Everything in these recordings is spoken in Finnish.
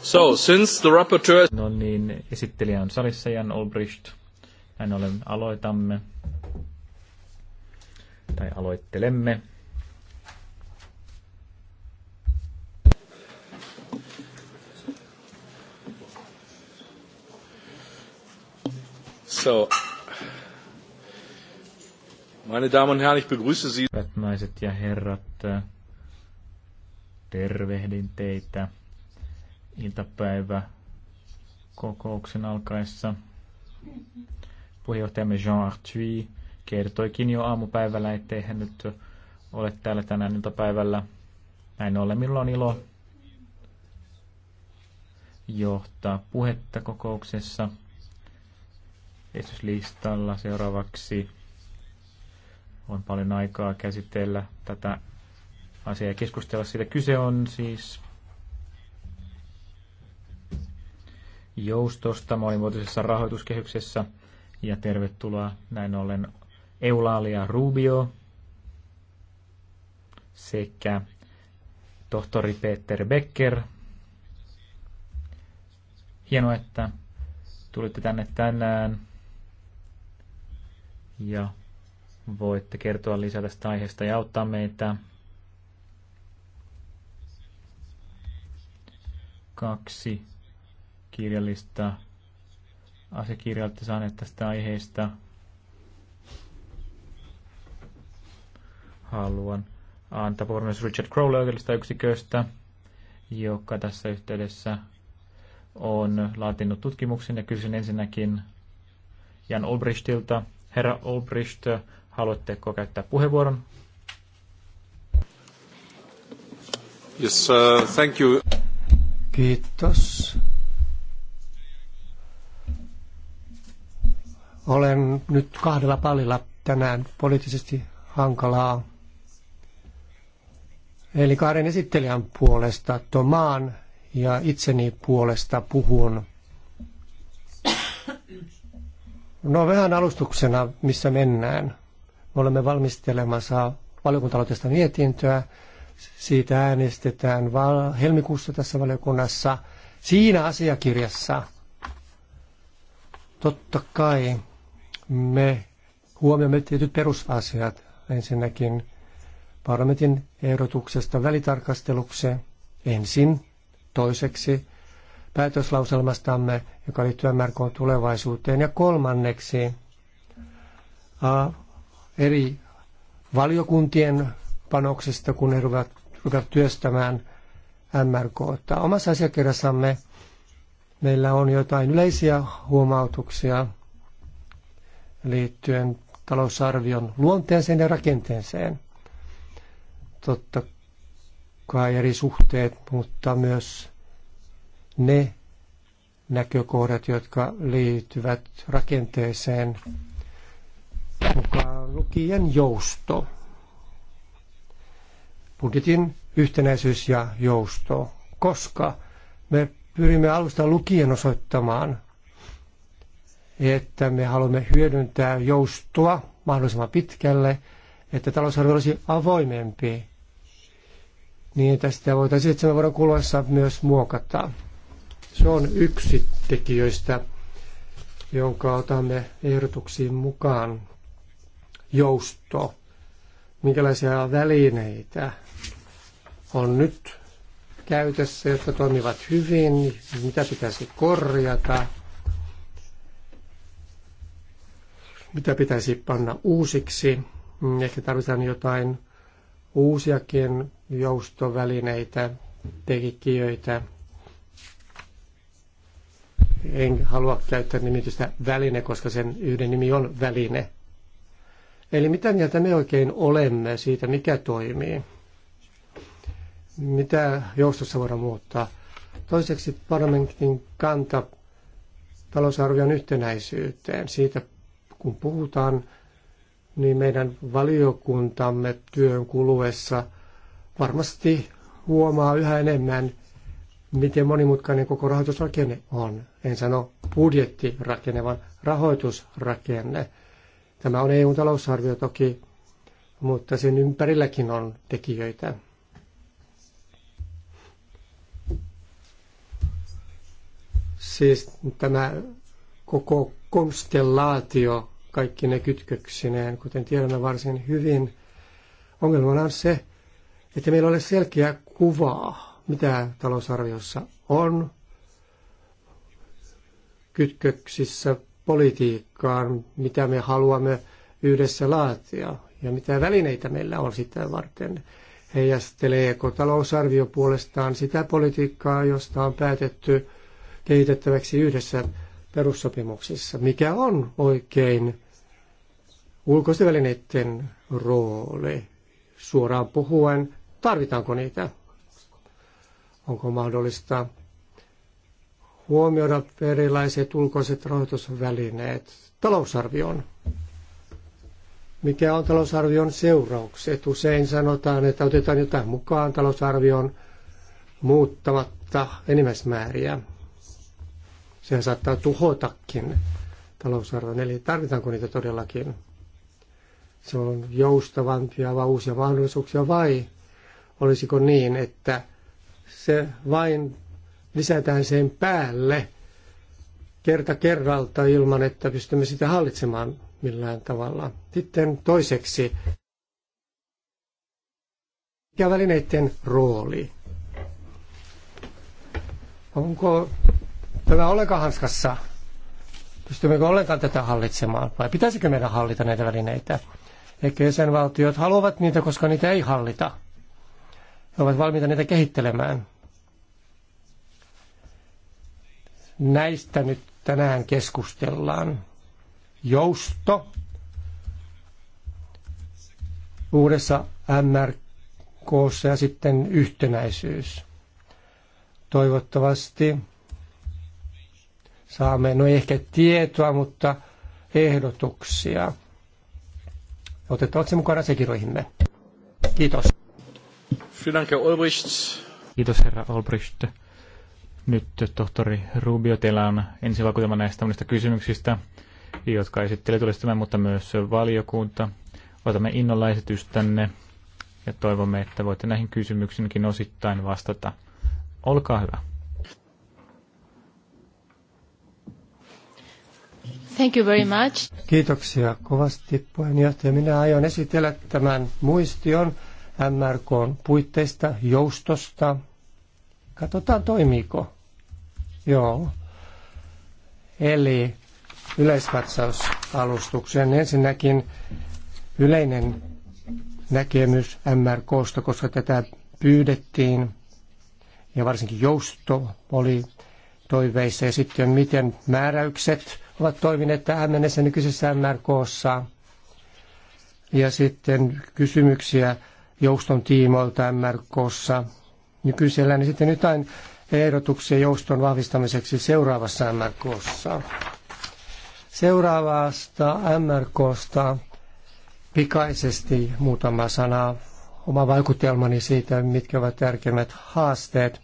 So, since the rapporteur... No niin, esittelijä on salissa Jan Olbricht. Näin ollen aloitamme. Tai aloittelemme. So, meine Damen und Herren, ich begrüße Sie. Hyvät naiset ja herrat, tervehdin teitä iltapäivä kokouksen alkaessa. Puheenjohtajamme Jean Arthuis kertoikin jo aamupäivällä, ettei hän nyt ole täällä tänään iltapäivällä. Näin ollen minulla on ilo johtaa puhetta kokouksessa. Esityslistalla seuraavaksi on paljon aikaa käsitellä tätä asiaa ja keskustella siitä. Kyse on siis joustosta monimuotoisessa rahoituskehyksessä. Ja tervetuloa näin ollen Eulalia Rubio sekä tohtori Peter Becker. Hienoa, että tulitte tänne tänään ja voitte kertoa lisää tästä aiheesta ja auttaa meitä. Kaksi kirjallista asiakirjalta saaneet tästä aiheesta. Haluan antaa puhemies Richard Crowley oikeudellisesta yksiköstä, joka tässä yhteydessä on laatinut tutkimuksen ja kysyn ensinnäkin Jan Olbrichtilta. Herra Olbricht, haluatteko käyttää puheenvuoron? Yes, uh, thank you. Kiitos. Olen nyt kahdella pallilla tänään poliittisesti hankalaa. Eli kahden esittelijän puolesta, Tomaan ja itseni puolesta puhun. No vähän alustuksena, missä mennään. Me olemme valmistelemassa valiokuntaloitteesta mietintöä. Siitä äänestetään helmikuussa tässä valiokunnassa. Siinä asiakirjassa totta kai me huomioimme tietyt perusasiat. Ensinnäkin parlamentin ehdotuksesta välitarkastelukseen ensin, toiseksi päätöslauselmastamme, joka liittyy MRK tulevaisuuteen, ja kolmanneksi ä, eri valiokuntien panoksista, kun ne ruvat, ruvat työstämään MRK. Omassa asiakirjassamme meillä on jotain yleisiä huomautuksia – liittyen talousarvion luonteeseen ja rakenteeseen. Totta kai eri suhteet, mutta myös ne näkökohdat, jotka liittyvät rakenteeseen, mukaan lukien jousto. Budjetin yhtenäisyys ja jousto, koska me pyrimme alusta lukien osoittamaan, että me haluamme hyödyntää joustoa mahdollisimman pitkälle, että talousarvio olisi avoimempi, niin tästä voitaisiin seitsemän vuoden kuluessa myös muokata. Se on yksi tekijöistä, jonka otamme ehdotuksiin mukaan. Jousto. Minkälaisia välineitä on nyt käytössä, jotka toimivat hyvin, mitä pitäisi korjata – mitä pitäisi panna uusiksi. Ehkä tarvitaan jotain uusiakin joustovälineitä, tekijöitä. En halua käyttää nimitystä väline, koska sen yhden nimi on väline. Eli mitä mieltä me oikein olemme siitä, mikä toimii? Mitä joustossa voidaan muuttaa? Toiseksi parlamentin kanta talousarvion yhtenäisyyteen. Siitä kun puhutaan, niin meidän valiokuntamme työn kuluessa varmasti huomaa yhä enemmän, miten monimutkainen koko rahoitusrakenne on. En sano budjettirakenne, vaan rahoitusrakenne. Tämä on eu talousarvio toki, mutta sen ympärilläkin on tekijöitä. Siis tämä koko konstellaatio kaikki ne kytköksineen, kuten tiedämme varsin hyvin. Ongelmana on se, että meillä ei ole selkeää kuvaa, mitä talousarviossa on kytköksissä politiikkaan, mitä me haluamme yhdessä laatia ja mitä välineitä meillä on sitä varten. Heijasteleeko talousarvio puolestaan sitä politiikkaa, josta on päätetty kehitettäväksi yhdessä perussopimuksissa. Mikä on oikein ulkoisten välineiden rooli? Suoraan puhuen, tarvitaanko niitä? Onko mahdollista huomioida erilaiset ulkoiset rahoitusvälineet talousarvioon? Mikä on talousarvion seuraukset? Usein sanotaan, että otetaan jotain mukaan talousarvion muuttamatta enimmäismääriä. Sehän saattaa tuhotakin talousarvon, eli tarvitaanko niitä todellakin? Se on joustavampia vai uusia mahdollisuuksia vai olisiko niin, että se vain lisätään sen päälle kerta kerralta ilman, että pystymme sitä hallitsemaan millään tavalla. Sitten toiseksi, mikä välineiden rooli? Onko tämä ollenkaan hanskassa? Pystymmekö ollenkaan tätä hallitsemaan vai pitäisikö meidän hallita näitä välineitä? Ehkä jäsenvaltiot haluavat niitä, koska niitä ei hallita. He ovat valmiita niitä kehittelemään. Näistä nyt tänään keskustellaan. Jousto uudessa MRKssa ja sitten yhtenäisyys. Toivottavasti saamme, no ei ehkä tietoa, mutta ehdotuksia otettavaksi mukana sekirjoihimme. Kiitos. Kiitos herra Olbricht. Nyt tohtori Rubio, teillä on ensivaikutelma näistä monista kysymyksistä, jotka esittelee tulisittamaan, mutta myös valiokunta. Otamme innolla esitystänne ja toivomme, että voitte näihin kysymyksiinkin osittain vastata. Olkaa hyvä. Thank you very much. Kiitoksia kovasti puheenjohtaja. Minä aion esitellä tämän muistion MRK puitteista, joustosta. Katsotaan toimiiko. Joo. Eli yleiskatsausalustuksen ensinnäkin yleinen näkemys MRKsta, koska tätä pyydettiin ja varsinkin jousto oli toiveissa ja sitten miten määräykset ovat toimineet tähän mennessä nykyisessä niin MRKssa. Ja sitten kysymyksiä jouston tiimoilta MRKssa. Nykyisellä niin, niin sitten jotain ehdotuksia jouston vahvistamiseksi seuraavassa MRKssa. Seuraavasta mrk pikaisesti muutama sana, oma vaikutelmani siitä, mitkä ovat tärkeimmät haasteet.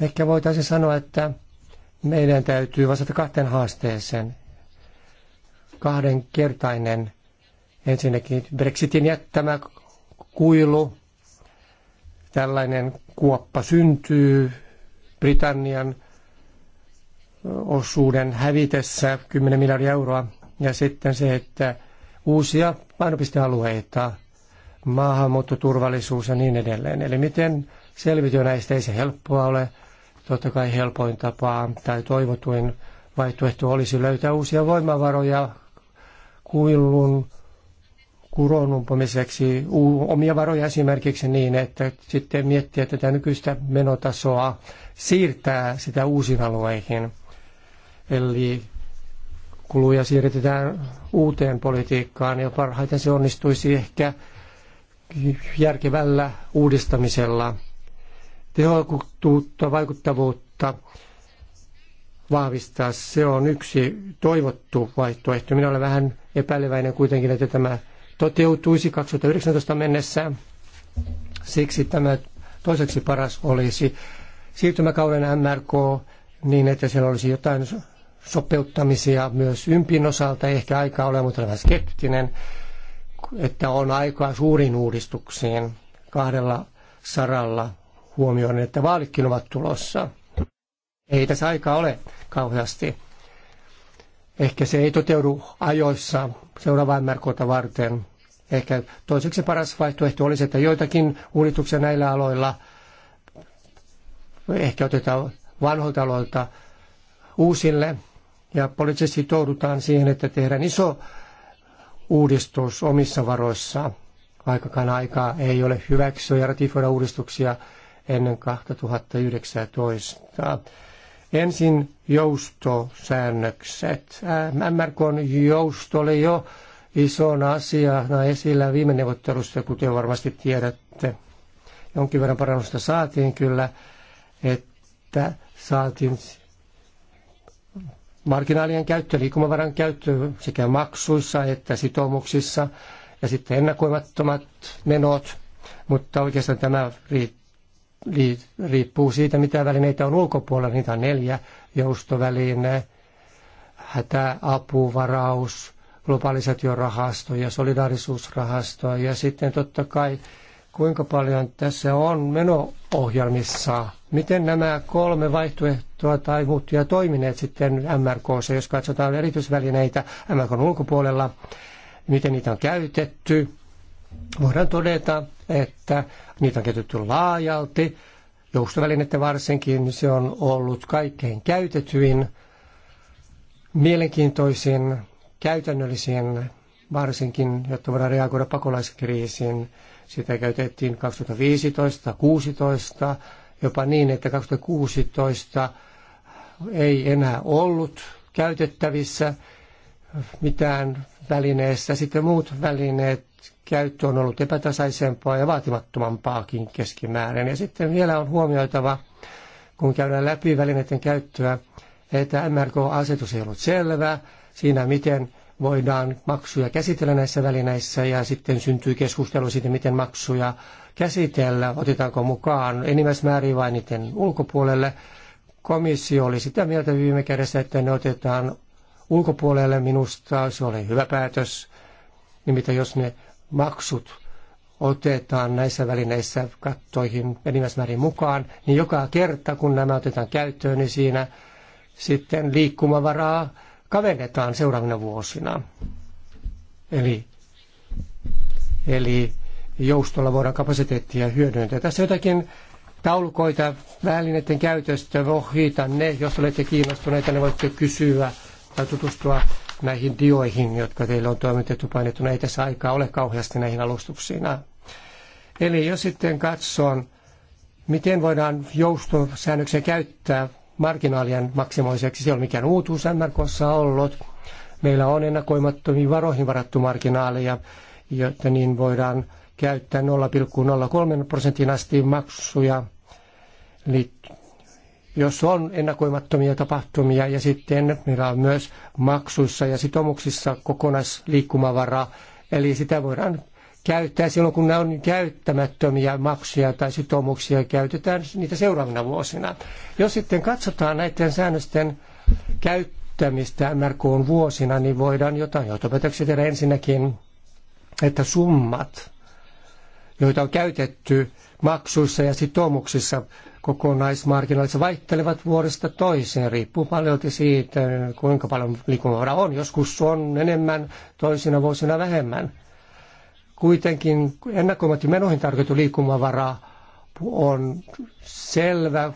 Ehkä voitaisiin sanoa, että meidän täytyy vastata kahteen haasteeseen. kahden kertainen ensinnäkin Brexitin jättämä kuilu, tällainen kuoppa syntyy Britannian osuuden hävitessä 10 miljardia euroa. Ja sitten se, että uusia painopistealueita, maahanmuuttoturvallisuus ja niin edelleen. Eli miten selviytyä näistä ei se helppoa ole. Totta kai helpoin tapa tai toivotuin vaihtoehto olisi löytää uusia voimavaroja kuillun kuronumpomiseksi omia varoja esimerkiksi niin, että sitten miettiä tätä nykyistä menotasoa, siirtää sitä uusiin alueihin. Eli kuluja siirretään uuteen politiikkaan ja parhaiten se onnistuisi ehkä järkevällä uudistamisella tehokkuutta, vaikuttavuutta vahvistaa. Se on yksi toivottu vaihtoehto. Minä olen vähän epäileväinen kuitenkin, että tämä toteutuisi 2019 mennessä. Siksi tämä toiseksi paras olisi siirtymäkauden MRK niin, että siellä olisi jotain sopeuttamisia myös ympin osalta. Ei ehkä aikaa ole, mutta olen vähän skeptinen, että on aikaa suurin uudistuksiin kahdella saralla huomioon, että vaalitkin ovat tulossa. Ei tässä aikaa ole kauheasti. Ehkä se ei toteudu ajoissa seuraavaa märkoita varten. Ehkä toiseksi paras vaihtoehto olisi, että joitakin uudistuksia näillä aloilla ehkä otetaan vanhoilta aloilta uusille ja poliittisesti sitoudutaan siihen, että tehdään iso uudistus omissa varoissa. vaikkakaan aikaa ei ole hyväksyä ja ratifioida uudistuksia ennen 2019. Ensin joustosäännökset. MRK on jousto oli jo isona asiana esillä viime neuvottelussa, kuten varmasti tiedätte. Jonkin verran parannusta saatiin kyllä, että saatiin marginaalien käyttö, liikumavaran käyttö sekä maksuissa että sitoumuksissa ja sitten ennakoimattomat menot, mutta oikeastaan tämä riippuu siitä, mitä välineitä on ulkopuolella. Niitä on neljä, joustoväline, hätäapuvaraus, globalisaatiorahasto ja solidaarisuusrahasto. Ja sitten totta kai, kuinka paljon tässä on meno ohjelmissa, Miten nämä kolme vaihtoehtoa tai muuttuja toimineet sitten MRKssa, jos katsotaan erityisvälineitä MRKn ulkopuolella, miten niitä on käytetty. Voidaan todeta, että niitä on käytetty laajalti. Joustovälineiden varsinkin se on ollut kaikkein käytetyin, mielenkiintoisin, käytännöllisin varsinkin, jotta voidaan reagoida pakolaiskriisiin. Sitä käytettiin 2015, 2016, jopa niin, että 2016 ei enää ollut käytettävissä mitään välineessä. Sitten muut välineet käyttö on ollut epätasaisempaa ja vaatimattomampaakin keskimäärin. Ja sitten vielä on huomioitava, kun käydään läpi välineiden käyttöä, että MRK-asetus ei ollut selvä siinä, miten voidaan maksuja käsitellä näissä välineissä ja sitten syntyy keskustelu siitä, miten maksuja käsitellä, otetaanko mukaan enimmäismäärin vai niiden ulkopuolelle. Komissio oli sitä mieltä viime kädessä, että ne otetaan ulkopuolelle minusta, se oli hyvä päätös. Nimittäin jos ne maksut otetaan näissä välineissä kattoihin enimmäismäärin mukaan, niin joka kerta kun nämä otetaan käyttöön, niin siinä sitten liikkumavaraa kavennetaan seuraavina vuosina. Eli, eli joustolla voidaan kapasiteettia hyödyntää. Tässä jotakin taulukoita välineiden käytöstä, ohita ne, jos olette kiinnostuneita, ne niin voitte kysyä tai tutustua näihin dioihin, jotka teille on toimitettu painettuna. Ei tässä aikaa ole kauheasti näihin alustuksiin. Eli jos sitten katsoo, miten voidaan joustosäännöksiä käyttää marginaalien maksimoiseksi, se ei ole mikään uutuus MRKssa ollut. Meillä on ennakoimattomiin varoihin varattu marginaaleja, jotta niin voidaan käyttää 0,03 prosentin asti maksuja jos on ennakoimattomia tapahtumia ja sitten meillä on myös maksuissa ja sitomuksissa kokonaisliikkumavara, eli sitä voidaan käyttää silloin, kun ne on käyttämättömiä maksuja tai sitoumuksia, käytetään niitä seuraavina vuosina. Jos sitten katsotaan näiden säännösten käyttämistä MRK on vuosina, niin voidaan jotain johtopäätöksiä tehdä ensinnäkin, että summat, joita on käytetty maksuissa ja sitoumuksissa kokonaismarginaalit vaihtelevat vuodesta toiseen. Riippuu paljon siitä, kuinka paljon liikkumavaraa on. Joskus on enemmän, toisina vuosina vähemmän. Kuitenkin ennakoimatti menoihin tarkoitettu liikkumavara on selvä,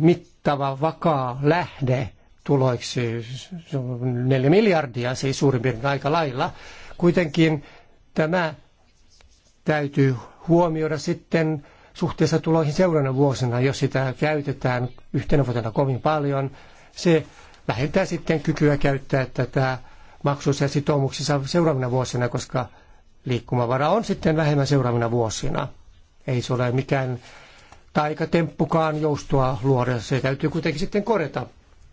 mittava, vakaa lähde tuloiksi. Se on neljä miljardia siis suurin piirtein aika lailla. Kuitenkin tämä täytyy huomioida sitten suhteessa tuloihin seuraavana vuosina, jos sitä käytetään yhtenä vuotena kovin paljon. Se vähentää sitten kykyä käyttää tätä maksuissa ja sitoumuksissa seuraavina vuosina, koska liikkumavara on sitten vähemmän seuraavina vuosina. Ei se ole mikään taikatemppukaan joustoa luoda, se täytyy kuitenkin sitten korjata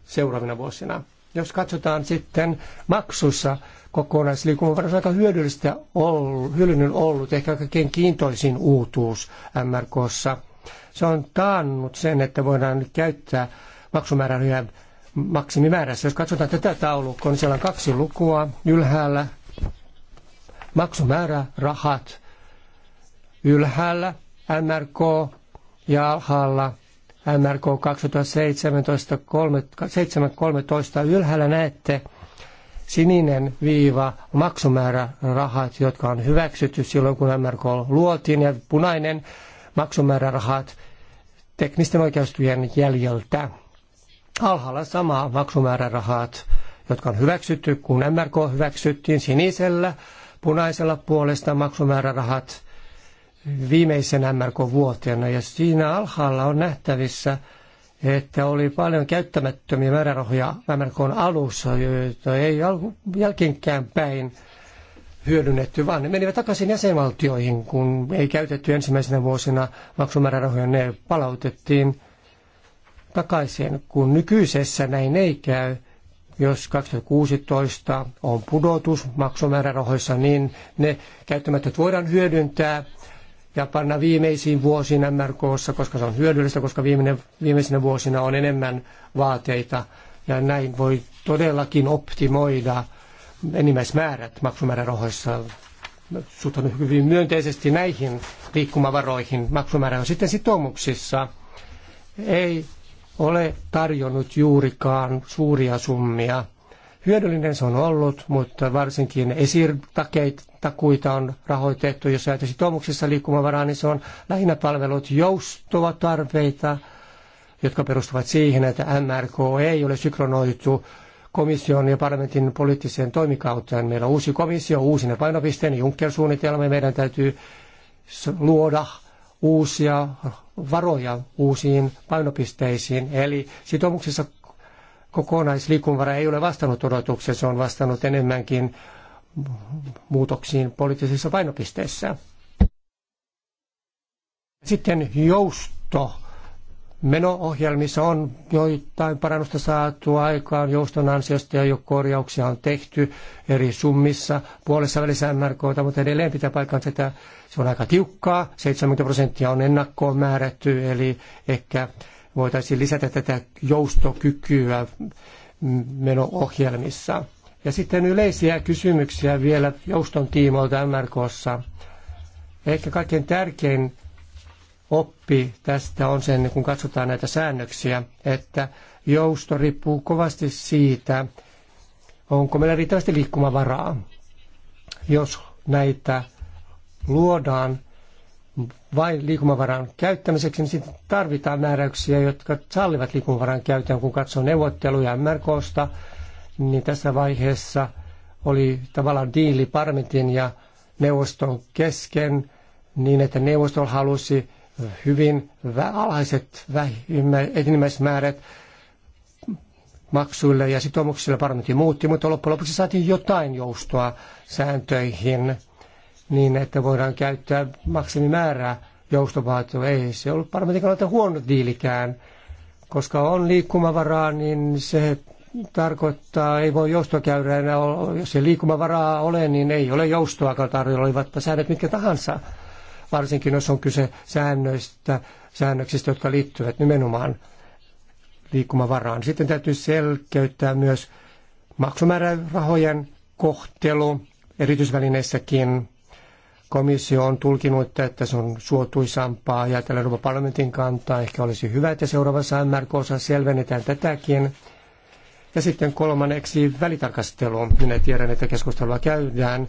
seuraavina vuosina. Jos katsotaan sitten maksussa kokonaisliikkumavara on aika hyödyllistä ollut, hyödyllinen ollut, ehkä kaikkein kiintoisin uutuus MRKssa. Se on taannut sen, että voidaan nyt käyttää maksumäärärahoja maksimimäärässä. Jos katsotaan tätä taulukkoa, niin siellä on kaksi lukua ylhäällä. Maksumäärärahat ylhäällä, MRK ja alhaalla MRK 2017 7.13. ylhäällä näette sininen viiva maksumäärärahat, jotka on hyväksytty silloin, kun MRK luotiin, ja punainen maksumäärärahat teknisten oikeustujen jäljeltä. Alhaalla sama maksumäärärahat, jotka on hyväksytty, kun MRK hyväksyttiin sinisellä, punaisella puolesta maksumäärärahat viimeisen MRK-vuotena ja siinä alhaalla on nähtävissä, että oli paljon käyttämättömiä määrärahoja MRKn alussa, joita ei jälkeenkään päin hyödynnetty, vaan ne menivät takaisin jäsenvaltioihin, kun ei käytetty ensimmäisenä vuosina maksumäärärahoja, ne palautettiin takaisin, kun nykyisessä näin ei käy. Jos 2016 on pudotus maksumäärärahoissa, niin ne käyttämättöt voidaan hyödyntää – ja panna viimeisiin vuosiin MRK, koska se on hyödyllistä, koska viimeinen, viimeisinä vuosina on enemmän vaateita ja näin voi todellakin optimoida enimmäismäärät maksumäärärahoissa suhtaudun hyvin myönteisesti näihin liikkumavaroihin maksumäärään. Sitten sitoumuksissa ei ole tarjonnut juurikaan suuria summia hyödyllinen se on ollut, mutta varsinkin esirtakuita on rahoitettu, jos ajatellaan sitoumuksissa liikkumavaraa, niin se on lähinnä palvelut joustuvat tarpeita, jotka perustuvat siihen, että MRK ei ole synkronoitu komission ja parlamentin poliittiseen toimikauteen. Meillä on uusi komissio, uusine painopisteen, Juncker-suunnitelma, ja meidän täytyy luoda uusia varoja uusiin painopisteisiin. Eli sitoumuksissa kokonaisliikunvara ei ole vastannut odotuksia, se on vastannut enemmänkin muutoksiin poliittisissa painopisteissä. Sitten jousto. Meno-ohjelmissa on joitain parannusta saatu aikaan jouston ansiosta ja jo korjauksia on tehty eri summissa puolessa välissä MRK, mutta edelleen pitää paikkansa, että se on aika tiukkaa. 70 prosenttia on ennakkoon määrätty, eli ehkä voitaisiin lisätä tätä joustokykyä meno-ohjelmissa. Ja sitten yleisiä kysymyksiä vielä jouston tiimoilta MRKssa. Ehkä kaikkein tärkein oppi tästä on sen, kun katsotaan näitä säännöksiä, että jousto riippuu kovasti siitä, onko meillä riittävästi liikkumavaraa. Jos näitä luodaan vain liikumavaran käyttämiseksi, niin sitten tarvitaan määräyksiä, jotka sallivat liikumavaran käytön. Kun katsoo neuvotteluja MRKsta, niin tässä vaiheessa oli tavallaan diili parlamentin ja neuvoston kesken, niin että neuvosto halusi hyvin alhaiset enimmäismäärät maksuille ja sitoumuksille parlamentti muutti, mutta loppujen lopuksi saatiin jotain joustoa sääntöihin – niin, että voidaan käyttää maksimimäärää joustovaatioa. Ei se ollut parlamentin kannalta huono diilikään, koska on liikkumavaraa, niin se tarkoittaa, ei voi käydä enää Jos ei liikkumavaraa ole, niin ei ole joustoa, kun tarjolla, olivat säännöt mitkä tahansa. Varsinkin jos on kyse säännöistä, säännöksistä, jotka liittyvät nimenomaan liikkumavaraan. Sitten täytyy selkeyttää myös maksumäärärahojen kohtelu erityisvälineissäkin Komissio on tulkinut, että se on suotuisampaa ja tällä Euroopan parlamentin kantaa ehkä olisi hyvä, että seuraavassa MRK-osa selvennetään tätäkin. Ja sitten kolmanneksi välitarkastelu. Minä tiedän, että keskustelua käydään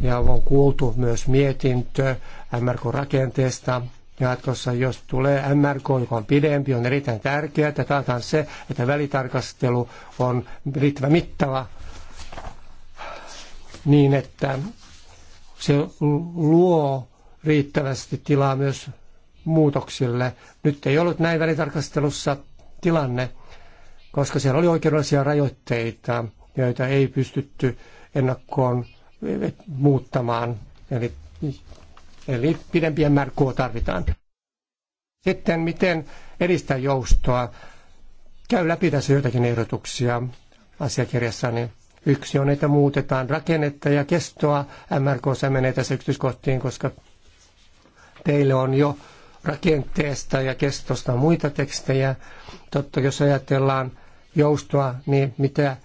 ja on kuultu myös mietintö MRK-rakenteesta. Jatkossa, jos tulee MRK, joka on pidempi, on erittäin tärkeää, että taataan se, että välitarkastelu on riittävä mittava niin, että se luo riittävästi tilaa myös muutoksille. Nyt ei ollut näin välitarkastelussa tilanne, koska siellä oli oikeudellisia rajoitteita, joita ei pystytty ennakkoon eh, muuttamaan. Eli, eli pidempiä märkkuja tarvitaan. Sitten miten edistää joustoa? Käy läpi tässä joitakin ehdotuksia asiakirjassa, Niin Yksi on, että muutetaan rakennetta ja kestoa. MRK menee tässä yksityiskohtiin, koska teille on jo rakenteesta ja kestosta muita tekstejä. Totta, jos ajatellaan joustoa, niin mitä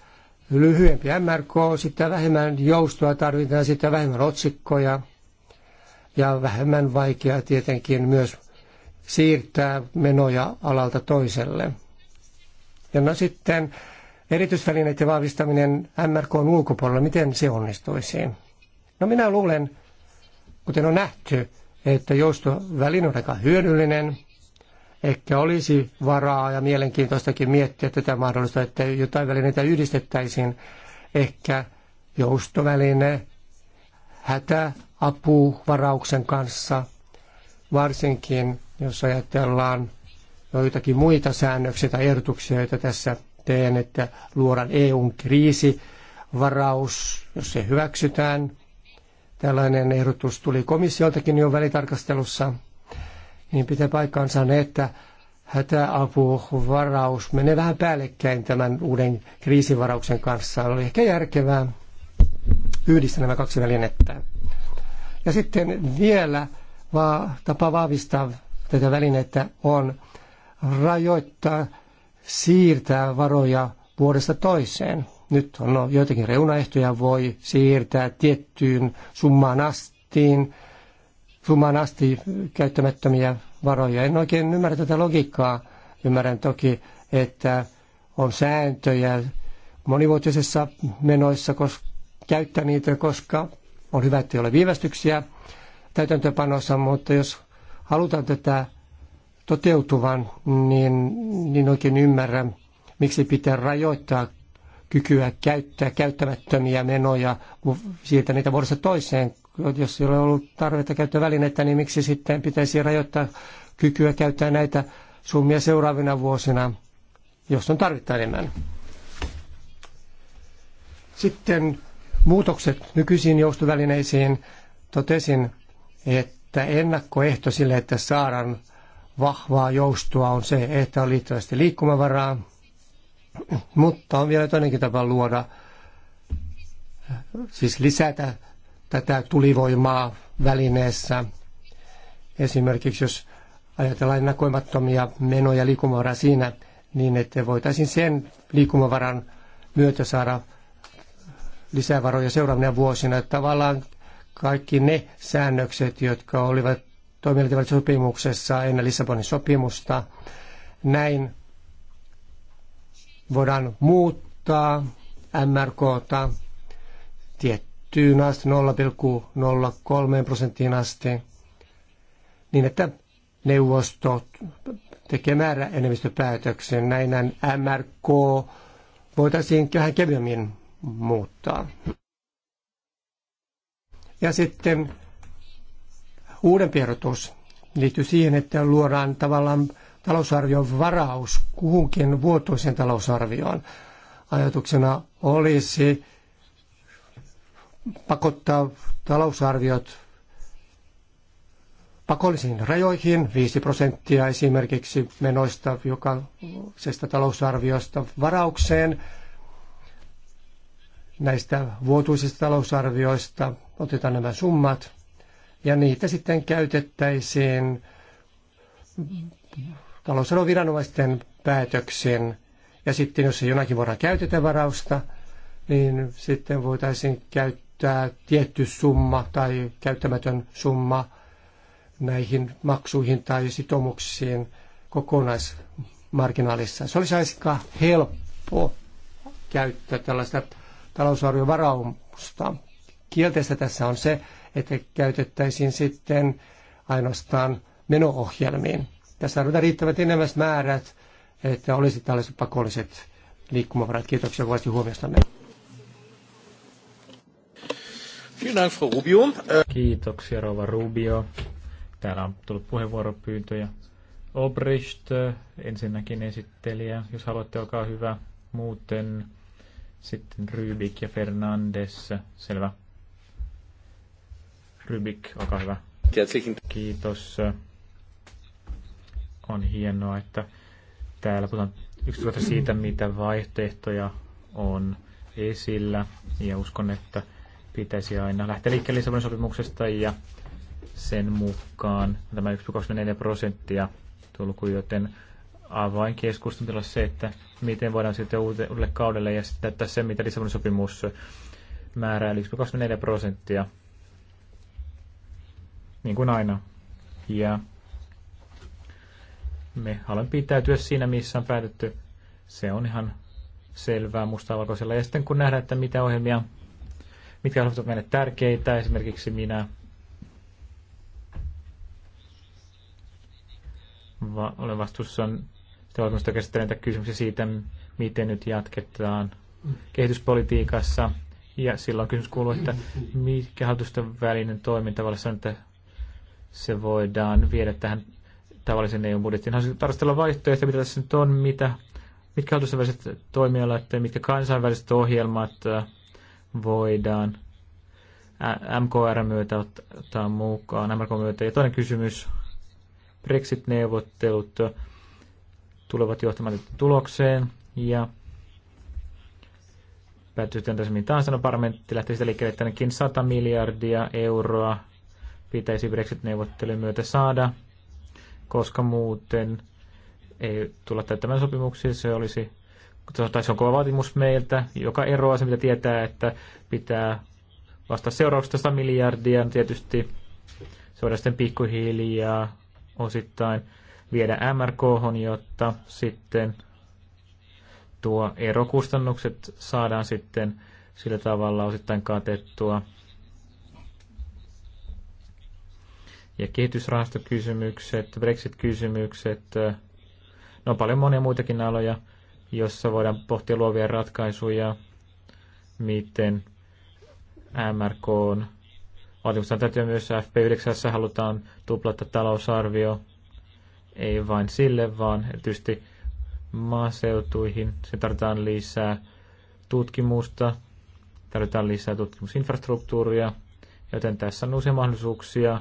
lyhyempi MRK, sitä vähemmän joustoa tarvitaan, sitä vähemmän otsikkoja ja vähemmän vaikeaa tietenkin myös siirtää menoja alalta toiselle. Ja no sitten erityisvälineiden vahvistaminen MRK on ulkopuolella, miten se onnistuisi? No minä luulen, kuten on nähty, että joustoväline on aika hyödyllinen. Ehkä olisi varaa ja mielenkiintoistakin miettiä tätä mahdollista, että jotain välineitä yhdistettäisiin. Ehkä joustoväline, hätäapuvarauksen kanssa, varsinkin jos ajatellaan joitakin muita säännöksiä tai ehdotuksia, joita tässä suhteen, että luodaan EUn kriisivaraus, jos se hyväksytään. Tällainen ehdotus tuli komissioltakin jo välitarkastelussa, niin pitää paikkaansa ne, että hätäapuvaraus menee vähän päällekkäin tämän uuden kriisivarauksen kanssa. Oli ehkä järkevää yhdistää nämä kaksi välinettä. Ja sitten vielä tapa vahvistaa tätä välinettä on rajoittaa siirtää varoja vuodesta toiseen. Nyt on no, joitakin reunaehtoja voi siirtää tiettyyn summaan astiin, summaan asti käyttämättömiä varoja. En oikein ymmärrä tätä logiikkaa. Ymmärrän toki, että on sääntöjä monivuotisessa menoissa kos- käyttää niitä, koska on hyvä, että ei ole viivästyksiä täytäntöpanossa, mutta jos halutaan tätä toteutuvan, niin, niin oikein ymmärrän miksi pitää rajoittaa kykyä käyttää käyttämättömiä menoja, kun siirtää niitä vuodesta toiseen. Jos ei ole ollut tarvetta käyttää välineitä, niin miksi sitten pitäisi rajoittaa kykyä käyttää näitä summia seuraavina vuosina, jos on tarvetta enemmän. Sitten muutokset nykyisiin joustovälineisiin. Totesin, että ennakkoehto sille, että saadaan vahvaa joustoa on se, että on liittävästi liikkumavaraa, mutta on vielä toinenkin tapa luoda, siis lisätä tätä tulivoimaa välineessä. Esimerkiksi jos ajatellaan ennakoimattomia menoja liikkumavaraa siinä, niin että voitaisiin sen liikkumavaran myötä saada lisävaroja seuraavina vuosina. Että tavallaan kaikki ne säännökset, jotka olivat toimielinten sopimuksessa ennen Lissabonin sopimusta. Näin voidaan muuttaa MRKta tiettyyn asti 0,03 prosenttiin asti niin, että neuvosto tekee määrä enemmistöpäätöksen. Näin MRK voitaisiin vähän kevyemmin muuttaa. Ja sitten Uudempi ehdotus liittyy siihen, että luodaan tavallaan talousarvion varaus kuhunkin vuotuisen talousarvioon. Ajatuksena olisi pakottaa talousarviot pakollisiin rajoihin, 5 prosenttia esimerkiksi menoista jokaisesta talousarviosta varaukseen. Näistä vuotuisista talousarvioista otetaan nämä summat ja niitä sitten käytettäisiin viranomaisten päätöksen. Ja sitten jos ei jonakin vuonna käytetä varausta, niin sitten voitaisiin käyttää tietty summa tai käyttämätön summa näihin maksuihin tai sitoumuksiin kokonaismarginaalissa. Se olisi aika helppo käyttää tällaista talousarviovarausta. Kielteistä tässä on se, että käytettäisiin sitten ainoastaan menoohjelmiin. Tässä tarvitaan riittävät määrät, että olisi tällaiset pakolliset liikkumavarat. Kiitoksia kovasti huomiostanne. Äh, Kiitoksia Rova Rubio. Täällä on tullut puheenvuoropyyntöjä. Obrist, äh, ensinnäkin esittelijä, jos haluatte, olkaa hyvä. Muuten sitten Rybik ja Fernandes. Selvä. Rybik, olkaa hyvä. Kiitos. On hienoa, että täällä puhutaan yksityiskohtaisesti siitä, mitä vaihtoehtoja on esillä. Ja uskon, että pitäisi aina lähteä liikkeelle Lissabonin sopimuksesta ja sen mukaan tämä 1,24 prosenttia tulku, joten avainkeskustelu se, että miten voidaan sitten uudelle kaudelle ja sitten täyttää se, mitä Lissabonin sopimus määrää, eli 1,24 prosenttia niin kuin aina. Ja me haluamme pitäytyä siinä, missä on päätetty. Se on ihan selvää mustavalkoisella. Ja sitten kun nähdään, että mitä ohjelmia, mitkä ovat meille tärkeitä, esimerkiksi minä va- olen vastuussa sitä käsittelee tätä kysymyksiä siitä, miten nyt jatketaan kehityspolitiikassa. Ja silloin kysymys kuuluu, että mikä hallitusten välinen toiminta on, että se voidaan viedä tähän tavallisen EU-budjettiin. Haluaisin tarkastella vaihtoehtoja, mitä tässä nyt on, mitä, mitkä hallitusväliset toimialat ja mitkä kansainväliset ohjelmat äh, voidaan MKR myötä ottaa mukaan, MRK myötä. Ja toinen kysymys, Brexit-neuvottelut tulevat johtamaan tulokseen ja tämän tässä mitään sanoa parlamentti lähtee sitä liikkeelle tännekin 100 miljardia euroa pitäisi Brexit-neuvottelujen myötä saada, koska muuten ei tulla täyttämään sopimuksia. Se olisi tai se on kova vaatimus meiltä, joka eroaa se, mitä tietää, että pitää vasta seurauksesta 100 miljardia. No, tietysti se voidaan sitten pikkuhiljaa osittain viedä MRK, jotta sitten tuo erokustannukset saadaan sitten sillä tavalla osittain katettua. ja kehitysrahastokysymykset, Brexit-kysymykset, no paljon monia muitakin aloja, jossa voidaan pohtia luovia ratkaisuja, miten MRK on. Vaatimusta täytyy myös FP9 halutaan tuplata talousarvio, ei vain sille, vaan tietysti maaseutuihin. Se tarvitaan lisää tutkimusta, tarvitaan lisää tutkimusinfrastruktuuria, joten tässä on uusia mahdollisuuksia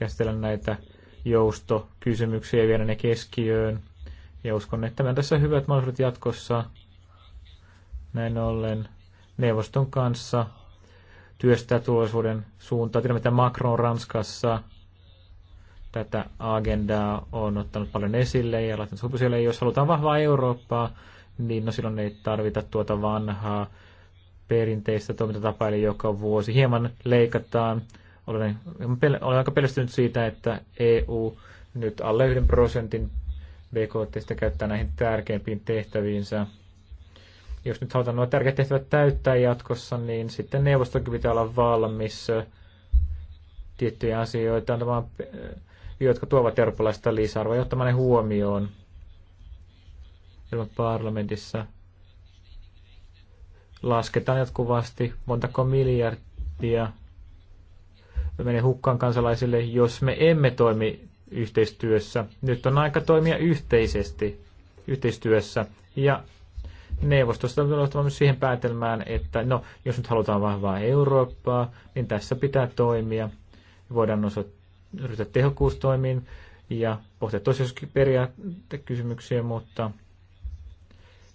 käsitellä näitä joustokysymyksiä ja viedä ne keskiöön. Ja uskon, että meillä on tässä hyvät mahdollisuudet jatkossa näin ollen neuvoston kanssa työstää tulevaisuuden suuntaa. Tiedämme, että Macron Ranskassa tätä agendaa on ottanut paljon esille ja laittanut sopusille. Jos halutaan vahvaa Eurooppaa, niin no silloin ei tarvita tuota vanhaa perinteistä toimintatapaa, eli joka vuosi hieman leikataan olen, olen aika pelästynyt siitä, että EU nyt alle yhden prosentin BKT käyttää näihin tärkeimpiin tehtäviinsä. Jos nyt halutaan nuo tärkeät tehtävät täyttää jatkossa, niin sitten neuvostokin pitää olla valmis tiettyjä asioita, eh, jotka tuovat eurooppalaista lisäarvoa, jotta ne huomioon Euroopan parlamentissa lasketaan jatkuvasti montako miljardia menee hukkaan kansalaisille, jos me emme toimi yhteistyössä. Nyt on aika toimia yhteisesti yhteistyössä. Ja neuvostosta on myös siihen päätelmään, että no, jos nyt halutaan vahvaa Eurooppaa, niin tässä pitää toimia. Voidaan osoittaa ryhtyä tehokkuustoimiin ja pohtia tosiaankin periaatekysymyksiä, mutta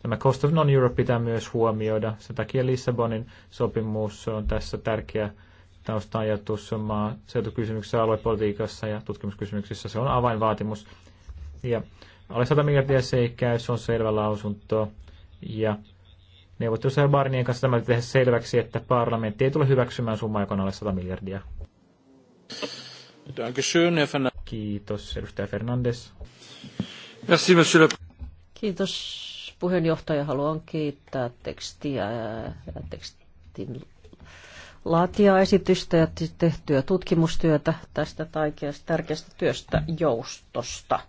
tämä Cost of Non-Europe pitää myös huomioida. Sen takia Lissabonin sopimus on tässä tärkeä tausta-ajatus maaseutukysymyksissä, aluepolitiikassa ja tutkimuskysymyksissä. Se on avainvaatimus. Ja alle 100 miljardia se ei käy, se on selvä lausunto. Ja neuvottelussa ja Barnien kanssa tämä tehdä selväksi, että parlamentti ei tule hyväksymään summaa, joka on alle 100 miljardia. Kiitos, edustaja Fernandes. Kiitos, puheenjohtaja. Haluan kiittää tekstiä, ja äh, tekstin laatia esitystä ja tehtyä tutkimustyötä tästä tärkeästä työstä joustosta.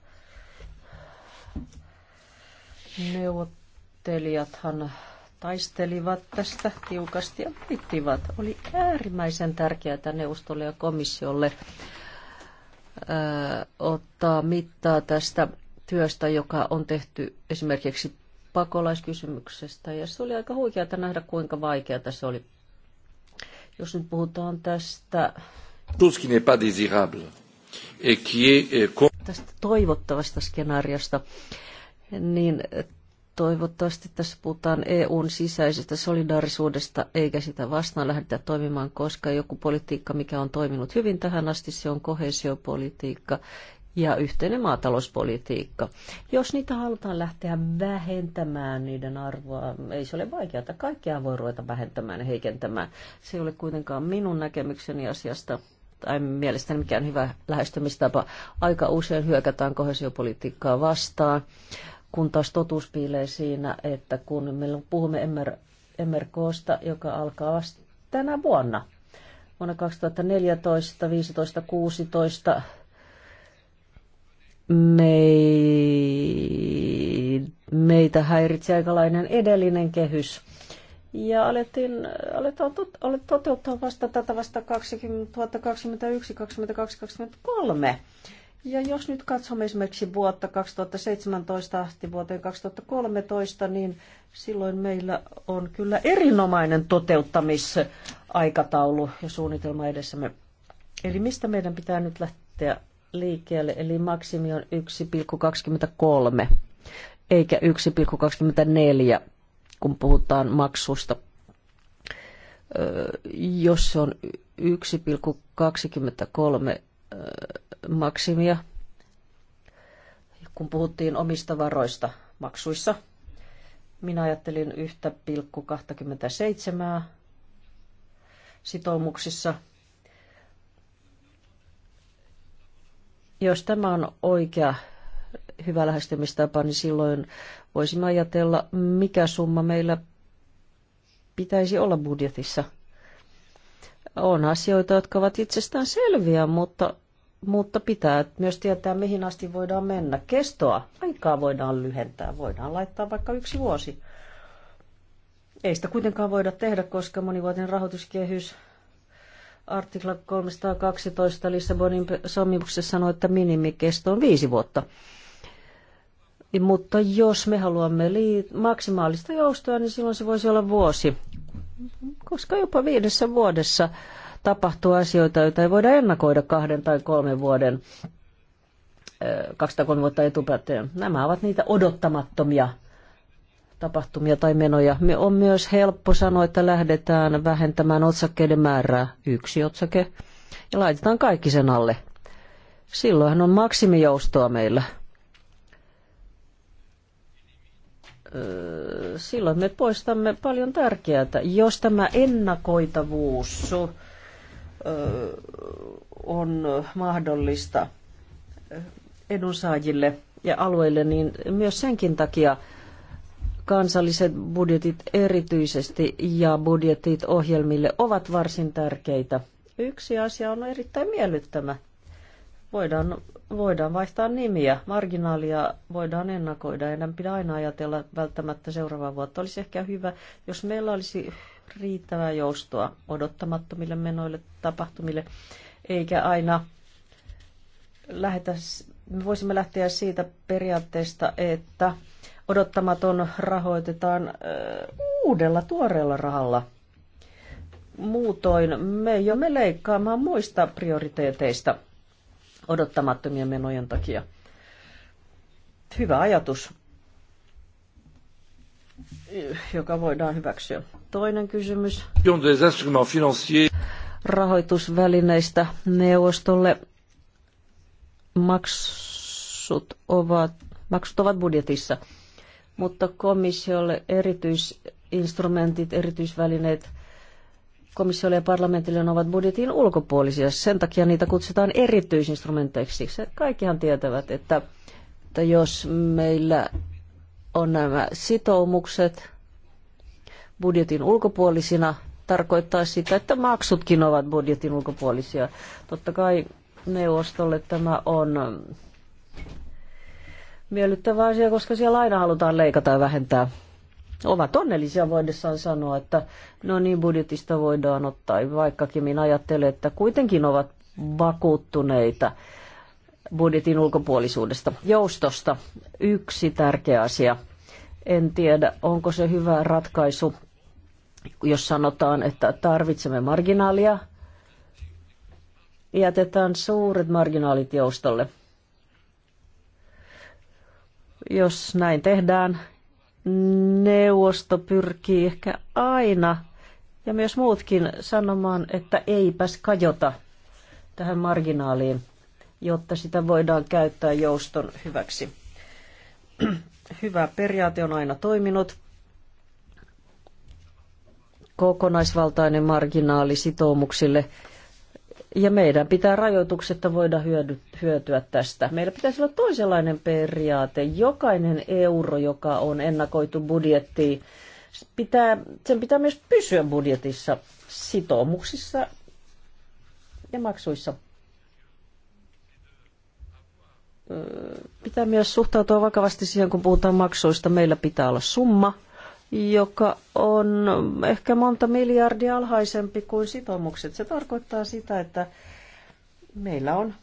Neuvottelijathan taistelivat tästä tiukasti ja pitivät Oli äärimmäisen tärkeää neuvostolle ja komissiolle ää, ottaa mittaa tästä työstä, joka on tehty esimerkiksi pakolaiskysymyksestä. Ja se oli aika huikeaa nähdä, kuinka vaikeaa se oli jos nyt puhutaan tästä... Tuskin ei pas désirable. Euh, tästä toivottavasta skenaariosta, niin toivottavasti tässä puhutaan EUn sisäisestä solidaarisuudesta, eikä sitä vastaan lähdetä toimimaan, koska joku politiikka, mikä on toiminut hyvin tähän asti, se on kohesiopolitiikka, ja yhteinen maatalouspolitiikka. Jos niitä halutaan lähteä vähentämään, niiden arvoa, ei se ole vaikeaa. Kaikkea voi ruveta vähentämään ja heikentämään. Se ei ole kuitenkaan minun näkemykseni asiasta tai mielestäni mikään hyvä lähestymistapa. Aika usein hyökätään kohesiopolitiikkaa vastaan, kun taas totuus piilee siinä, että kun me puhumme MR, MRKsta, joka alkaa vasta tänä vuonna, vuonna 2014, 15, 16, meitä häiritsi aikalainen edellinen kehys. Ja alettiin, aletaan tot, alet toteuttaa vasta tätä vasta 2021, 2023. Ja jos nyt katsomme esimerkiksi vuotta 2017 asti vuoteen 2013, niin silloin meillä on kyllä erinomainen toteuttamisaikataulu ja suunnitelma edessämme. Eli mistä meidän pitää nyt lähteä liikkeelle, eli maksimi on 1,23 eikä 1,24, kun puhutaan maksusta. Jos se on 1,23 maksimia, kun puhuttiin omista varoista maksuissa, minä ajattelin 1,27 sitoumuksissa – Jos tämä on oikea hyvä lähestymistapa, niin silloin voisimme ajatella, mikä summa meillä pitäisi olla budjetissa. On asioita, jotka ovat itsestään selviä, mutta, mutta pitää myös tietää, mihin asti voidaan mennä. Kestoa, aikaa voidaan lyhentää, voidaan laittaa vaikka yksi vuosi. Ei sitä kuitenkaan voida tehdä, koska monivuotinen rahoituskehys Artikla 312 Lissabonin sopimuksessa sanoo, että minimikesto on viisi vuotta. Mutta jos me haluamme maksimaalista joustoa, niin silloin se voisi olla vuosi. Koska jopa viidessä vuodessa tapahtuu asioita, joita ei voida ennakoida kahden tai kolmen vuoden 203 vuotta etupäteen. Nämä ovat niitä odottamattomia tapahtumia tai menoja. Me on myös helppo sanoa, että lähdetään vähentämään otsakkeiden määrää. Yksi otsake. Ja laitetaan kaikki sen alle. Silloinhan on maksimijoustoa meillä. Öö, silloin me poistamme paljon tärkeää, jos tämä ennakoitavuus on mahdollista edunsaajille ja alueille, niin myös senkin takia kansalliset budjetit erityisesti ja budjetit ohjelmille ovat varsin tärkeitä. Yksi asia on erittäin miellyttämä. Voidaan, voidaan vaihtaa nimiä. Marginaalia voidaan ennakoida. Enää pidä aina ajatella välttämättä seuraava vuotta. Olisi ehkä hyvä, jos meillä olisi riittävää joustoa odottamattomille menoille, tapahtumille, eikä aina lähetä, me voisimme lähteä siitä periaatteesta, että odottamaton rahoitetaan uudella tuoreella rahalla. Muutoin me me leikkaamaan muista prioriteeteista odottamattomien menojen takia. Hyvä ajatus, joka voidaan hyväksyä. Toinen kysymys. Rahoitusvälineistä neuvostolle maksut ovat, maksut ovat budjetissa mutta komissiolle erityisinstrumentit, erityisvälineet komissiolle ja parlamentille ovat budjetin ulkopuolisia. Sen takia niitä kutsutaan erityisinstrumenteiksi. Se kaikkihan tietävät, että, että jos meillä on nämä sitoumukset budjetin ulkopuolisina, tarkoittaa sitä, että maksutkin ovat budjetin ulkopuolisia. Totta kai neuvostolle tämä on miellyttävä asia, koska siellä aina halutaan leikata ja vähentää. Ovat onnellisia voidessaan sanoa, että no niin budjetista voidaan ottaa, vaikkakin minä ajattelen, että kuitenkin ovat vakuuttuneita budjetin ulkopuolisuudesta. Joustosta yksi tärkeä asia. En tiedä, onko se hyvä ratkaisu, jos sanotaan, että tarvitsemme marginaalia, jätetään suuret marginaalit joustolle jos näin tehdään, neuvosto pyrkii ehkä aina ja myös muutkin sanomaan, että eipäs kajota tähän marginaaliin, jotta sitä voidaan käyttää jouston hyväksi. Hyvä periaate on aina toiminut. Kokonaisvaltainen marginaali sitoumuksille ja meidän pitää rajoituksetta voida hyödy, hyötyä tästä. Meillä pitäisi olla toisenlainen periaate. Jokainen euro, joka on ennakoitu budjettiin, pitää, sen pitää myös pysyä budjetissa, sitoumuksissa ja maksuissa. Pitää myös suhtautua vakavasti siihen, kun puhutaan maksuista. Meillä pitää olla summa, joka on ehkä monta miljardia alhaisempi kuin sitoumukset. Se tarkoittaa sitä, että meillä on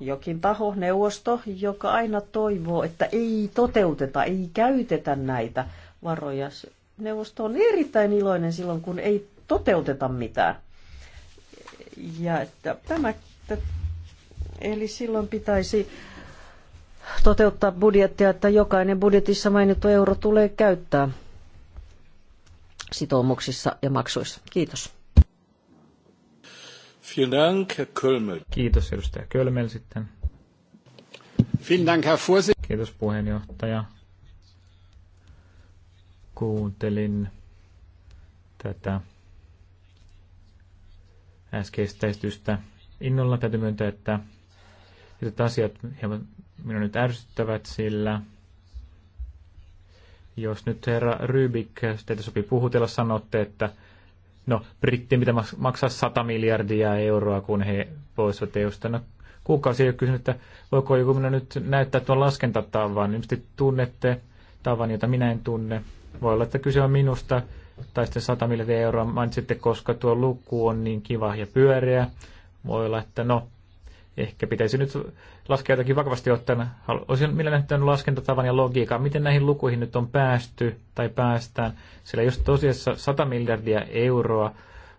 jokin taho, neuvosto, joka aina toivoo, että ei toteuteta, ei käytetä näitä varoja. Neuvosto on erittäin iloinen silloin, kun ei toteuteta mitään. Ja että tämä, että, eli silloin pitäisi toteuttaa budjettia, että jokainen budjetissa mainittu euro tulee käyttää sitoumuksissa ja maksuissa. Kiitos. Kiitos edustaja Kölmel sitten. Kiitos puheenjohtaja. Kuuntelin tätä äskeistä esitystä innolla. Täytyy myöntää, että asiat hieman minun nyt ärsyttävät, sillä jos nyt herra Rybik, teitä sopii puhutella, sanotte, että no, britti mitä maksaa 100 miljardia euroa, kun he poistuvat EUsta. No, kuukausi ei ole kysynyt, että voiko joku minä nyt näyttää tuon laskentatavan. Ilmeisesti tunnette tavan, jota minä en tunne. Voi olla, että kyse on minusta, tai sitten 100 miljardia euroa mainitsitte, koska tuo luku on niin kiva ja pyöreä. Voi olla, että no, ehkä pitäisi nyt laskea jotakin vakavasti ottaen. Olisin millä nähtänyt laskentatavan ja logiikan, miten näihin lukuihin nyt on päästy tai päästään. Sillä jos tosiasiassa 100 miljardia euroa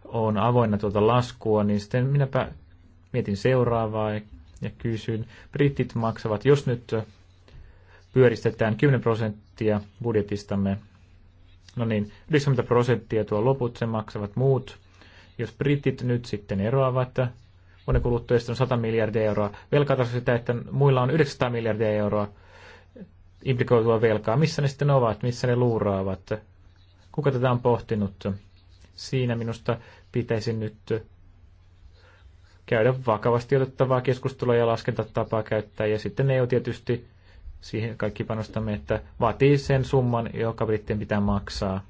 on avoinna tuota laskua, niin sitten minäpä mietin seuraavaa ja kysyn. Britit maksavat, jos nyt pyöristetään 10 prosenttia budjetistamme, no niin, 90 prosenttia tuo loput, sen maksavat muut. Jos britit nyt sitten eroavat, vuoden kuluttua, on 100 miljardia euroa. Velkaa taas sitä, että muilla on 900 miljardia euroa implikoitua velkaa. Missä ne sitten ovat? Missä ne luuraavat? Kuka tätä on pohtinut? Siinä minusta pitäisi nyt käydä vakavasti otettavaa keskustelua ja laskentatapaa käyttää. Ja sitten jo tietysti, siihen kaikki panostamme, että vaatii sen summan, joka brittien pitää maksaa.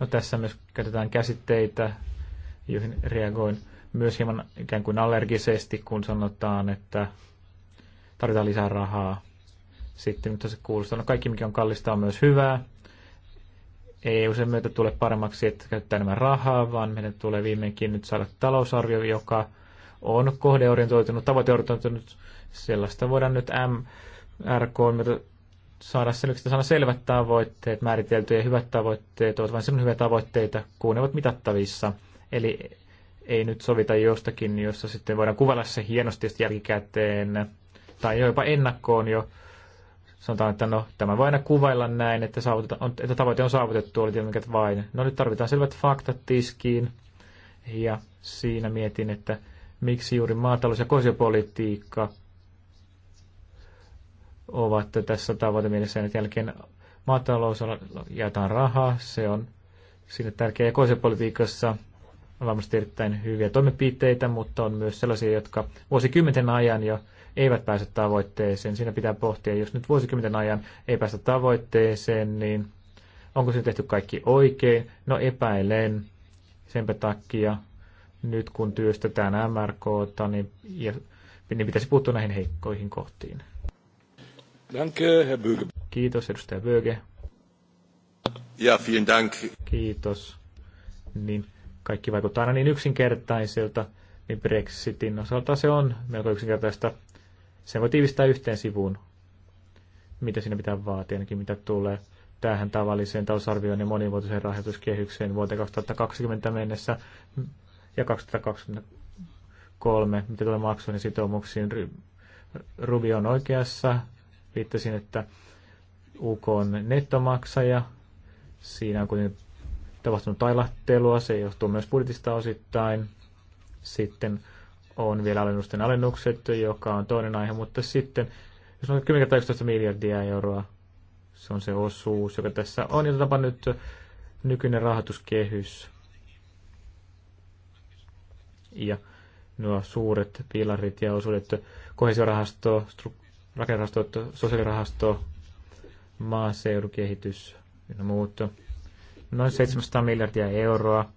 No tässä myös käytetään käsitteitä, joihin reagoin myös hieman ikään kuin allergisesti, kun sanotaan, että tarvitaan lisää rahaa. Sitten mitä se kuulostaa, no kaikki mikä on kallista on myös hyvää. Ei usein myötä tule paremmaksi, että käyttää enemmän rahaa, vaan meidän tulee viimeinkin nyt saada talousarvio, joka on kohdeorientoitunut, tavoiteorientoitunut. Sellaista voidaan nyt MRK saada selväksi sana selvät tavoitteet, määriteltyjä hyvät tavoitteet ovat vain sellaisia hyviä tavoitteita, kun ne ovat mitattavissa – Eli ei nyt sovita jostakin, jossa sitten voidaan kuvailla se hienosti jälkikäteen tai jopa ennakkoon jo. Sanotaan, että no, tämä voi aina kuvailla näin, että, on, että tavoite on saavutettu, oli tietenkin vain. No nyt tarvitaan selvät faktat tiskiin. Ja siinä mietin, että miksi juuri maatalous- ja kosiopolitiikka ovat tässä mielessä, että jälkeen maatalous jaetaan rahaa, se on sinne tärkeä ja kosiopolitiikassa on varmasti erittäin hyviä toimenpiteitä, mutta on myös sellaisia, jotka vuosikymmenten ajan jo eivät pääse tavoitteeseen. Siinä pitää pohtia, jos nyt vuosikymmenten ajan ei päästä tavoitteeseen, niin onko se tehty kaikki oikein? No epäilen. Senpä takia nyt kun työstetään MRK, niin, ja, niin pitäisi puuttua näihin heikkoihin kohtiin. Danke, Herr Böge. Kiitos, edustaja Böge. Ja, vielen Dank. Kiitos. Niin kaikki vaikuttaa aina niin yksinkertaisilta, niin Brexitin osalta se on melko yksinkertaista. Sen voi tiivistää yhteen sivuun, mitä siinä pitää vaatia, ainakin mitä tulee tähän tavalliseen talousarvioon ja monivuotiseen rahoituskehykseen vuoteen 2020 mennessä ja 2023, mitä tulee ja sitoumuksiin. Rubi on oikeassa. Viittasin, että UK on nettomaksaja. Siinä on kuitenkin tapahtunut tailahtelua, se johtuu myös budjetista osittain. Sitten on vielä alennusten alennukset, joka on toinen aihe, mutta sitten jos on 10 tai 11 miljardia euroa, se on se osuus, joka tässä on, ja tapa nyt nykyinen rahoituskehys. Ja nuo suuret pilarit ja osuudet, kohesiorahasto, rakennerahasto, sosiaalirahasto, maaseudukehitys ja muut noin 700 miljardia euroa.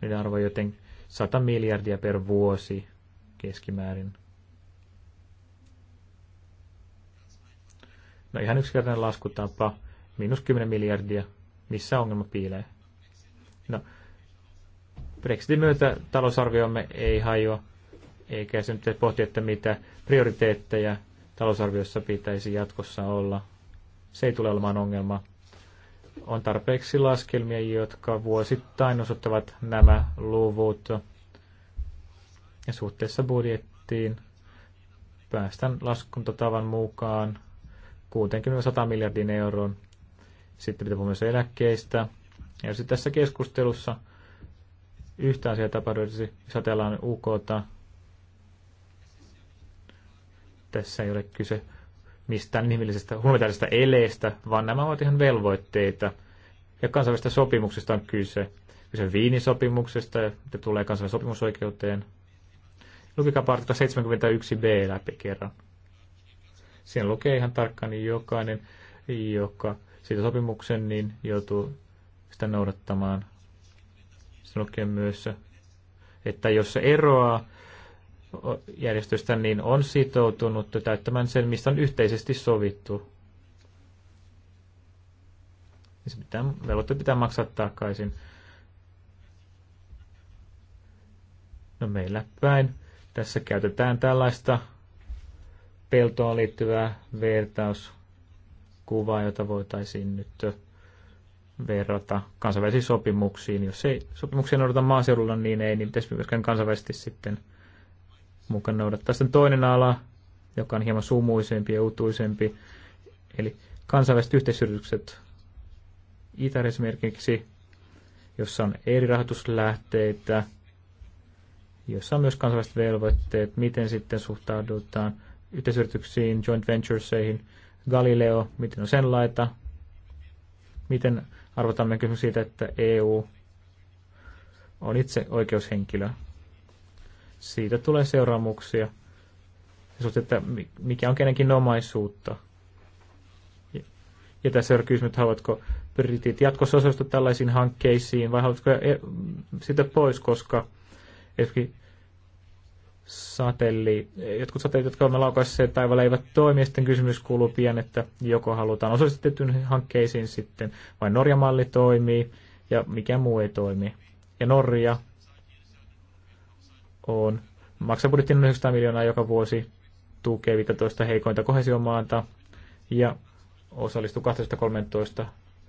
Niiden arvo joten 100 miljardia per vuosi keskimäärin. No ihan yksinkertainen laskutapa, miinus 10 miljardia, missä ongelma piilee. No, Brexitin myötä talousarviomme ei hajoa, eikä se nyt pohti, että mitä prioriteetteja talousarviossa pitäisi jatkossa olla. Se ei tule olemaan ongelma on tarpeeksi laskelmia, jotka vuosittain osoittavat nämä luvut. Ja suhteessa budjettiin päästään laskuntatavan mukaan 60-100 miljardin euron. Sitten pitää puhua myös eläkkeistä. Ja sitten tässä keskustelussa yhtä asiaa tapahtuisi, jos ajatellaan UKta. Tässä ei ole kyse mistään inhimillisestä humanitaarisesta eleestä, vaan nämä ovat ihan velvoitteita. Ja kansainvälisestä sopimuksesta on kyse. Kyse Viinisopimuksesta, että tulee kansainvälisen sopimusoikeuteen. Lukikaa artikla 71b läpi kerran. Siinä lukee ihan tarkkaan, niin jokainen, joka siitä sopimuksen, niin joutuu sitä noudattamaan. Se lukee myös, että jos se eroaa järjestöstä, niin on sitoutunut täyttämään sen, mistä on yhteisesti sovittu. Se pitää, velvoitteet pitää maksaa takaisin. No meillä päin. Tässä käytetään tällaista peltoon liittyvää vertauskuvaa, jota voitaisiin nyt verrata kansainvälisiin sopimuksiin. Jos ei sopimuksia noudata maaseudulla, niin ei, niin pitäisi myöskään kansainvälisesti sitten – mukaan noudattaa. Sitten toinen ala, joka on hieman sumuisempi ja utuisempi, eli kansainväliset yhteisyritykset. Itä esimerkiksi, jossa on eri rahoituslähteitä, jossa on myös kansainväliset velvoitteet, miten sitten suhtaudutaan yhteisyrityksiin, joint ventureseihin, Galileo, miten on sen laita, miten arvotamme kysymys siitä, että EU on itse oikeushenkilö siitä tulee seuraamuksia. suhteen, että mikä on kenenkin omaisuutta. Ja, ja tässä on kysymys, että haluatko britit jatkossa osallistua tällaisiin hankkeisiin vai haluatko e-, sitä pois, koska esimerkiksi satelli, jotkut satelliit, jotka olemme laukaisseet taivaalle, eivät toimi. Ja sitten kysymys kuuluu pian, että joko halutaan osallistettuun hankkeisiin sitten, vai Norjan malli toimii, ja mikä muu ei toimi. Ja Norja on maksabudjetti noin 900 miljoonaa joka vuosi, tukee 15 heikointa kohesiomaata ja osallistuu 2013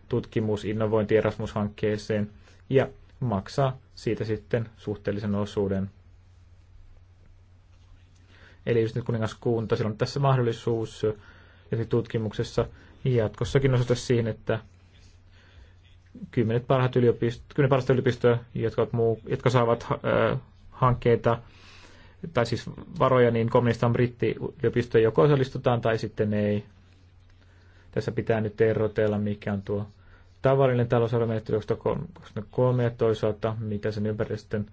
tutkimus-, innovointi- Erasmus-hankkeeseen ja maksaa siitä sitten suhteellisen osuuden. Eli just nyt kuningaskunta, sillä on tässä mahdollisuus tutkimuksessa jatkossakin osoita siihen, että kymmenet parhaat yliopistot, kymmenet parhaat yliopistoa, jotka, muu, jotka saavat ää, äh, hankkeita, tai siis varoja, niin kommunistan brittiyliopisto joko osallistutaan tai sitten ei. Tässä pitää nyt erotella, mikä on tuo tavallinen talousarviomenettely kolme ja toisaalta, mitä sen ympäristön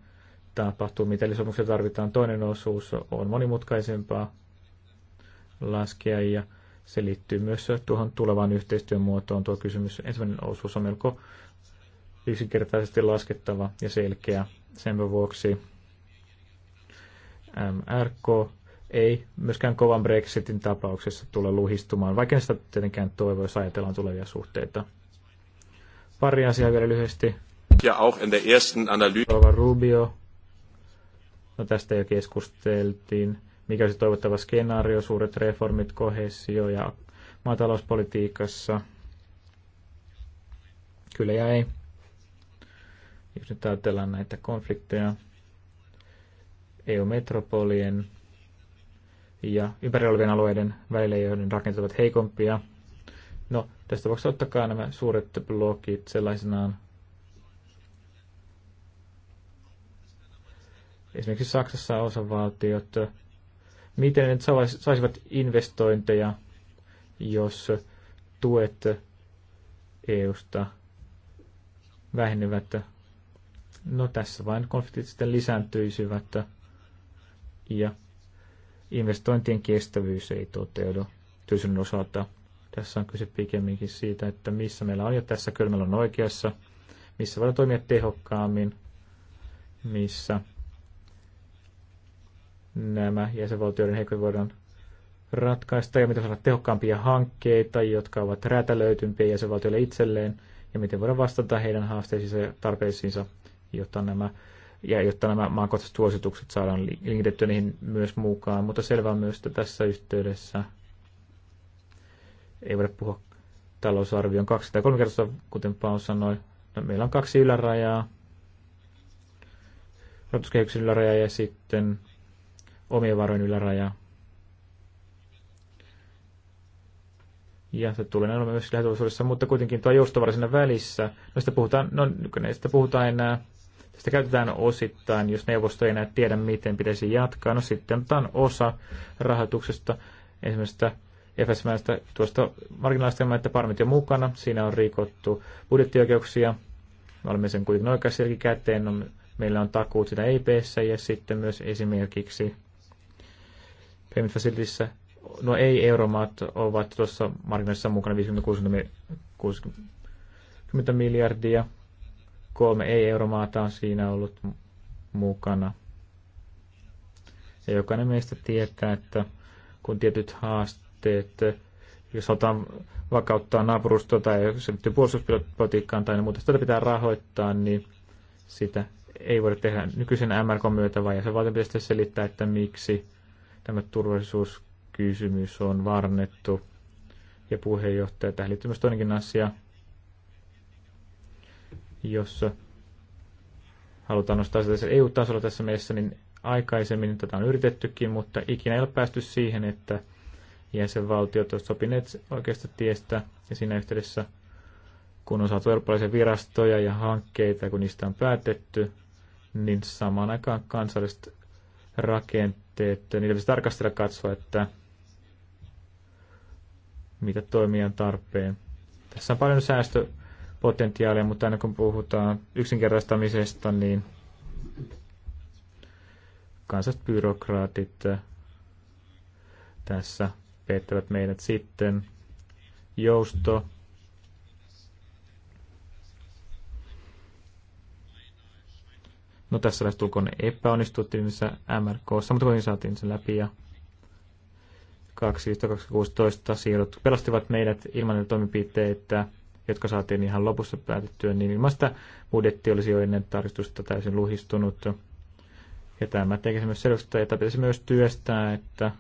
tapahtuu, mitä lisomuksia tarvitaan. Toinen osuus on monimutkaisempaa laskea ja se liittyy myös tuohon tulevaan yhteistyön muotoon. Tuo kysymys, ensimmäinen osuus on melko yksinkertaisesti laskettava ja selkeä. Sen vuoksi MRK ei myöskään kovan Brexitin tapauksessa tule luhistumaan, vaikka sitä tietenkään toivoisi ajatellaan tulevia suhteita. Pari asiaa vielä lyhyesti. Ja auch in der ersten analyse. Rova Rubio. No tästä jo keskusteltiin. Mikä olisi toivottava skenaario, suuret reformit, kohesio ja maatalouspolitiikassa? Kyllä ja ei. Jos nyt ajatellaan näitä konflikteja, EU-metropolien ja ympärillä olevien alueiden välillä, joiden rakenteet ovat heikompia. No, tästä voisi ottakaa nämä suuret blokit sellaisenaan. Esimerkiksi Saksassa osavaltiot, miten ne saisivat investointeja, jos tuet EUsta vähenevät. No tässä vain konfliktit sitten lisääntyisivät ja investointien kestävyys ei toteudu työllisyyden osalta. Tässä on kyse pikemminkin siitä, että missä meillä on jo tässä kylmällä on oikeassa, missä voidaan toimia tehokkaammin, missä nämä jäsenvaltioiden heikot voidaan ratkaista ja miten saada tehokkaampia hankkeita, jotka ovat räätälöitympiä jäsenvaltioille itselleen ja miten voidaan vastata heidän haasteisiinsa ja tarpeisiinsa, jotta nämä ja jotta nämä maakohtaiset suositukset saadaan linkitettyä niihin myös mukaan. Mutta selvää myös, että tässä yhteydessä ei voida puhua talousarvion kaksi tai kolme kertaa, kuten Paul sanoi. No, meillä on kaksi ylärajaa, rahoituskehyksen yläraja ja sitten omien varojen yläraja. Ja se tulee olemaan myös lähtövuosissa, mutta kuitenkin tuo joustovara siinä välissä. No sitä puhutaan, no sitä puhutaan enää sitä käytetään osittain, jos neuvosto ei enää tiedä, miten pitäisi jatkaa. No sitten otetaan on osa rahoituksesta, esimerkiksi FSMstä tuosta marginaalista että parmit jo mukana. Siinä on rikottu budjettioikeuksia. Me olemme sen kuitenkin oikeassa käteen. No, meillä on takuut sitä EIPssä ja sitten myös esimerkiksi Payment Facilityssä. No ei euromaat ovat tuossa marginaalissa mukana 50-60 miljardia Kolme ei-euromaata on siinä ollut mukana. Ja jokainen meistä tietää, että kun tietyt haasteet, jos halutaan vakauttaa naapurustoa tai jos se liittyy puolustuspolitiikkaan tai muuta, sitä pitää rahoittaa, niin sitä ei voida tehdä nykyisen MRK myötä, vaan se valtion pitäisi selittää, että miksi tämä turvallisuuskysymys on varnettu. Ja puheenjohtaja, tähän liittyy myös toinenkin asia, jos halutaan nostaa se tässä EU-tasolla tässä mielessä, niin aikaisemmin tätä on yritettykin, mutta ikinä ei ole päästy siihen, että jäsenvaltiot ovat sopineet oikeasta tiestä ja siinä yhteydessä, kun on saatu eurooppalaisia virastoja ja hankkeita, kun niistä on päätetty, niin samaan aikaan kansalliset rakenteet, niitä pitäisi tarkastella katsoa, että mitä toimia on tarpeen. Tässä on paljon säästö potentiaalia, mutta aina kun puhutaan yksinkertaistamisesta, niin kansalliset byrokraatit eh, tässä pettävät meidät sitten. Jousto. No tässä lähes tulkoon epäonnistuttiin missä mutta kuitenkin saatiin sen läpi ja 2016 siirrot pelastivat meidät ilman toimenpiteitä jotka saatiin ihan lopussa päätettyä, niin sitä budjetti olisi jo ennen tarkistusta täysin luhistunut. Ja tämä tekisi myös sellaista, että pitäisi myös työstää, että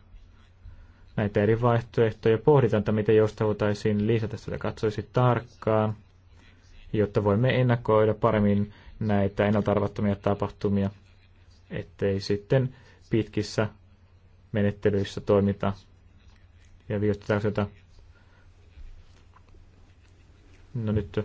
näitä eri vaihtoehtoja pohditaan, että miten joustavuutaisiin lisätä sitä katsoisi tarkkaan, jotta voimme ennakoida paremmin näitä ennaltaarvattomia tapahtumia, ettei sitten pitkissä menettelyissä toimita ja viestitään No nyt,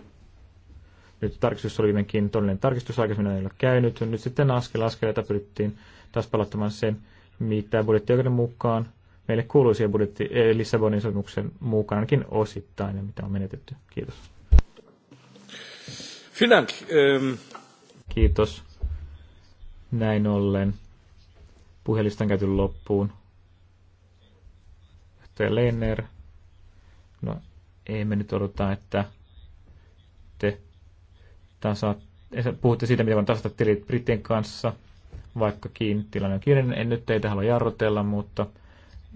nyt tarkistus oli jotenkin todellinen tarkistus, aikaisemmin ei ole käynyt. Nyt sitten askel askeleita pyrittiin taas palauttamaan sen, mitä budjettioikeuden mukaan meille kuuluu budjetti, eh, Lissabonin sopimuksen mukaankin osittain ja mitä on menetetty. Kiitos. Finank, ähm. Kiitos. Näin ollen. Puhelista on käyty loppuun. Johtaja Lenner. No, ei me nyt odota, että puhuitte, tasa, eh, puhutte siitä, miten voin tasata tilit Brittien kanssa, vaikkakin tilanne on kiireinen. En nyt teitä halua jarrutella, mutta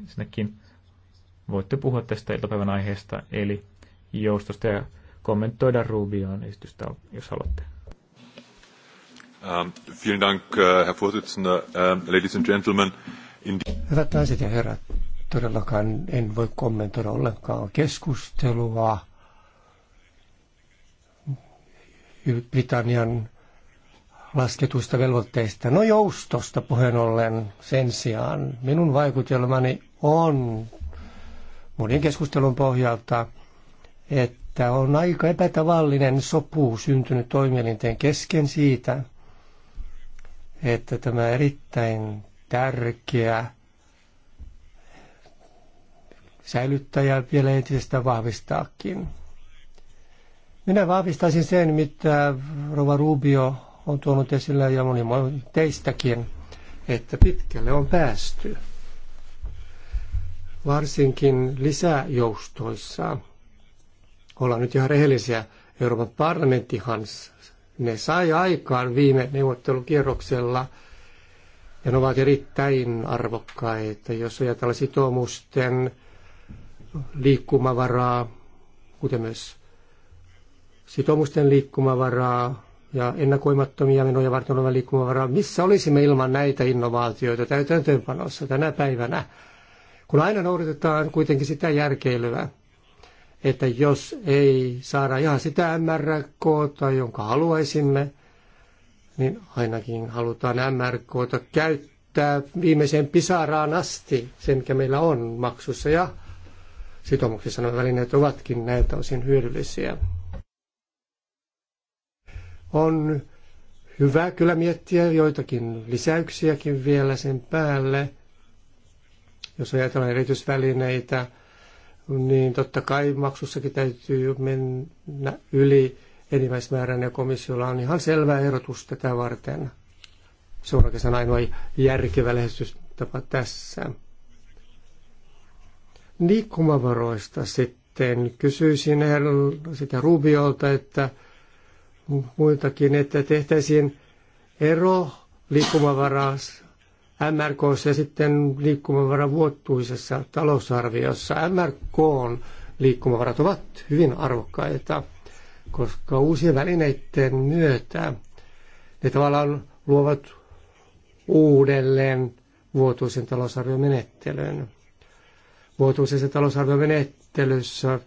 sinnekin voitte puhua tästä iltapäivän aiheesta, eli joustosta ja kommentoida Rubion esitystä, jos haluatte. Um, vielen Dank, äh, Herr Vorsitzender, ähm, ladies and gentlemen. In... Hyvät naiset ja herrat, todellakaan en voi kommentoida ollenkaan keskustelua Britannian lasketuista velvoitteista. No joustosta puheen ollen sen sijaan. Minun vaikutelmani on monien keskustelun pohjalta, että on aika epätavallinen sopu syntynyt toimielinten kesken siitä, että tämä erittäin tärkeä säilyttäjä vielä entisestä vahvistaakin. Minä vahvistaisin sen, mitä Rova Rubio on tuonut esille ja moni teistäkin, että pitkälle on päästy. Varsinkin lisäjoustoissa. Ollaan nyt ihan rehellisiä. Euroopan parlamenttihan ne sai aikaan viime neuvottelukierroksella ja ne ovat erittäin arvokkaita, jos ajatellaan sitoumusten liikkumavaraa, kuten myös sitomusten liikkumavaraa ja ennakoimattomia menoja varten olevan liikkumavaraa. Missä olisimme ilman näitä innovaatioita täytäntöönpanossa tänä päivänä, kun aina noudatetaan kuitenkin sitä järkeilyä, että jos ei saada ihan sitä MRK, tai jonka haluaisimme, niin ainakin halutaan MRK käyttää viimeiseen pisaraan asti, sen mikä meillä on maksussa ja sitomuksissa nämä välineet ovatkin näiltä osin hyödyllisiä. On hyvä kyllä miettiä joitakin lisäyksiäkin vielä sen päälle. Jos ajatellaan erityisvälineitä, niin totta kai maksussakin täytyy mennä yli enimmäismäärän ja komissiolla on ihan selvä erotus tätä varten. Se on oikeastaan ainoa järkevä lähestystapa tässä. Liikkumavaroista sitten kysyisin sitä Rubiolta, että – muiltakin, että tehtäisiin ero liikkumavaraa MRK ja sitten liikkumavara vuotuisessa talousarviossa. MRKn liikkumavarat ovat hyvin arvokkaita, koska uusien välineiden myötä ne tavallaan luovat uudelleen vuotuisen talousarviomenettelyn. Vuotuisessa talousarviomenettelyssä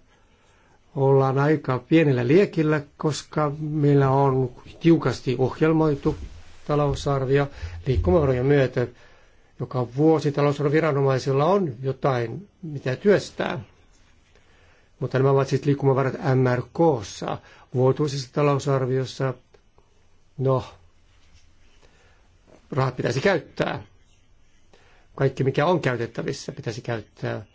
ollaan aika pienellä liekillä, koska meillä on tiukasti ohjelmoitu talousarvio liikkumavarojen myötä. Joka vuosi talousarvioviranomaisilla on jotain, mitä työstää. Mutta nämä ovat siis liikkumavarat MRKssa, vuotuisessa talousarviossa. No, rahat pitäisi käyttää. Kaikki, mikä on käytettävissä, pitäisi käyttää.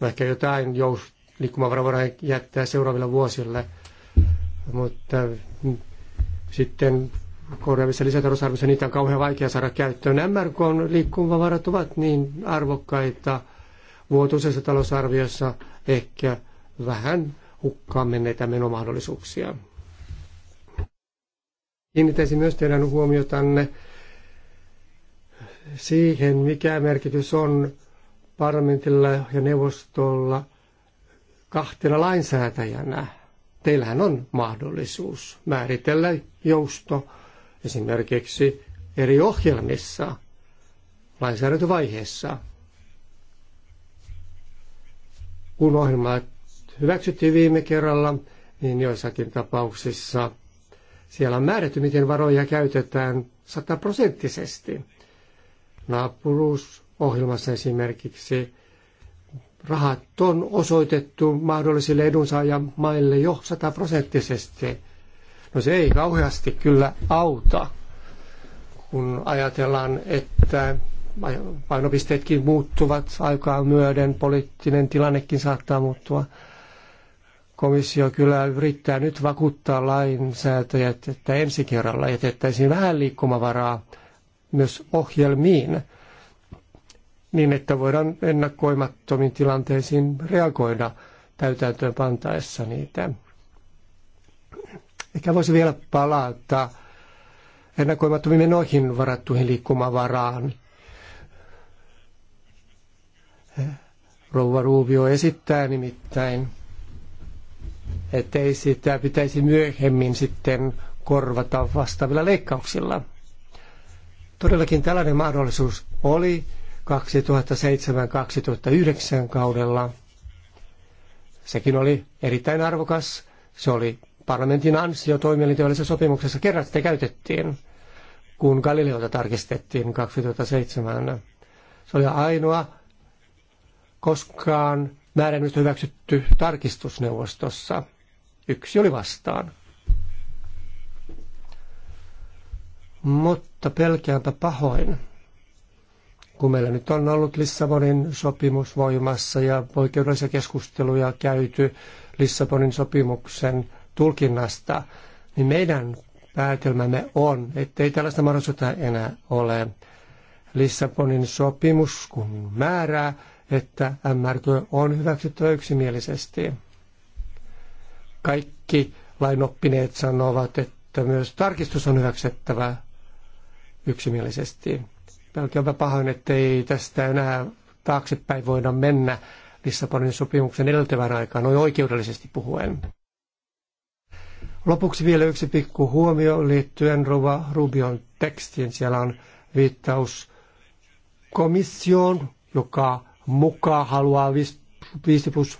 No ehkä jotain joust liikkumavara voidaan jättää seuraaville vuosille. Mutta sitten korjaavissa lisätalousarvissa niitä on kauhean vaikea saada käyttöön. MRK on liikkumavarat ovat niin arvokkaita vuotuisessa talousarviossa ehkä vähän hukkaan menneitä menomahdollisuuksia. Kiinnittäisin myös teidän huomiotanne siihen, mikä merkitys on parlamentilla ja neuvostolla kahtena lainsäätäjänä teillähän on mahdollisuus määritellä jousto esimerkiksi eri ohjelmissa lainsäädäntövaiheessa. Kun ohjelmat hyväksyttiin viime kerralla, niin joissakin tapauksissa siellä on määrätty, miten varoja käytetään sataprosenttisesti. Naapuruusohjelmassa esimerkiksi Rahat on osoitettu mahdollisille edunsaajan maille jo sataprosenttisesti. No se ei kauheasti kyllä auta, kun ajatellaan, että painopisteetkin muuttuvat aikaa myöden, poliittinen tilannekin saattaa muuttua. Komissio kyllä yrittää nyt vakuuttaa lainsäätäjät, että ensi kerralla jätettäisiin vähän liikkumavaraa myös ohjelmiin – niin, että voidaan ennakoimattomiin tilanteisiin reagoida täytäntöön pantaessa niitä. Ehkä voisi vielä palata ennakoimattomiin menoihin varattuihin liikkumavaraan. Rouva Ruuvio esittää nimittäin, ei sitä pitäisi myöhemmin sitten korvata vastaavilla leikkauksilla. Todellakin tällainen mahdollisuus oli 2007-2009 kaudella. Sekin oli erittäin arvokas. Se oli parlamentin ansio toimielintyöllisessä sopimuksessa. Kerran sitä käytettiin, kun Galileota tarkistettiin 2007. Se oli ainoa koskaan määrännöstä hyväksytty tarkistusneuvostossa. Yksi oli vastaan. Mutta pelkäänpä pahoin kun meillä nyt on ollut Lissabonin sopimus voimassa ja oikeudellisia keskusteluja käyty Lissabonin sopimuksen tulkinnasta, niin meidän päätelmämme on, ettei tällaista mahdollisuutta enää ole. Lissabonin sopimus kun määrää, että MRK on hyväksytty yksimielisesti. Kaikki lainoppineet sanovat, että myös tarkistus on hyväksyttävä yksimielisesti. Pelkäänpä pahoin, että ei tästä enää taaksepäin voida mennä Lissabonin sopimuksen edeltävän aikaan, noin oikeudellisesti puhuen. Lopuksi vielä yksi pikku huomio liittyen Rova Rubion tekstiin. Siellä on viittaus komissioon, joka mukaan haluaa 5 plus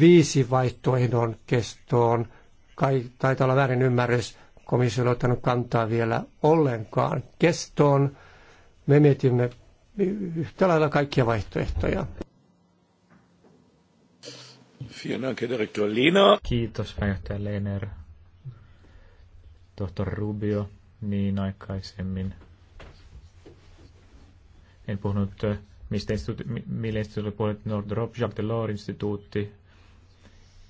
5 vaihtoehdon kestoon. Kai taitaa olla väärin ymmärrys. Komissio on ottanut kantaa vielä ollenkaan kestoon. Me mietimme yhtä lailla kaikkia vaihtoehtoja. Kiitos, pääjohtaja Lehner. Tohtor Rubio, niin aikaisemmin. En puhunut äh, mistä instituutti, millä instituutti puolet Nordrop, Jacques Delors-instituutti.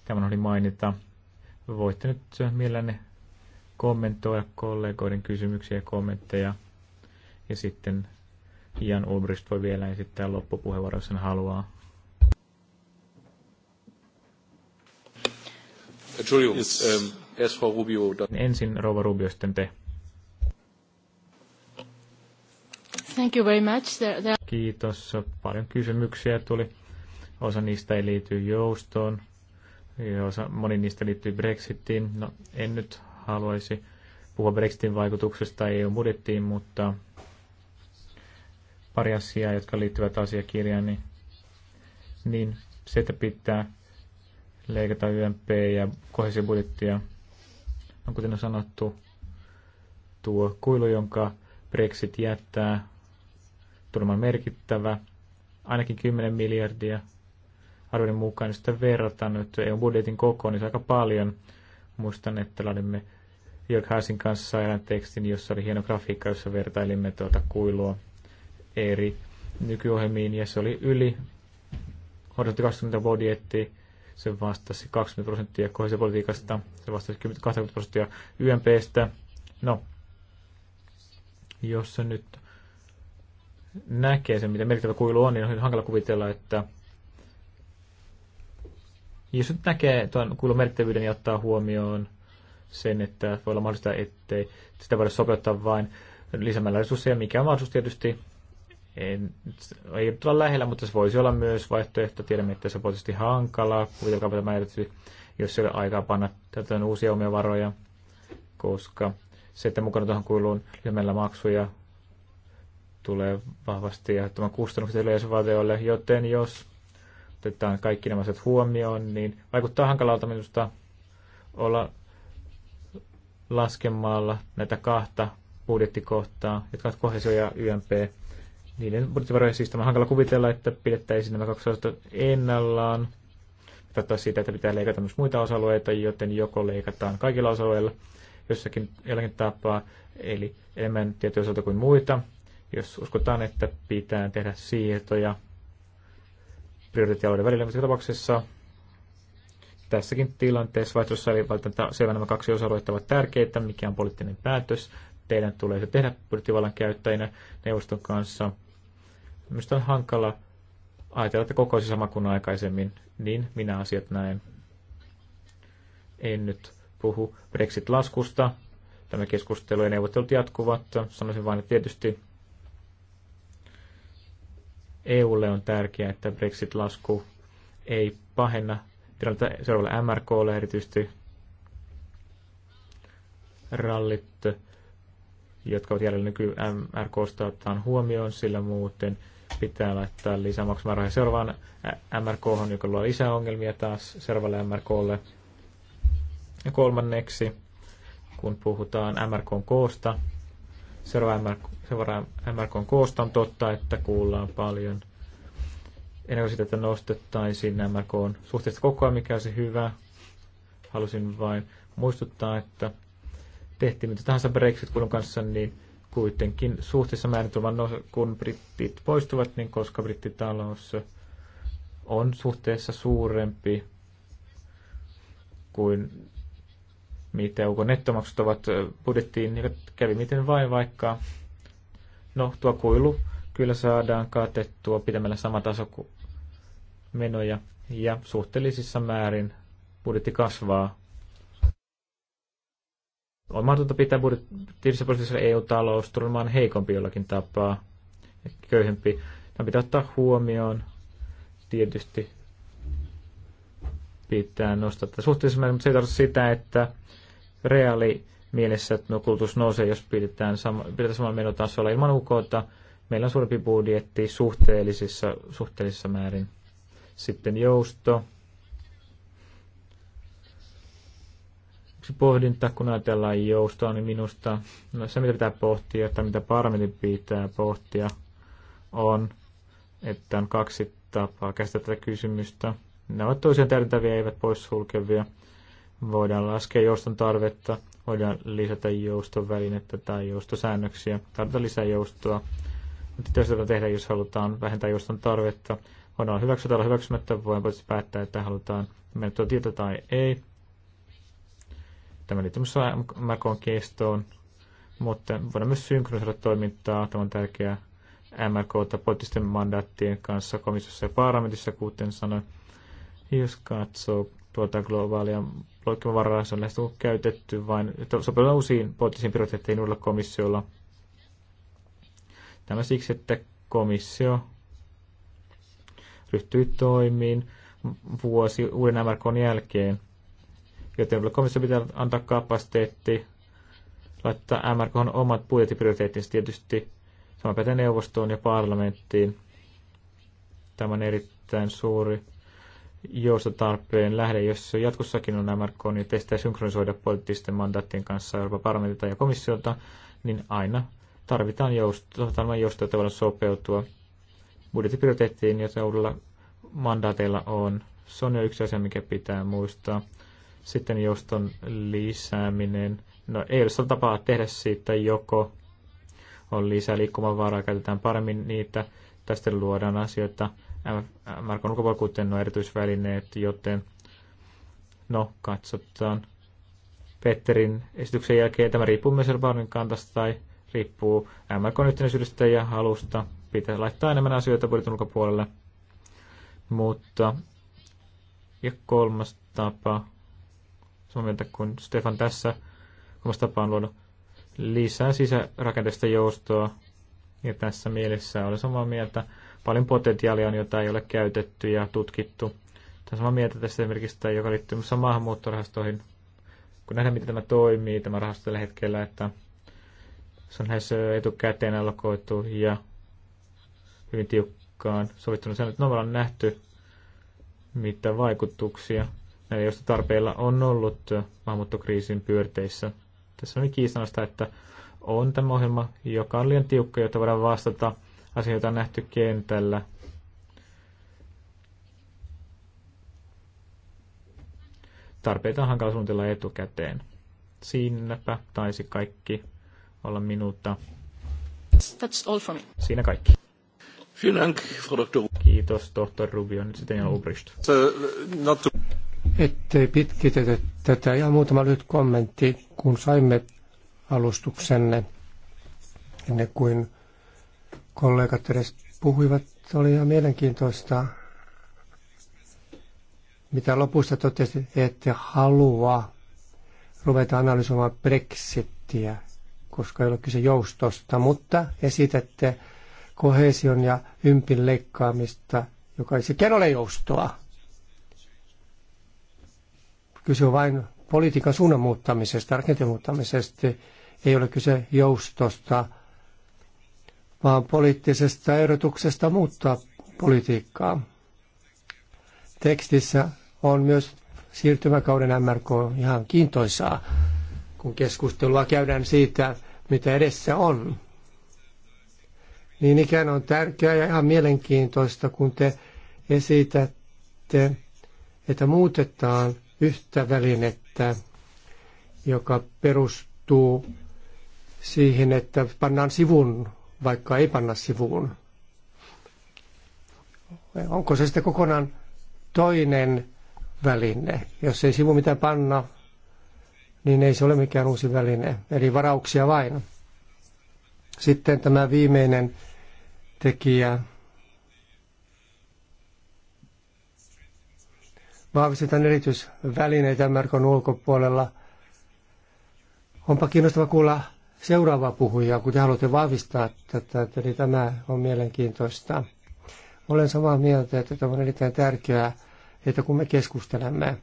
Tämän oli mainita. Voitte nyt äh, mielelläni kommentoida kollegoiden kysymyksiä ja kommentteja. Ja sitten Jan Ulbrist voi vielä esittää loppupuheenvuoro, jos hän haluaa. Ähm, Ensin Rova Rubio, sitten te. Thank you very much. There, there... Kiitos. Paljon kysymyksiä tuli. Osa niistä ei liity joustoon. Osa, moni niistä liittyy Brexitiin. No, en nyt haluaisi puhua Brexitin vaikutuksesta EU-budjettiin, mutta pari asiaa, jotka liittyvät asiakirjaan, niin, niin se, että pitää leikata YMP ja kohesiobudjettia, on kuten on sanottu, tuo kuilu, jonka Brexit jättää, tulemaan merkittävä, ainakin 10 miljardia arvoin mukaan, niin sitä verrataan nyt EU-budjetin kokoon, niin se on aika paljon. Muistan, että laadimme Jörg Haasin kanssa ajan tekstin, jossa oli hieno grafiikka, jossa vertailimme tuota kuilua eri nykyohjelmiin ja se oli yli odotti 20 budjetti. Se vastasi 20 prosenttia kohesiopolitiikasta, se vastasi 20 prosenttia YMPstä. No, jos se nyt näkee sen, mitä merkittävä kuilu on, niin on hankala kuvitella, että jos nyt näkee tuon kuilun merkittävyyden ja niin ottaa huomioon sen, että voi olla mahdollista, ettei sitä voida sopeuttaa vain lisämällä resursseja, mikä on mahdollisuus tietysti, en, ei nyt olla lähellä, mutta se voisi olla myös vaihtoehto. Tiedämme, että se on tietysti hankalaa. Kuvitelkaapa tämä erityisesti, jos ei ole aikaa panna tätä uusia omia varoja, koska se, että mukana tuohon kuiluun lyhyemmällä maksuja tulee vahvasti ja tämän kustannukset yleisövaltioille, joten jos otetaan kaikki nämä asiat huomioon, niin vaikuttaa hankalalta minusta olla laskemalla näitä kahta budjettikohtaa, jotka ovat kohesio ja YMP niiden budjettivaroja. Siis tämä on hankala kuvitella, että pidettäisiin nämä kaksi osastoa ennallaan. Tarkoittaa siitä, että pitää leikata myös muita osa-alueita, joten joko leikataan kaikilla osa-alueilla jossakin jollakin tapaa, eli enemmän tiettyjä osalta kuin muita. Jos uskotaan, että pitää tehdä siirtoja prioriteettialueiden välillä, mutta tapauksessa tässäkin tilanteessa vaihtoehdossa eli välttämättä selvä nämä kaksi osa alueita ovat tärkeitä, mikä on poliittinen päätös, teidän tulee se tehdä budjettivallan käyttäjinä neuvoston kanssa. Minusta on hankala ajatella, että koko sama kuin aikaisemmin, niin minä asiat näen. En nyt puhu Brexit-laskusta. Tämä keskustelu ja neuvottelut jatkuvat. Sanoisin vain, että tietysti EUlle on tärkeää, että Brexit-lasku ei pahenna tilannetta seuraavalle MRKlle erityisesti rallit jotka ovat jäljellä nyky MRK ottaa huomioon, sillä muuten pitää laittaa lisämaksumäärärahoja seuraavaan MRK, joka luo lisää ongelmia taas seuraavalle MRKlle. Ja kolmanneksi, kun puhutaan MRKn koosta, seuraava MRK, seuraava MRKn koosta on totta, että kuullaan paljon ennen kuin sitä, että nostettaisiin MRKn suhteesta koko ajan, mikä olisi hyvä. Halusin vain muistuttaa, että tehtiin mitä tahansa Brexit-kulun kanssa, niin kuitenkin suhteessa nousu, kun brittit poistuvat, niin koska brittitalous on suhteessa suurempi kuin mitä UK nettomaksut ovat budjettiin, niin kävi miten vain vaikka. No, tuo kuilu kyllä saadaan katettua pitämällä sama taso kuin menoja ja suhteellisissa määrin budjetti kasvaa on mahdotonta pitää budjettiivisessa prosessissa EU-talous tulemaan heikompi jollakin tapaa köyhempi. Tämä pitää ottaa huomioon. Tietysti pitää nostaa tätä suhteellisemmin, mutta se ei tarkoita sitä, että reaali mielessä, että no kulutus nousee, jos pidetään, sama, pidetään samalla menotasolla ilman UKta. Meillä on suurempi budjetti suhteellisissa, suhteellisissa määrin. Sitten jousto. se pohdinta, kun ajatellaan joustoa, niin minusta no se, mitä pitää pohtia tai mitä parlamentin pitää pohtia, on, että on kaksi tapaa käsitellä tätä kysymystä. Ne ovat toisiaan täydentäviä, eivät poissulkevia. Voidaan laskea jouston tarvetta, voidaan lisätä jouston välinettä tai joustosäännöksiä, tarvita lisää joustoa. Mutta työstä tehdä, jos halutaan vähentää jouston tarvetta. Voidaan hyväksyä tai olla hyväksymättä, voidaan päättää, että halutaan mennä tuo tieto tai ei Tämä liittyy myös Macon kestoon, mutta voidaan myös synkronisoida toimintaa. Tämä on tärkeää MRKta poliittisten mandaattien kanssa komissiossa ja parlamentissa, kuten sanoin. Jos katsoo tuota globaalia loikkimavaraa, se on lähes käytetty vain sopeudutaan uusiin poliittisiin prioriteetteihin uudella komissiolla. Tämä siksi, että komissio ryhtyy toimiin vuosi uuden MRKn jälkeen – joten komissio pitää antaa kapasiteetti, laittaa MRK on omat budjettiprioriteettinsa tietysti, sama pätee neuvostoon ja parlamenttiin. Tämä on erittäin suuri joustotarpeen lähde, jos jatkossakin on MRK, niin testää synkronisoida poliittisten mandaattien kanssa Euroopan parlamentilta ja komissiolta, niin aina tarvitaan joustoa, joustoa tavalla sopeutua budjettiprioriteettiin, jota uudella mandaateilla on. Se on jo yksi asia, mikä pitää muistaa. Sitten jouston lisääminen. No ei ole tapaa tehdä siitä, joko on lisää liikkumavaraa, käytetään paremmin niitä, tästä luodaan asioita. MRK ulkopuolella kuten nuo erityisvälineet, joten no katsotaan. Petterin esityksen jälkeen tämä riippuu myös Erbarnin kantasta tai riippuu MRK yhtenäisyydestä ja halusta. Pitää laittaa enemmän asioita budjetin ulkopuolelle. Mutta ja kolmas tapa samaa mieltä kuin Stefan tässä omassa tapaan luoda lisää sisärakenteista joustoa. Ja tässä mielessä olen samaa mieltä. Paljon potentiaalia on, jota ei ole käytetty ja tutkittu. Tämä samaa mieltä tästä esimerkiksi, joka liittyy maahanmuuttorahastoihin. Kun nähdään, miten tämä toimii, tämä rahasto tällä hetkellä, että se on lähes etukäteen alkoitu ja hyvin tiukkaan sovittunut. Sen, no, että me nähty, mitä vaikutuksia josta tarpeella on ollut maahanmuuttokriisin pyörteissä. Tässä on kiistanasta, että on tämä ohjelma, joka on liian tiukka, jotta voidaan vastata asioita on nähty kentällä. Tarpeita on hankala suunnitella etukäteen. Siinäpä taisi kaikki olla minuutta. That's all for me. Siinä kaikki. Kiitos, tohtori Rubio. Nyt sitten Jan Ubrist. Uh, not to ettei pitkitetä tätä. Ihan muutama lyhyt kommentti, kun saimme alustuksenne ennen kuin kollegat edes puhuivat. Oli ihan mielenkiintoista, mitä lopussa totesi, että halua ruveta analysoimaan Brexittiä, koska ei ole kyse joustosta, mutta esitätte kohesion ja ympin leikkaamista, joka ei se ole joustoa. Kyse on vain politiikan suunnan muuttamisesta, rakenteen muuttamisesta. Ei ole kyse joustosta, vaan poliittisesta ehdotuksesta muuttaa politiikkaa. Tekstissä on myös siirtymäkauden MRK ihan kiintoisaa, kun keskustelua käydään siitä, mitä edessä on. Niin ikään on tärkeää ja ihan mielenkiintoista, kun te esitätte, että muutetaan yhtä välinettä, joka perustuu siihen, että pannaan sivun, vaikka ei panna sivuun. Onko se sitten kokonaan toinen väline? Jos ei sivu mitä panna, niin ei se ole mikään uusi väline. Eli varauksia vain. Sitten tämä viimeinen tekijä, vahvistetaan erityisvälineitä Merkon ulkopuolella. Onpa kiinnostava kuulla seuraavaa puhujaa, kun te haluatte vahvistaa tätä, eli niin tämä on mielenkiintoista. Olen samaa mieltä, että tämä on erittäin tärkeää, että kun me keskustelemme,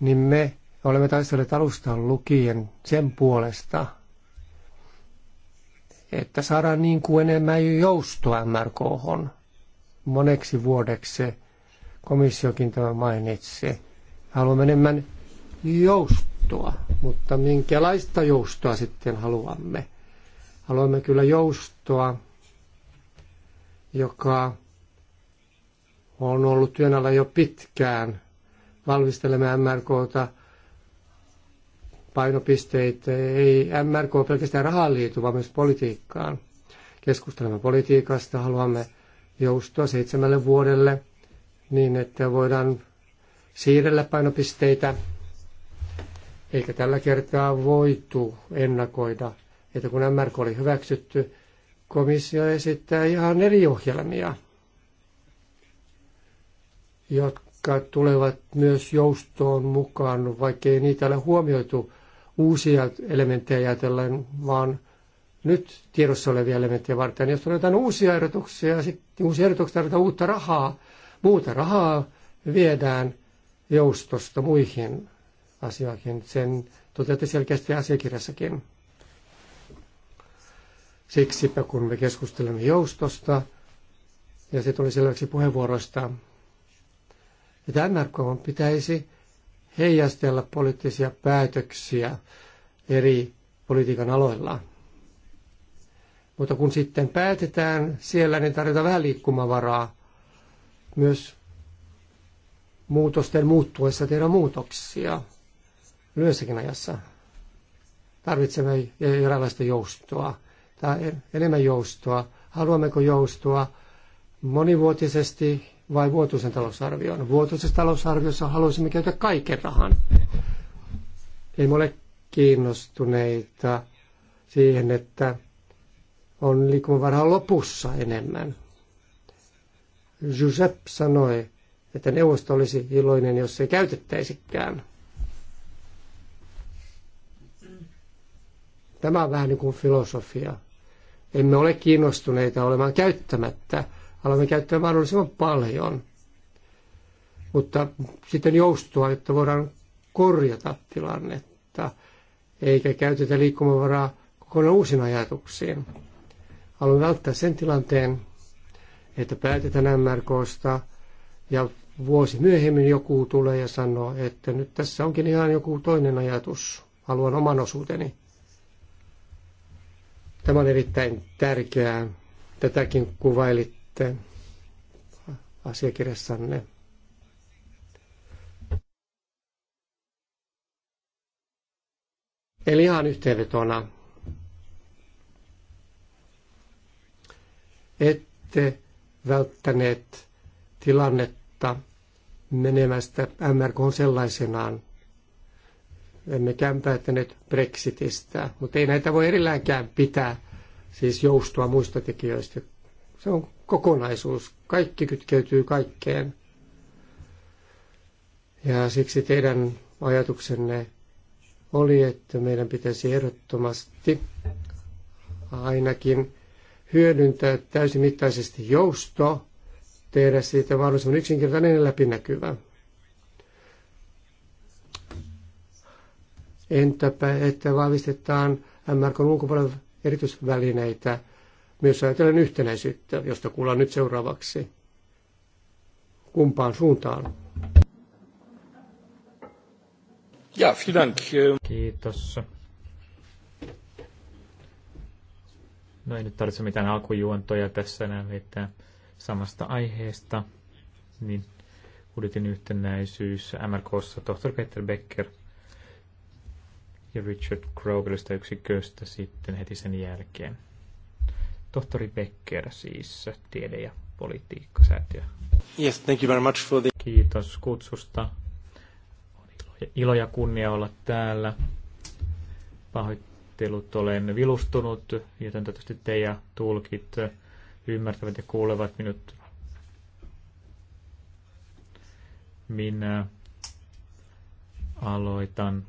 niin me olemme taistelleet alusta lukien sen puolesta, että saadaan niin kuin enemmän joustoa MRK moneksi vuodeksi – komissiokin tämä mainitsi. Haluamme enemmän joustoa, mutta minkälaista joustoa sitten haluamme? Haluamme kyllä joustoa, joka on ollut työn alla jo pitkään. Valmistelemme MRKta painopisteitä. Ei MRK pelkästään rahaan liity, vaan myös politiikkaan. Keskustelemme politiikasta, haluamme joustoa seitsemälle vuodelle – niin, että voidaan siirrellä painopisteitä, eikä tällä kertaa voitu ennakoida, että kun MRK oli hyväksytty, komissio esittää ihan eri ohjelmia, jotka tulevat myös joustoon mukaan, vaikkei niitä ole huomioitu uusia elementtejä ajatellen, vaan nyt tiedossa olevia elementtejä varten. Jos tulee jotain uusia ehdotuksia, sitten uusia ehdotuksia tarvitaan uutta rahaa, Muuta rahaa viedään joustosta muihin asioihin. Sen toteutti selkeästi asiakirjassakin. Siksipä kun me keskustelemme joustosta, ja se tuli selväksi puheenvuoroista, että NRK pitäisi heijastella poliittisia päätöksiä eri politiikan aloilla. Mutta kun sitten päätetään siellä, niin tarjotaan vähän liikkumavaraa myös muutosten muuttuessa tehdä muutoksia lyhyessäkin ajassa. Tarvitsemme eräänlaista joustoa tai enemmän joustoa. Haluammeko joustoa monivuotisesti vai vuotuisen talousarvioon? Vuotuisessa talousarviossa haluaisimme käyttää kaiken rahan. Ei ole kiinnostuneita siihen, että on liikkumavaraa lopussa enemmän. Josep sanoi, että neuvosto olisi iloinen, jos ei käytettäisikään. Tämä on vähän niin kuin filosofia. Emme ole kiinnostuneita olemaan käyttämättä. Haluamme käyttää mahdollisimman paljon, mutta sitten joustua, jotta voidaan korjata tilannetta, eikä käytetä liikkumavaraa kokonaan uusiin ajatuksiin. Haluan välttää sen tilanteen, että päätetään MRKsta ja vuosi myöhemmin joku tulee ja sanoo, että nyt tässä onkin ihan joku toinen ajatus, haluan oman osuuteni. Tämä on erittäin tärkeää. Tätäkin kuvailitte asiakirjassanne. Eli ihan yhteenvetona, ette välttäneet tilannetta menemästä MRK sellaisenaan. Emmekään päättäneet Brexitistä, mutta ei näitä voi erilläänkään pitää, siis joustua muista tekijöistä. Se on kokonaisuus. Kaikki kytkeytyy kaikkeen. Ja siksi teidän ajatuksenne oli, että meidän pitäisi ehdottomasti ainakin hyödyntää täysimittaisesti jousto, tehdä siitä mahdollisimman yksinkertainen ja läpinäkyvä. Entäpä, että vahvistetaan MRK ulkopuolella erityisvälineitä, myös ajatellen yhtenäisyyttä, josta kuullaan nyt seuraavaksi. Kumpaan suuntaan? Ja, Kiitos. No ei nyt tarvitse mitään alkujuontoja tässä enää vetää samasta aiheesta. Niin budjetin yhtenäisyys MRKssa tohtori Peter Becker ja Richard Krogerista yksiköstä sitten heti sen jälkeen. Tohtori Becker siis, tiede- ja politiikkasäätiö. Yes, thank you very much for the... Kiitos kutsusta. On ilo ja kunnia olla täällä. Pahoittelen pahoittelut, olen vilustunut joten toivottavasti te ja tulkit ymmärtävät ja kuulevat minut. Minä aloitan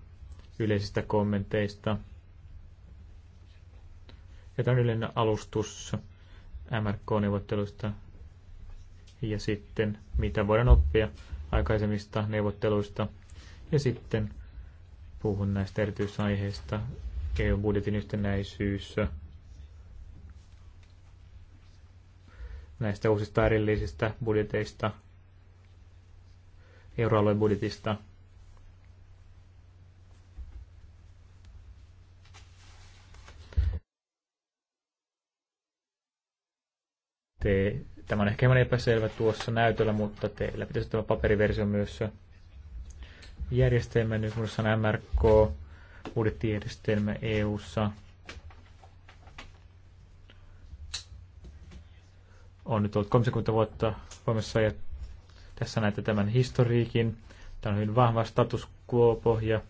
yleisistä kommenteista. Ja tämä on yleinen alustus MRK-neuvotteluista ja sitten mitä voidaan oppia aikaisemmista neuvotteluista. Ja sitten puhun näistä erityisaiheista EU-budjetin yhtenäisyys näistä uusista erillisistä budjeteista, euroalueen budjetista. Te, tämä on ehkä hieman epäselvä tuossa näytöllä, mutta teillä pitäisi tämä paperiversio myös järjestelmä, nyt muassa on MRK, budjettijärjestelmä EU:ssa on nyt ollut 30 vuotta voimassa ja tässä näette tämän historiikin. Tämä on hyvin vahva status quo-pohja,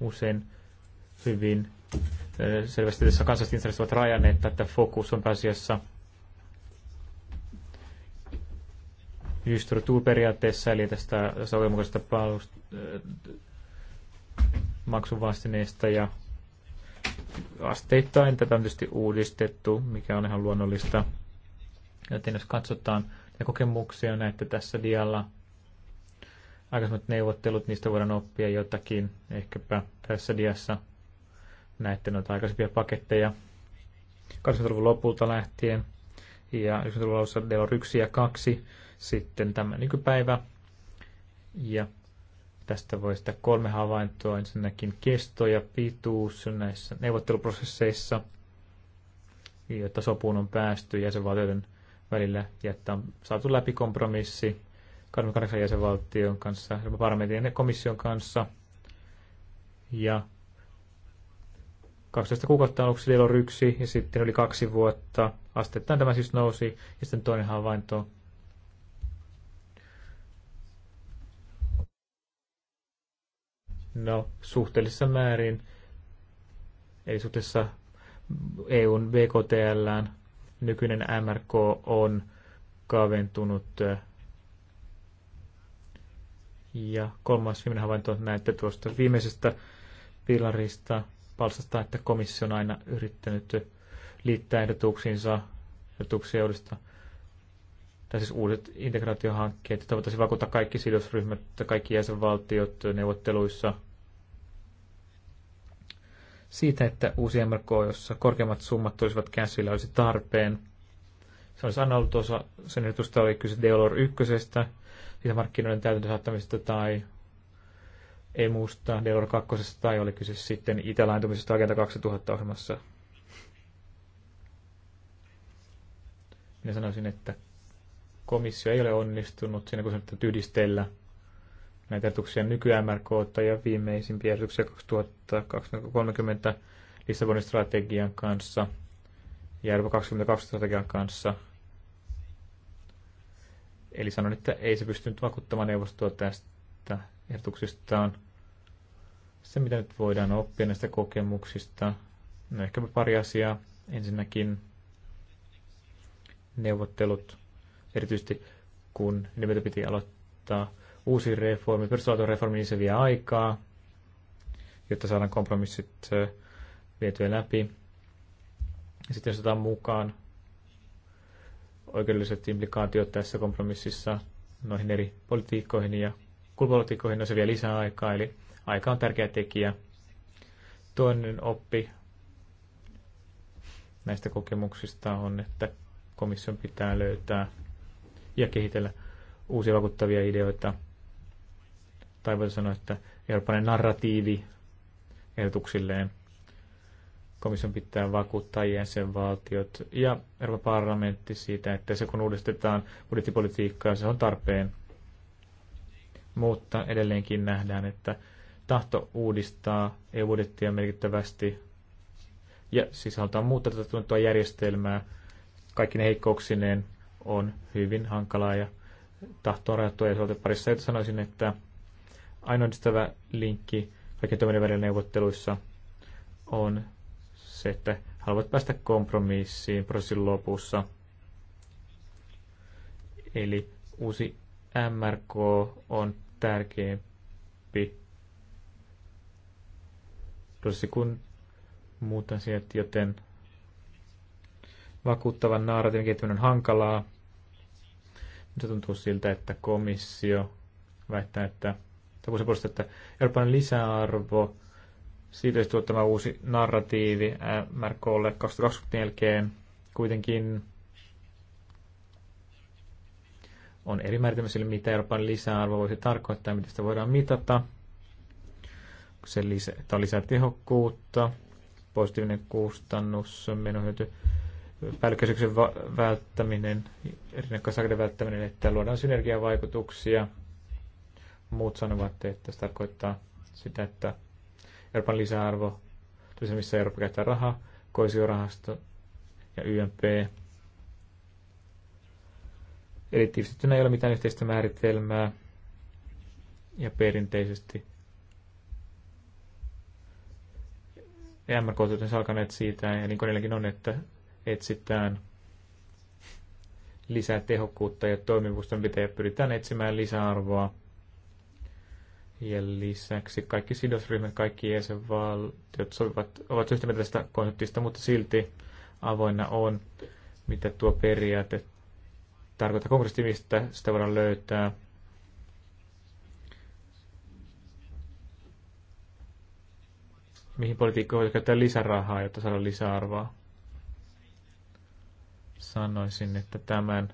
usein hyvin selvästi tässä kansalliset ovat rajanneet, että fokus on pääasiassa just periaatteessa, eli tästä sopimuksesta maksuvastineista ja asteittain tätä on tietysti uudistettu, mikä on ihan luonnollista. Joten jos katsotaan ja kokemuksia näette tässä dialla, aikaisemmat neuvottelut, niistä voidaan oppia jotakin. Ehkäpä tässä diassa näette noita aikaisempia paketteja 80-luvun lopulta lähtien ja 90-luvun alussa on 1 ja 2, sitten tämä nykypäivä ja Tästä voi sitä kolme havaintoa, ensinnäkin kesto ja pituus näissä neuvotteluprosesseissa, jotta sopuun on päästy jäsenvaltioiden välillä ja että on saatu läpi kompromissi 28 jäsenvaltion kanssa, parlamentin ja komission kanssa. Ja 12 kuukautta aluksi oli yksi ja sitten oli kaksi vuotta. Asteittain tämä siis nousi ja sitten toinen havainto No, suhteellisessa määrin, eli suhteessa EUn BKTL, nykyinen MRK on kaventunut. Ja kolmas viimeinen havainto näette tuosta viimeisestä pilarista, palstasta, että komissio on aina yrittänyt liittää ehdotuksiinsa ehdotuksia uudesta tai siis uudet integraatiohankkeet, jotta voitaisiin vakuuttaa kaikki sidosryhmät ja kaikki jäsenvaltiot neuvotteluissa siitä, että uusi MRK, jossa korkeammat summat tulisivat käsillä, olisi tarpeen. Se olisi aina ollut osa, sen edustusta oli kyse Deolor 1, siitä markkinoiden täytäntöön saattamista tai emusta, Deolor 2 tai oli kyse sitten itälaintumisesta Agenda 2000 ohjelmassa. Minä sanoisin, että komissio ei ole onnistunut siinä, kun se nyt yhdistellä näitä ehdotuksia nykyään mrk ja viimeisimpiä ehdotuksia 2030 Lissabonin strategian kanssa ja Euroopan 22 strategian kanssa. Eli sanon, että ei se pystynyt vakuuttamaan neuvostoa tästä ehdotuksistaan. Se, mitä nyt voidaan oppia näistä kokemuksista, no ehkäpä pari asiaa. Ensinnäkin neuvottelut erityisesti kun nimeltä piti aloittaa uusi reformi, perustuslaatureformi, niin se vie aikaa, jotta saadaan kompromissit vietyä läpi. Ja sitten jos otetaan mukaan oikeudelliset implikaatiot tässä kompromississa noihin eri politiikkoihin ja kulpolitiikkoihin, niin no se vie lisää aikaa, eli aika on tärkeä tekijä. Toinen oppi näistä kokemuksista on, että komission pitää löytää ja kehitellä uusia vakuuttavia ideoita. Tai voisi sanoa, että eurooppalainen narratiivi ehdotuksilleen. Komission pitää vakuuttaa jäsenvaltiot ja Euroopan parlamentti siitä, että se kun uudistetaan budjettipolitiikkaa, se on tarpeen. Mutta edelleenkin nähdään, että tahto uudistaa EU-budjettia merkittävästi ja siis halutaan muuttaa tätä tuntua järjestelmää kaikki ne heikkouksineen on hyvin hankalaa ja tahtoa rajattua ja parissa. Että sanoisin, että ainoa yhdistävä linkki kaikkien toimijoiden välillä neuvotteluissa on se, että haluat päästä kompromissiin prosessin lopussa. Eli uusi MRK on tärkeämpi prosessi kuin muut asiat, joten vakuuttavan narratiivin kehittäminen on hankalaa. se tuntuu siltä, että komissio väittää, että, kun se puolustaa, että Euroopan lisäarvo, siitä olisi uusi narratiivi MRKlle 2020 jälkeen. Kuitenkin on eri määritelmä sille, mitä Euroopan lisäarvo voisi tarkoittaa, miten sitä voidaan mitata. Se lisää, lisää tehokkuutta, positiivinen kustannus, menohyöty päällekkäisyyksien välttäminen, rinnakkaisakden välttäminen, että luodaan synergiavaikutuksia. Muut sanovat, että se tarkoittaa sitä, että Euroopan lisäarvo, tosiaan missä Eurooppa käyttää rahaa, koisiorahasto ja YMP. Eli tiivistettynä ei ole mitään yhteistä määritelmää ja perinteisesti MRK-työt alkaneet siitä, ja niin kuin on, että etsitään lisää tehokkuutta ja toimivuutta ja pyritään etsimään lisäarvoa. Ja lisäksi kaikki sidosryhmät, kaikki jäsenvaltiot sovivat ovat yhtä mieltä tästä konseptista, mutta silti avoinna on, mitä tuo periaate tarkoittaa konkreettisesti, mistä sitä voidaan löytää. Mihin politiikkoihin voi käyttää lisärahaa, jotta saadaan lisäarvoa? sanoisin, että tämän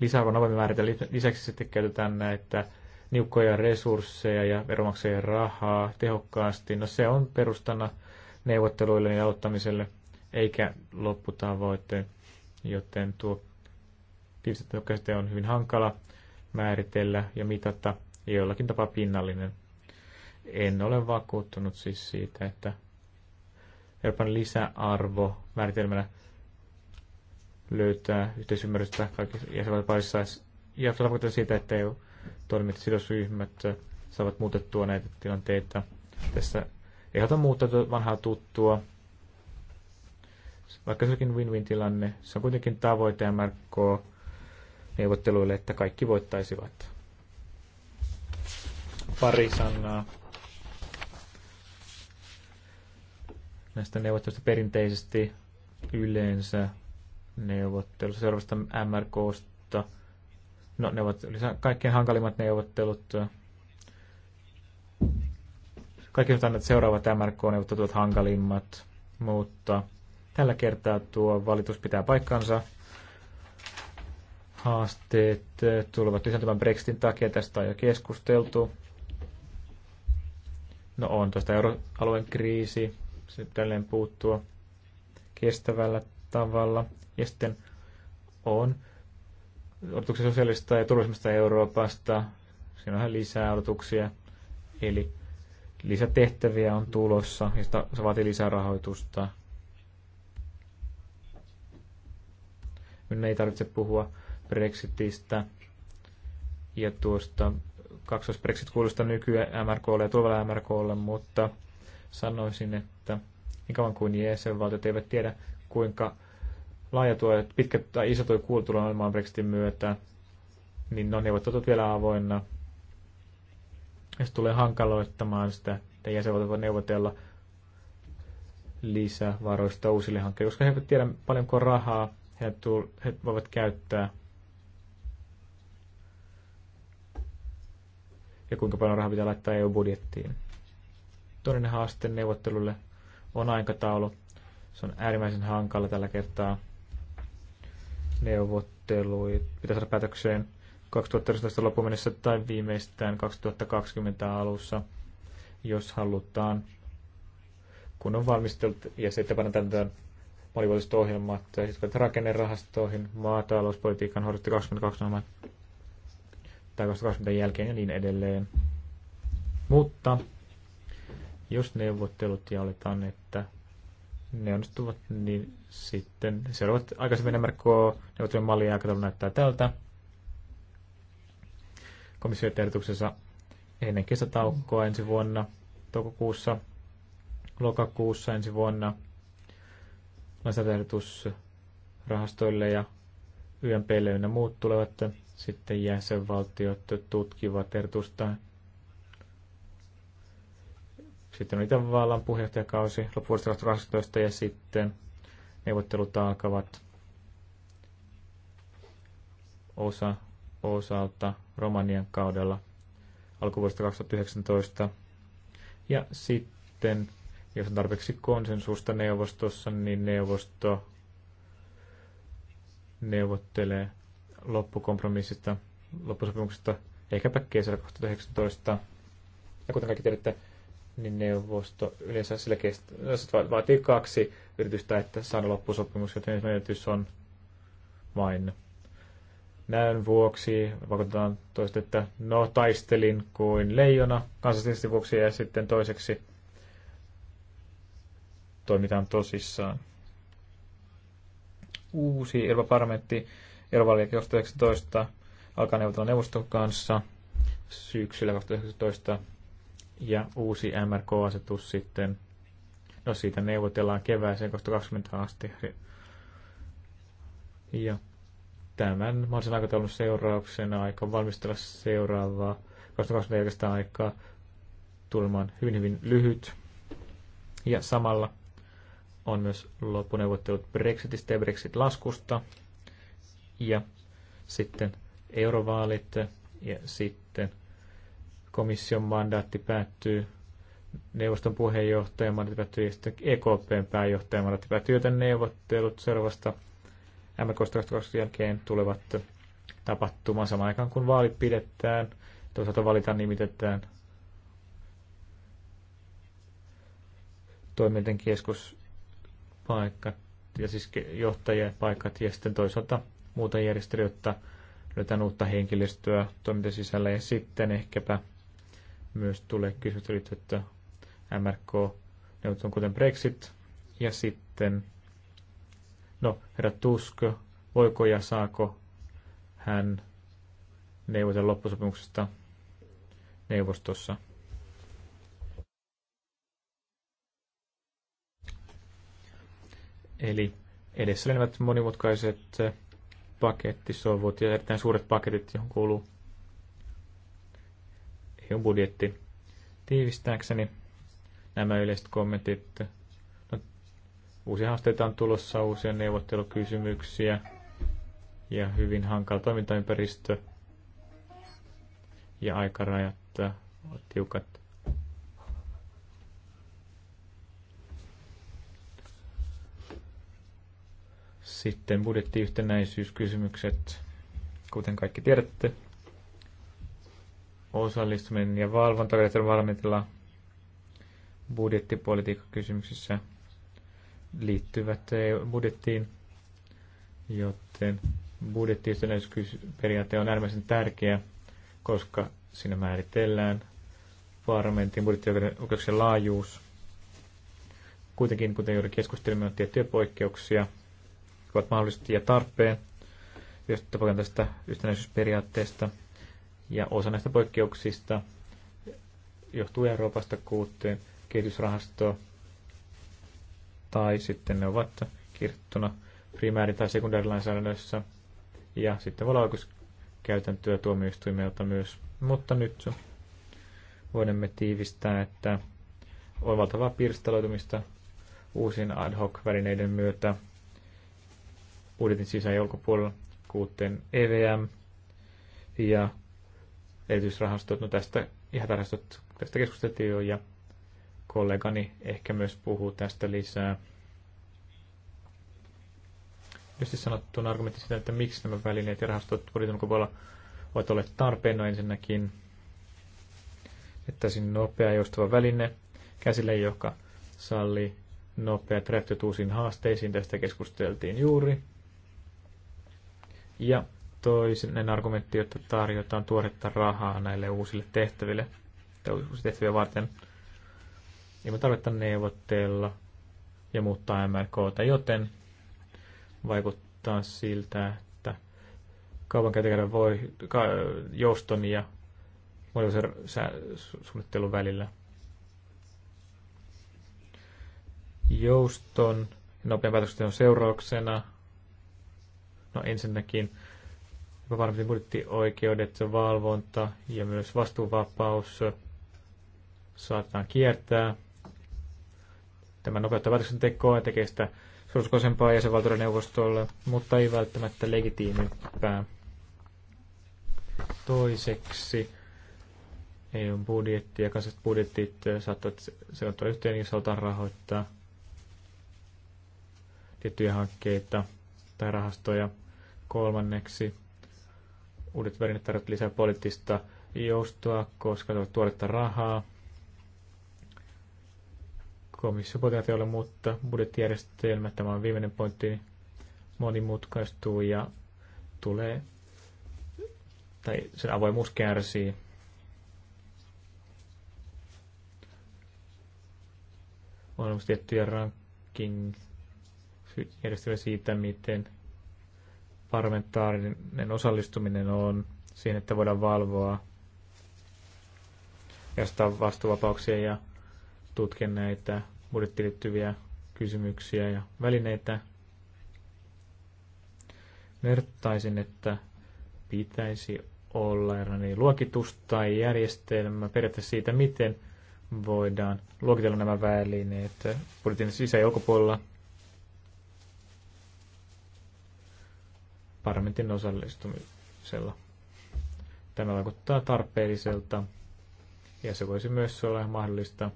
lisäarvon avoimen määritelmän lisäksi sitten käytetään näitä niukkoja resursseja ja veronmaksajien rahaa tehokkaasti. No se on perustana neuvotteluille ja auttamiselle, eikä lopputavoite, joten tuo tiivistetty on hyvin hankala määritellä ja mitata ja jollakin tapaa pinnallinen. En ole vakuuttunut siis siitä, että Euroopan lisäarvo määritelmänä löytää yhteisymmärrystä kaikissa jäsenvaltioissa ja tarkoittaa siitä, että EU toimit sidosryhmät saavat muutettua näitä tilanteita. Tässä ei haluta muuttaa tuota vanhaa tuttua. Vaikka se onkin win-win tilanne, se on kuitenkin tavoite MRK neuvotteluille, että kaikki voittaisivat. Pari sanaa näistä neuvotteluista perinteisesti yleensä neuvottelussa seuraavasta MRKsta. No ne ovat kaikkein hankalimmat neuvottelut. Kaikki sanotaan, että seuraavat MRK-neuvottelut ovat hankalimmat, mutta tällä kertaa tuo valitus pitää paikkansa. Haasteet eh, tulevat lisääntymään Brexitin takia, tästä on jo keskusteltu. No on tuosta euroalueen kriisi, se puuttua kestävällä tavalla. Ja sitten on odotuksia sosiaalista ja turvallisemmasta Euroopasta. Siinä on lisää odotuksia. Eli lisätehtäviä on tulossa ja sitä, se vaatii lisää rahoitusta. Minun ei tarvitse puhua Brexitistä ja tuosta kaksos Brexit kuulosta nykyään MRKlle ja tulevalle MRKlle, mutta sanoisin, että niin kauan kuin jäsenvaltiot eivät tiedä, kuinka laaja tuo, pitkä tai iso tuo kuulu tulee olemaan Brexitin myötä, niin ne no, on neuvottelut vielä avoinna. Ja se tulee hankaloittamaan sitä, että jäsenvaltiot voi neuvotella lisävaroista uusille hankkeille, koska he eivät tiedä paljonko rahaa he, tull, he voivat käyttää ja kuinka paljon rahaa pitää laittaa EU-budjettiin. Toinen haaste neuvottelulle on aikataulu. Se on äärimmäisen hankala tällä kertaa neuvotteluita pitäisi saada päätökseen 2019 loppuun mennessä tai viimeistään 2020 alussa, jos halutaan, kun on valmisteltu ja sitten pannaan tämän monivuotiset ohjelmat, sitten rakennerahastoihin, maatalouspolitiikan horisontti 2020 tai 2020 jälkeen ja niin edelleen. Mutta jos neuvottelut ja oletan, että ne onnistuvat, niin sitten seuraavat aikaisemmin MRK-neuvottelujen mallin aikataulu näyttää tältä. Komissio ehdotuksensa ennen kesätaukkoa ensi vuonna, toukokuussa, lokakuussa ensi vuonna, lainsäädäntöehdotus rahastoille ja YMPlle ja muut tulevat sitten jäsenvaltiot tutkivat ehdotusta sitten on Itävallan puheenjohtajakausi loppuvuodesta 2012 ja sitten neuvottelut alkavat osa osalta Romanian kaudella alkuvuodesta 2019. Ja sitten, jos on tarpeeksi konsensusta neuvostossa, niin neuvosto neuvottelee loppukompromissista, loppusopimuksesta ehkäpä kesällä 2019. Ja kuten kaikki tiedätte, niin neuvosto yleensä sillä kest... vaatii kaksi yritystä, että saada loppusopimus, joten ensimmäinen yritys on vain näön vuoksi, vakuutetaan toista, että no taistelin kuin leijona kansallisesti vuoksi ja sitten toiseksi toimitaan tosissaan. Uusi Euroopan parlamentti Eurovaali 2019 alkaa neuvotella neuvoston kanssa syksyllä 2019 ja uusi MRK-asetus sitten, no siitä neuvotellaan kevääseen 2020 asti. Ja tämän mahdollisen aikataulun seurauksena aika valmistella seuraavaa 2020 jälkeistä aikaa tulemaan hyvin hyvin lyhyt. Ja samalla on myös loppuneuvottelut Brexitistä ja Brexit-laskusta. Ja sitten eurovaalit ja sitten komission mandaatti päättyy neuvoston puheenjohtajan mandaatti päättyy ja sitten EKPn pääjohtajan mandaatti päättyy, joten neuvottelut seuraavasta m 2020 jälkeen tulevat tapahtumaan samaan aikaan, kun vaalit pidetään. Toisaalta valitaan nimitetään toimijoiden keskuspaikat ja siis johtajien paikat ja sitten toisaalta muuta järjestelyä, jotta löytään uutta henkilöstöä toimintasisällä ja sitten ehkäpä myös tulee kysymys liittyen MRK neuvottelun kuten Brexit. Ja sitten, no herra Tusk, voiko ja saako hän neuvotella loppusopimuksesta neuvostossa? Eli edessä olivat monimutkaiset pakettisovut ja erittäin suuret paketit, johon kuuluu EUn budjetti. Tiivistääkseni nämä yleiset kommentit. No, uusia haasteita on tulossa, uusia neuvottelukysymyksiä ja hyvin hankala toimintaympäristö ja aikarajat ovat äh, tiukat. Sitten budjettiyhtenäisyyskysymykset. Kuten kaikki tiedätte, osallistuminen ja valvontaviraston valmentilla kysymyksissä liittyvät budjettiin, joten budjettiyhtenäisyysperiaate on äärimmäisen tärkeä, koska siinä määritellään parlamentin budjettioikeuksien laajuus. Kuitenkin, kuten juuri keskustelimme, on tiettyjä poikkeuksia, jotka ovat mahdollisesti ja tarpeen, josta tästä yhtenäisyysperiaatteesta – ja osa näistä poikkeuksista johtuu Euroopasta kuuteen kehitysrahastoa tai sitten ne ovat kirjoittuna primääri- tai sekundaarilainsäädännössä. Ja sitten voi olla oikeuskäytäntöä tuomioistuimelta myös. Mutta nyt voimme tiivistää, että on valtavaa pirstaloitumista uusien ad hoc-välineiden myötä budjetin sisä- ja ulkopuolella, kuuteen EVM ja erityisrahastot, no tästä ihan tarhastot, tästä keskusteltiin jo ja kollegani ehkä myös puhuu tästä lisää. Tietysti sanottu on argumentti sitä, että miksi nämä välineet ja rahastot budjetin ulkopuolella ovat olleet tarpeen. No ensinnäkin, että siinä nopea ja joustava väline käsille, joka sallii nopeat reaktiot uusiin haasteisiin. Tästä keskusteltiin juuri. Ja toinen argumentti, että tarjotaan tuoretta rahaa näille uusille tehtäville, uusille tehtäviä varten. me tarvetta neuvotella ja muuttaa MRKta, joten vaikuttaa siltä, että kaupankäytäkäydä voi ka, jouston ja muodollisuuden suunnittelun välillä. Jouston nopean päätöksen seurauksena, no ensinnäkin varmasti budjettioikeudet, valvonta ja myös vastuuvapaus saatetaan kiertää. Tämä nopeuttaa päätöksentekoa ja tekee sitä suosikoisempaa jäsenvaltuuden neuvostolle, mutta ei välttämättä legitiimimpää. Toiseksi EUn budjetti ja kansalliset budjettit saattavat sekoittua yhteen, jos halutaan rahoittaa tiettyjä hankkeita tai rahastoja. Kolmanneksi Uudet välineet tarvitsevat lisää poliittista joustoa, koska ne ovat tuoretta rahaa komissiopotentiaalilla, mutta budjettijärjestelmä, tämä on viimeinen pointti, monimutkaistuu ja tulee, tai sen avoimuus kärsii. On olemassa tiettyjä ranking järjestelmä siitä, miten parlamentaarinen osallistuminen on siinä, että voidaan valvoa ja ostaa vastuvapauksia ja tutkia näitä budjettiin liittyviä kysymyksiä ja välineitä. Vertaisin, että pitäisi olla eräänlainen luokitus tai järjestelmä periaatteessa siitä, miten voidaan luokitella nämä välineet budjetin sisä- ja ulkopuolella parlamentin osallistumisella. Tämä vaikuttaa tarpeelliselta ja se voisi myös olla mahdollista.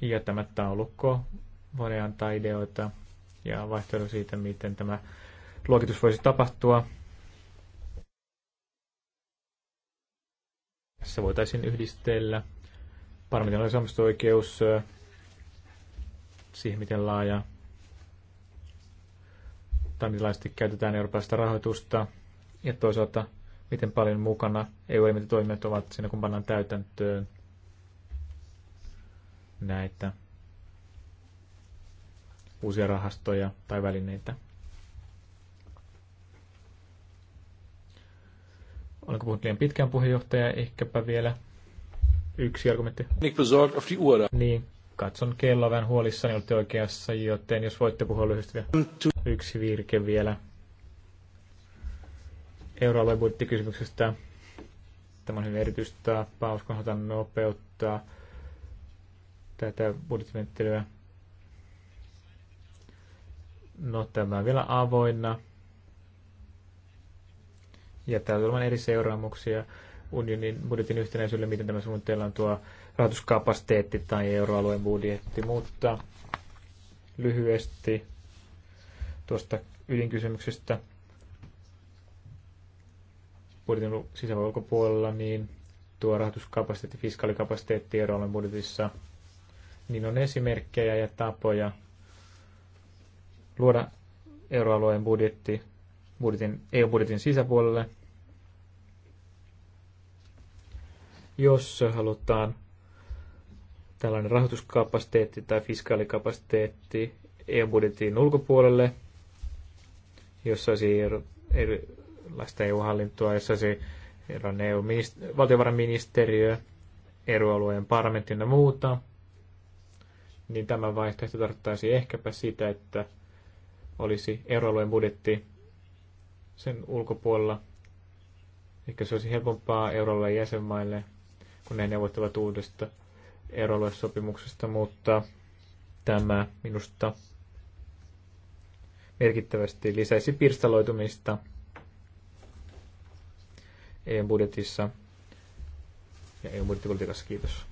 Ja tämä taulukko voi antaa ideoita ja vaihtoehto siitä, miten tämä luokitus voisi tapahtua. Tässä voitaisiin yhdistellä parlamentin osallistumisoikeus siihen, miten laaja tai millaisesti käytetään eurooppalaista rahoitusta ja toisaalta miten paljon mukana eu toimet ovat siinä, kun pannaan täytäntöön näitä uusia rahastoja tai välineitä. Olenko puhunut liian pitkään puheenjohtaja? Ehkäpä vielä yksi argumentti. Niin, Katson kelloa vähän huolissani, olette oikeassa, joten jos voitte puhua lyhyesti vielä. Yksi virke vielä. Euroalueen budjettikysymyksestä. Tämä on hyvin erityistapaus, kun halutaan nopeuttaa tätä budjettimenttelyä. No, tämä on vielä avoinna. Ja täällä on eri seuraamuksia unionin budjetin yhtenäisyydelle, miten tämä suunnitellaan tuo rahoituskapasiteetti tai euroalueen budjetti, mutta lyhyesti tuosta ydinkysymyksestä budjetin sisä- ulkopuolella, niin tuo rahoituskapasiteetti, fiskaalikapasiteetti euroalueen budjetissa, niin on esimerkkejä ja tapoja luoda euroalueen budjetti budjetin, EU-budjetin sisäpuolelle, jos halutaan tällainen rahoituskapasiteetti tai fiskaalikapasiteetti EU-budjetin ulkopuolelle, jossa olisi erilaista EU-hallintoa, jossa olisi EU valtiovarainministeriö, eroalueen parlamentin ja muuta, niin tämä vaihtoehto tarkoittaisi ehkäpä sitä, että olisi euroalueen budjetti sen ulkopuolella. Ehkä se olisi helpompaa euroalueen jäsenmaille, kun ne neuvottelevat uudesta euroaluesopimuksesta, mutta tämä minusta merkittävästi lisäisi pirstaloitumista EU-budjetissa ja EU-budjettipolitiikassa. Kiitos.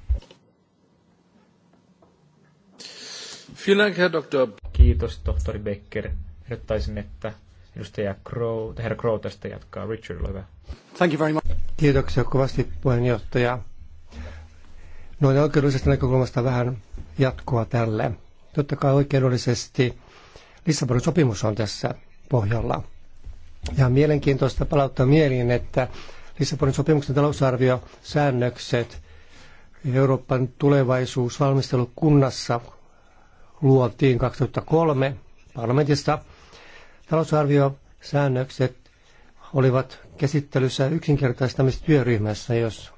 Kiitos, tohtori Becker. Ehdottaisin, että edustaja Crow, herra Crow tästä jatkaa. Richard, ole hyvä. Thank you very much. Kiitoksia kovasti puheenjohtaja noin oikeudellisesta näkökulmasta vähän jatkoa tälle. Totta kai oikeudellisesti Lissabonin sopimus on tässä pohjalla. Ja mielenkiintoista palauttaa mieliin, että Lissabonin sopimuksen talousarviosäännökset Euroopan tulevaisuusvalmistelukunnassa luotiin 2003 parlamentista. Talousarviosäännökset olivat käsittelyssä yksinkertaistamistyöryhmässä, jos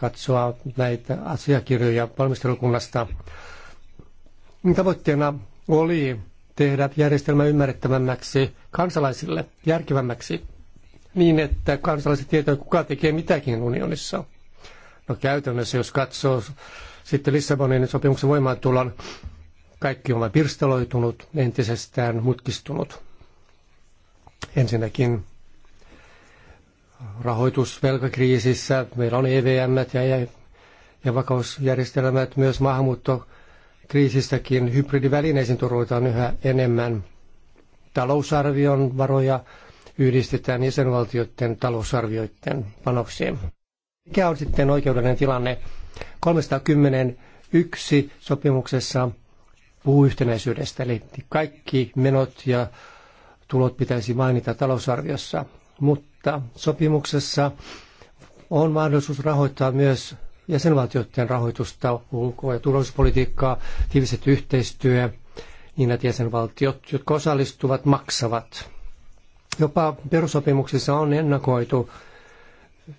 katsoa näitä asiakirjoja valmistelukunnasta. Tavoitteena oli tehdä järjestelmä ymmärrettävämmäksi kansalaisille, järkevämmäksi, niin että kansalaiset tietävät, kuka tekee mitäkin unionissa. No käytännössä, jos katsoo sitten Lissabonin sopimuksen voimaantulon, kaikki on vain pirstaloitunut, entisestään mutkistunut. Ensinnäkin rahoitusvelkakriisissä. Meillä on EVM ja, ja vakausjärjestelmät myös maahanmuuttokriisistäkin. Hybridivälineisiin turvataan yhä enemmän. Talousarvion varoja yhdistetään jäsenvaltioiden talousarvioiden panoksiin. Mikä on sitten oikeudellinen tilanne? 311 sopimuksessa puhuu yhtenäisyydestä, eli kaikki menot ja tulot pitäisi mainita talousarviossa, mutta että sopimuksessa on mahdollisuus rahoittaa myös jäsenvaltioiden rahoitusta, ulko- ja turvallisuuspolitiikkaa, tiiviset yhteistyö, niin että jäsenvaltiot, jotka osallistuvat, maksavat. Jopa perusopimuksissa on ennakoitu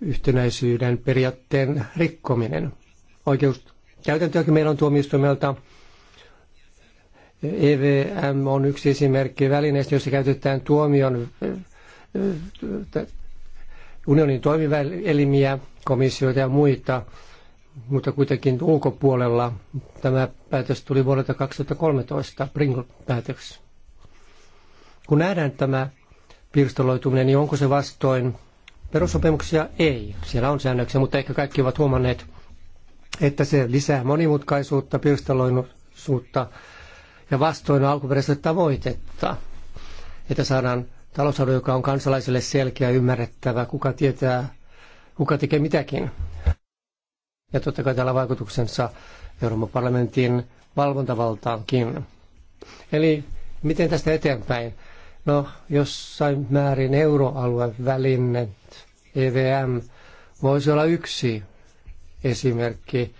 yhtenäisyyden periaatteen rikkominen. Oikeuskäytäntöäkin meillä on tuomioistuimelta. EVM on yksi esimerkki välineistä, jossa käytetään tuomion unionin toimielimiä, komissioita ja muita, mutta kuitenkin ulkopuolella. Tämä päätös tuli vuodelta 2013, Pringle-päätös. Kun nähdään tämä pirstaloituminen, niin onko se vastoin perussopimuksia? Ei. Siellä on säännöksiä, mutta ehkä kaikki ovat huomanneet, että se lisää monimutkaisuutta, pirstaloisuutta ja vastoin alkuperäistä tavoitetta, että saadaan talousarvio, joka on kansalaisille selkeä ja ymmärrettävä, kuka tietää, kuka tekee mitäkin. Ja totta kai tällä vaikutuksensa Euroopan parlamentin valvontavaltaankin. Eli miten tästä eteenpäin? No, jossain määrin euroalueen välinnet EVM, voisi olla yksi esimerkki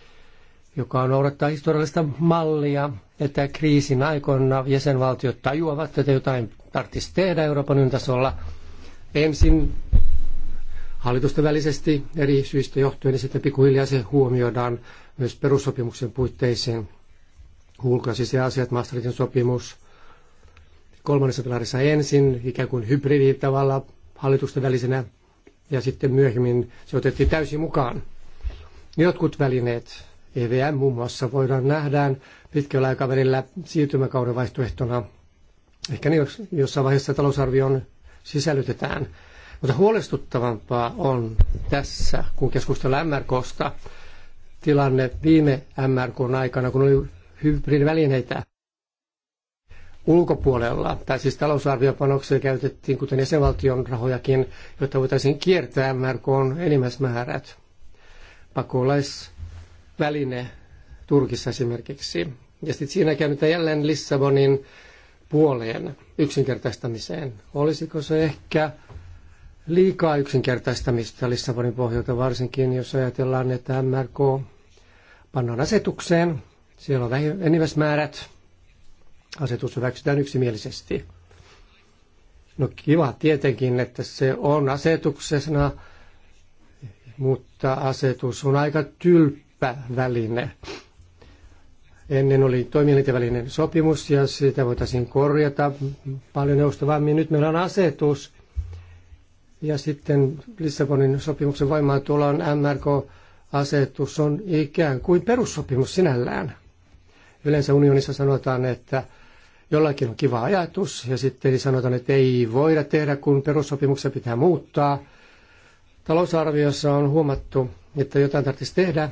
joka noudattaa historiallista mallia, että kriisin aikoina jäsenvaltiot tajuavat, että jotain tarvitsisi tehdä Euroopan tasolla. Ensin hallitusten välisesti eri syistä johtuen, niin sitten pikkuhiljaa se huomioidaan myös perussopimuksen puitteisiin. Ulko- ja asiat, Maastrichtin sopimus, kolmannessa pilarissa ensin, ikään kuin hybridi tavalla hallitusten välisenä, ja sitten myöhemmin se otettiin täysin mukaan. Jotkut välineet EVM muun muassa voidaan nähdään pitkällä aikavälillä siirtymäkauden vaihtoehtona. Ehkä niin, jossain vaiheessa talousarvioon sisällytetään. Mutta huolestuttavampaa on tässä, kun keskustellaan MRKsta, tilanne viime MRKn aikana, kun oli hybridivälineitä ulkopuolella, tai siis talousarviopanoksia käytettiin, kuten jäsenvaltion rahojakin, jotta voitaisiin kiertää MRKn enimmäismäärät. Pakolais väline Turkissa esimerkiksi. Ja sitten siinä käännytään jälleen Lissabonin puoleen yksinkertaistamiseen. Olisiko se ehkä liikaa yksinkertaistamista Lissabonin pohjalta, varsinkin jos ajatellaan, että MRK pannaan asetukseen. Siellä on enimmäismäärät. Asetus hyväksytään yksimielisesti. No kiva tietenkin, että se on asetuksena, mutta asetus on aika tylppä väline. Ennen oli toimielintävälinen sopimus ja sitä voitaisiin korjata paljon joustavammin. Nyt meillä on asetus ja sitten Lissabonin sopimuksen voimaan tuolla MRK-asetus on ikään kuin perussopimus sinällään. Yleensä unionissa sanotaan, että jollakin on kiva ajatus ja sitten sanotaan, että ei voida tehdä, kun perussopimuksia pitää muuttaa. Talousarviossa on huomattu, että jotain tarvitsisi tehdä.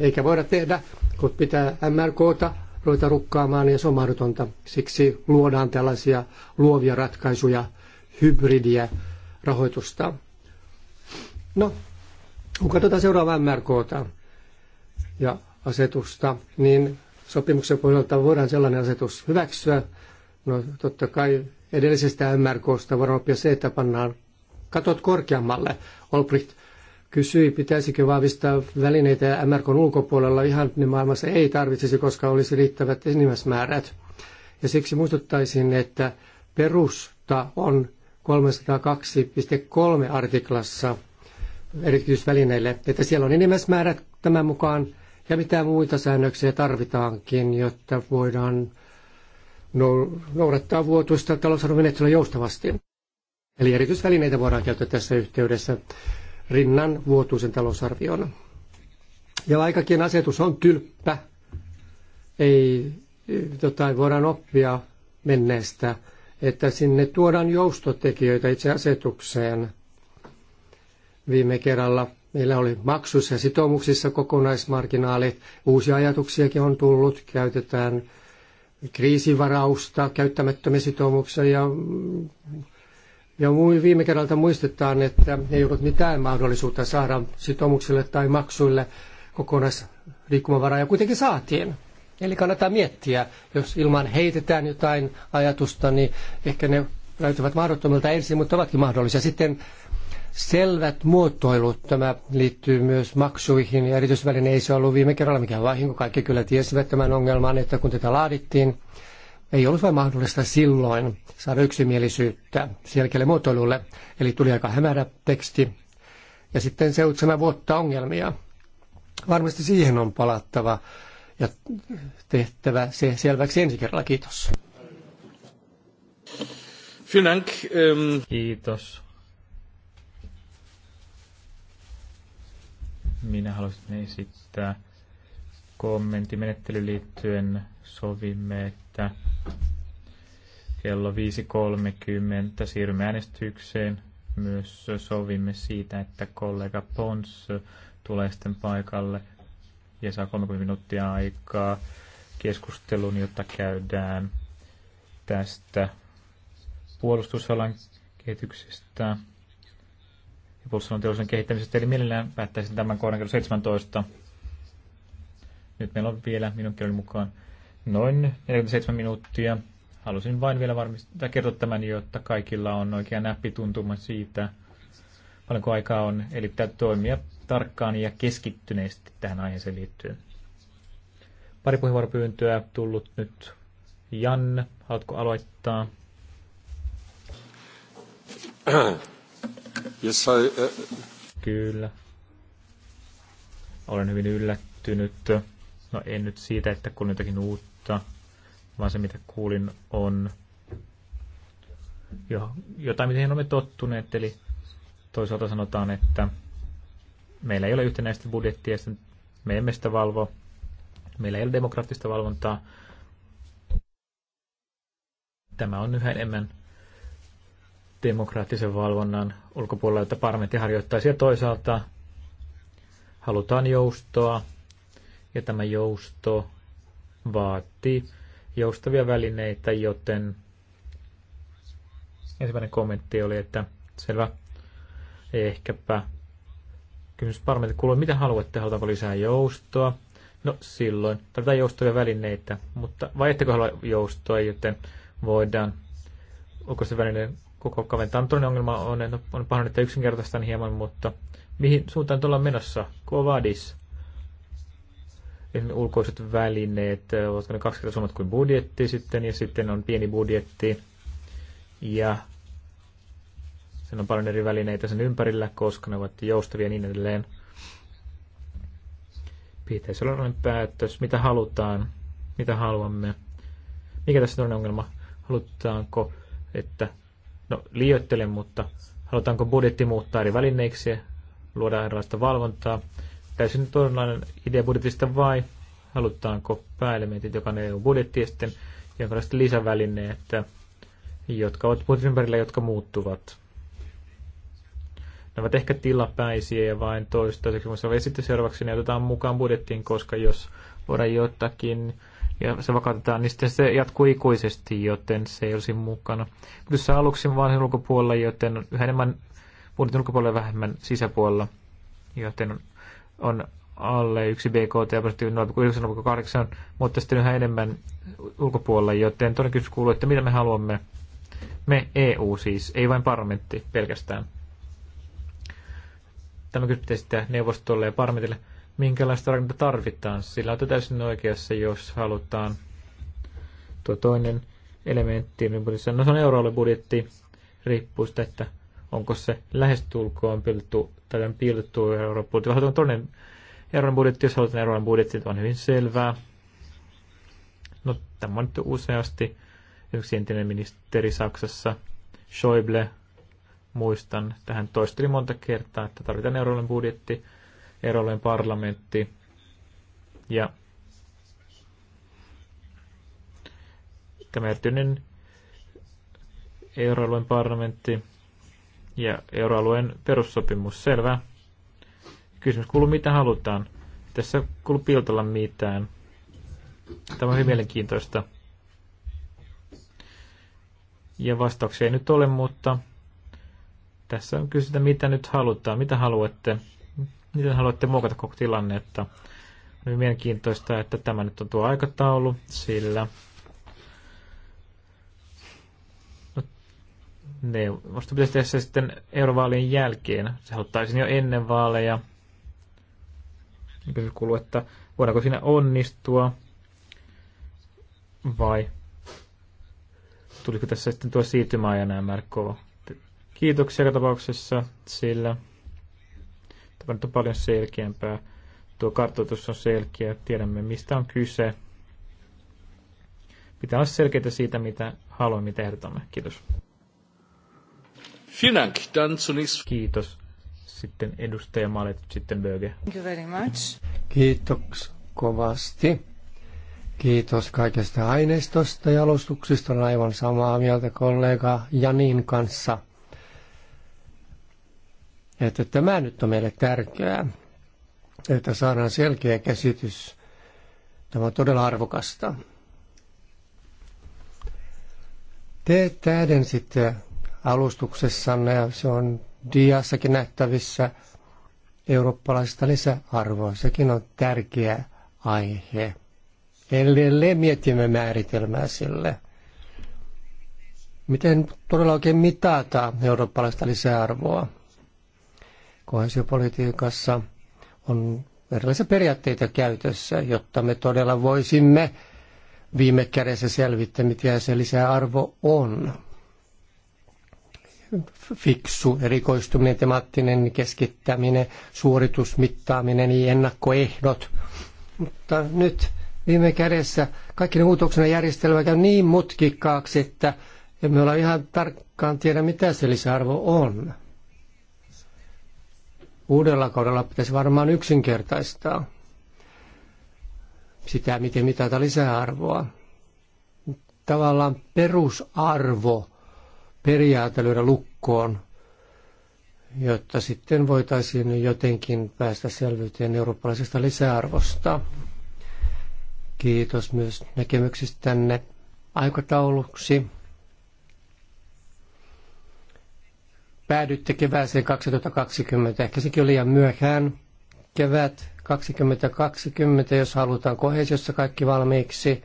Eikä voida tehdä, kun pitää MRKta ruveta rukkaamaan ja se on mahdotonta. Siksi luodaan tällaisia luovia ratkaisuja, hybridiä rahoitusta. No, kun katsotaan seuraavaa MRKta ja asetusta, niin sopimuksen pohjalta voidaan sellainen asetus hyväksyä. No totta kai edellisestä MRKsta voidaan oppia se, että pannaan katot korkeammalle. Olbricht kysyi, pitäisikö vahvistaa välineitä MRKn ulkopuolella. Ihan ne maailmassa ei tarvitsisi, koska olisi riittävät enimmäismäärät. Ja siksi muistuttaisin, että perusta on 302.3 artiklassa erityisvälineille, että siellä on enimmäismäärät tämän mukaan ja mitä muita säännöksiä tarvitaankin, jotta voidaan noudattaa vuotuista talousarvomenettelyä joustavasti. Eli erityisvälineitä voidaan käyttää tässä yhteydessä rinnan vuotuisen talousarvion. Ja vaikkakin asetus on tylppä, ei tota, voidaan oppia menneestä, että sinne tuodaan joustotekijöitä itse asetukseen. Viime kerralla meillä oli maksussa ja sitoumuksissa kokonaismarginaalit. Uusia ajatuksiakin on tullut, käytetään kriisivarausta, käyttämättömiä sitoumuksia ja ja viime kerralta muistetaan, että ei ollut mitään mahdollisuutta saada sitoumuksille tai maksuille kokonaisliikkumavaraa, ja kuitenkin saatiin. Eli kannattaa miettiä, jos ilman heitetään jotain ajatusta, niin ehkä ne näyttävät mahdottomilta ensin, mutta ovatkin mahdollisia. Sitten selvät muotoilut, tämä liittyy myös maksuihin ja erityisväline ei se ollut viime kerralla mikään vahinko. Kaikki kyllä tiesivät tämän ongelman, että kun tätä laadittiin, ei ollut vain mahdollista silloin saada yksimielisyyttä selkeälle muotoilulle, eli tuli aika hämärä teksti ja sitten seitsemän vuotta ongelmia. Varmasti siihen on palattava ja tehtävä se selväksi ensi kerralla. Kiitos. Ähm, Kiitos. Minä haluaisin esittää kommentti menettely liittyen sovimme, että Kello 5.30 siirrymme äänestykseen. Myös sovimme siitä, että kollega Pons tulee sitten paikalle ja saa 30 minuuttia aikaa keskustelun, jota käydään tästä puolustusalan kehityksestä ja puolustusalan teollisuuden kehittämisestä. Eli mielellään päättäisin tämän kohdan kello 17. Nyt meillä on vielä minun kielen mukaan noin 47 minuuttia. Halusin vain vielä varmistaa kertoa tämän, jotta kaikilla on oikea näppituntuma siitä, paljonko aikaa on. Eli pitää toimia tarkkaan ja keskittyneesti tähän aiheeseen liittyen. Pari puheenvuoropyyntöä tullut nyt. Jan, haluatko aloittaa? Yes, I, uh... Kyllä. Olen hyvin yllättynyt. No en nyt siitä, että kun jotakin uutta mutta vaan se mitä kuulin on jo, jotain, mitä olemme tottuneet. Eli toisaalta sanotaan, että meillä ei ole yhtenäistä budjettia, me emme sitä valvo, meillä ei ole demokraattista valvontaa. Tämä on yhä enemmän demokraattisen valvonnan ulkopuolella, että parlamentti harjoittaisi ja toisaalta halutaan joustoa ja tämä jousto vaatii joustavia välineitä, joten ensimmäinen kommentti oli, että selvä, ehkäpä kysymys parmeita kuuluu, mitä haluatte, halutaanko lisää joustoa? No silloin, tarvitaan joustavia välineitä, mutta vai ettekö halua joustoa, joten voidaan, onko se väline koko kaventaa. Toinen ongelma on, on pahoin, että yksinkertaistan hieman, mutta mihin suuntaan ollaan menossa? Kovadis ulkoiset välineet, ovatko ne kaksi kertaa suomat kuin budjetti sitten, ja sitten on pieni budjetti, ja sen on paljon eri välineitä sen ympärillä, koska ne ovat joustavia ja niin edelleen. Pitäisi olla noin päätös, mitä halutaan, mitä haluamme. Mikä tässä on ongelma? Halutaanko, että, no liioittelen, mutta halutaanko budjetti muuttaa eri välineiksi, luoda erilaista valvontaa, täysin toinen idea budjetista vai halutaanko pääelementit, joka on EU-budjetti ja sitten jonkinlaista lisävälineet, jotka ovat budjetin ympärillä, jotka muuttuvat. Ne ovat ehkä tilapäisiä ja vain toistaiseksi, mutta sitten seuraavaksi ne otetaan mukaan budjettiin, koska jos voidaan jotakin ja se vakautetaan, niin sitten se jatkuu ikuisesti, joten se ei olisi mukana. Mutta aluksi vaan ulkopuolella, joten yhä enemmän budjetin ulkopuolella ja vähemmän sisäpuolella, joten on alle 1 BKT ja prosentti 0,9-0,8, mutta sitten yhä enemmän ulkopuolella, joten toinen kysymys kuuluu, että mitä me haluamme. Me EU siis, ei vain parlamentti pelkästään. Tämä kysymys pitäisi neuvostolle ja parlamentille, minkälaista rakennetta tarvitaan. Sillä on täysin oikeassa, jos halutaan tuo toinen elementti, niin no se on budjetti, riippuu sitä, että onko se lähestulkoon piilotettu, tämän piilotettu euron budjetti. Vähän toinen euron budjetti, jos halutaan euron budjetti, on hyvin selvää. No, tämä on nyt useasti yksi entinen ministeri Saksassa, Schäuble, muistan, tähän toisteli monta kertaa, että tarvitaan euroalueen budjetti, euroalueen parlamentti ja tämä erityinen euroalueen parlamentti ja euroalueen perussopimus. Selvä. Kysymys kuuluu, mitä halutaan. Tässä kuuluu piltolla mitään. Tämä on hyvin mielenkiintoista. Ja vastauksia ei nyt ole, mutta tässä on kysytä, mitä nyt halutaan, mitä haluatte, miten haluatte muokata koko tilannetta. On hyvin mielenkiintoista, että tämä nyt on tuo aikataulu, sillä Neuvosto pitäisi tehdä se sitten eurovaalien jälkeen. Se haluttaisiin jo ennen vaaleja. Kysymys kuuluu, että voidaanko siinä onnistua vai tuliko tässä sitten tuo nämä MRK. Kiitoksia joka tapauksessa, sillä tämä nyt on paljon selkeämpää. Tuo kartoitus on selkeä, tiedämme mistä on kyse. Pitää olla selkeitä siitä, mitä haluamme, tehdä Kiitos. Kiitos. Sitten edustaja Malet, sitten Böge. Thank you very much. Kiitos kovasti. Kiitos kaikesta aineistosta ja alustuksista. Olen aivan samaa mieltä kollega Janin kanssa. Että tämä nyt on meille tärkeää, että saadaan selkeä käsitys. Tämä on todella arvokasta. Te täydensitte alustuksessanne ja se on diassakin nähtävissä eurooppalaisesta lisäarvoa. Sekin on tärkeä aihe. Edelleen mietimme määritelmää sille. Miten todella oikein mitata eurooppalaista lisäarvoa? Kohesiopolitiikassa on erilaisia periaatteita käytössä, jotta me todella voisimme viime kädessä selvittää, mitä se lisäarvo on fiksu erikoistuminen, temaattinen keskittäminen, suoritusmittaaminen, niin ennakkoehdot. Mutta nyt viime kädessä kaikki ne muutoksena järjestelmä käy niin mutkikkaaksi, että emme ole ihan tarkkaan tiedä, mitä se lisäarvo on. Uudella kaudella pitäisi varmaan yksinkertaistaa sitä, miten mitata lisäarvoa. Tavallaan perusarvo periaate lyödä lukkoon, jotta sitten voitaisiin jotenkin päästä selvyyteen eurooppalaisesta lisäarvosta. Kiitos myös näkemyksistänne aikatauluksi. Päädytte kevääseen 2020, ehkä sekin oli liian myöhään. Kevät 2020, jos halutaan kohesiossa kaikki valmiiksi –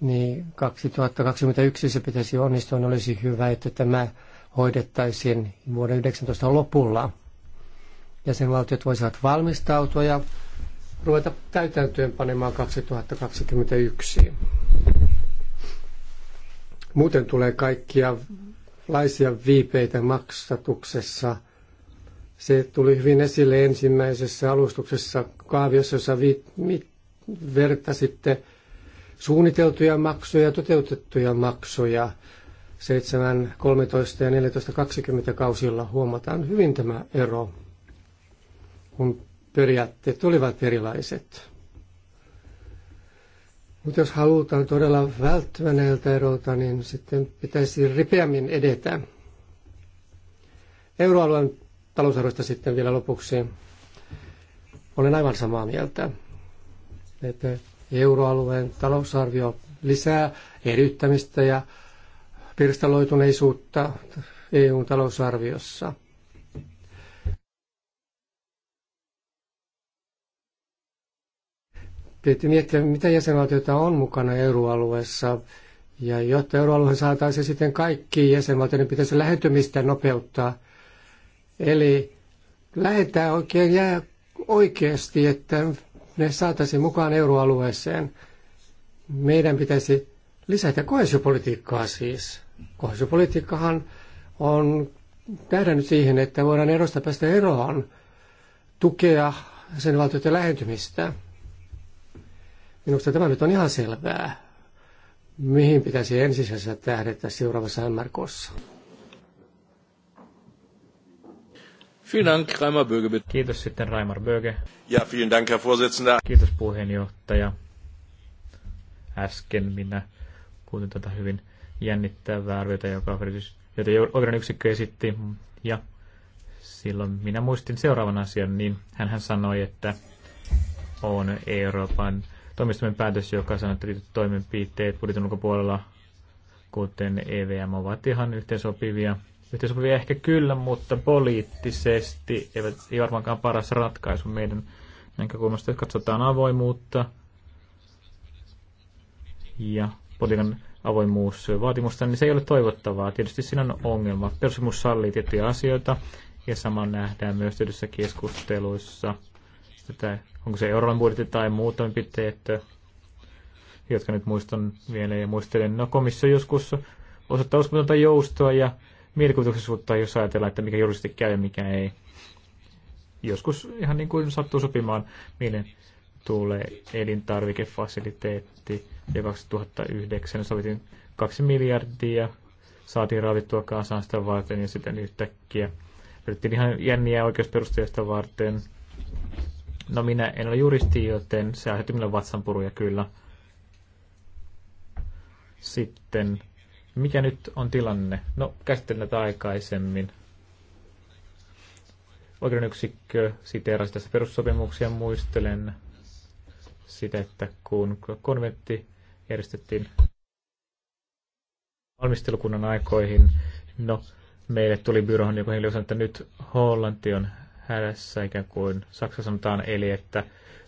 niin 2021 se pitäisi onnistua, niin olisi hyvä, että tämä hoidettaisiin vuoden 19 lopulla. Jäsenvaltiot voisivat valmistautua ja ruveta täytäntöön panemaan 2021. Muuten tulee kaikkia laisia viipeitä maksatuksessa. Se tuli hyvin esille ensimmäisessä alustuksessa kaaviossa, jossa vi- mit vertasitte sitten suunniteltuja maksuja ja toteutettuja maksuja 7, 13 ja 14, 20 kausilla huomataan hyvin tämä ero, kun periaatteet olivat erilaiset. Mutta jos halutaan todella välttyä näiltä erolta, niin sitten pitäisi ripeämmin edetä. Euroalueen talousarvoista sitten vielä lopuksi. Olen aivan samaa mieltä, että Euroalueen talousarvio lisää eriyttämistä ja pirstaloituneisuutta EUn talousarviossa. Pitää miettiä, mitä jäsenvaltioita on mukana euroalueessa. Ja jotta euroalueen saataisiin sitten kaikki jäsenvaltioiden niin pitäisi lähentymistä nopeuttaa. Eli lähetään oikein jää oikeasti, että ne saataisiin mukaan euroalueeseen. Meidän pitäisi lisätä kohesiopolitiikkaa siis. Kohesiopolitiikkahan on tähdännyt siihen, että voidaan erosta päästä eroon, tukea sen valtioiden lähentymistä. Minusta tämä nyt on ihan selvää, mihin pitäisi ensisijaisesti tähdätä seuraavassa MRKssa. Dank, Raimar Böge. Kiitos sitten Raimar Böge. Ja vielen Dank, Herr Vorsitzender. Kiitos puheenjohtaja. Äsken minä kuulin tätä hyvin jännittävää arviota, joka jota oikeuden yksikkö esitti. Ja silloin minä muistin seuraavan asian, niin hän sanoi, että on Euroopan toimistomen päätös, joka sanoo, että toimenpiteet budjetin ulkopuolella, kuten EVM, ovat ihan yhteensopivia sopivia ehkä kyllä, mutta poliittisesti eivät, ei varmaankaan paras ratkaisu meidän näkökulmasta, jos katsotaan avoimuutta ja politiikan avoimuusvaatimusta, niin se ei ole toivottavaa. Tietysti siinä on ongelma. Perussopimus sallii tiettyjä asioita, ja sama nähdään myös tietyissä keskusteluissa. Tätä, onko se euroalueen budjetti tai muu toimenpiteet, jotka nyt muistan vielä ja muistelen. No komissio joskus osoittaa uskomatonta joustoa ja mielikuvituksisuutta, jos ajatellaan, että mikä juridisesti käy ja mikä ei. Joskus ihan niin kuin sattuu sopimaan, mielen tulee elintarvikefasiliteetti ja 2009 sovitin kaksi miljardia, saatiin raavittua kansaan sitä varten ja sitten yhtäkkiä löydettiin ihan jänniä oikeusperusteista varten. No minä en ole juristi, joten se aiheutti minulle vatsanpuruja kyllä. Sitten mikä nyt on tilanne? No, käsittelin tätä aikaisemmin. Oikeuden yksikkö siteerasi tässä perussopimuksia. Muistelen sitä, että kun konventti järjestettiin valmistelukunnan aikoihin, no, meille tuli byrohon niin joku henkilö sanoi, että nyt Hollanti on hädässä ikään kuin Saksa sanotaan, eli että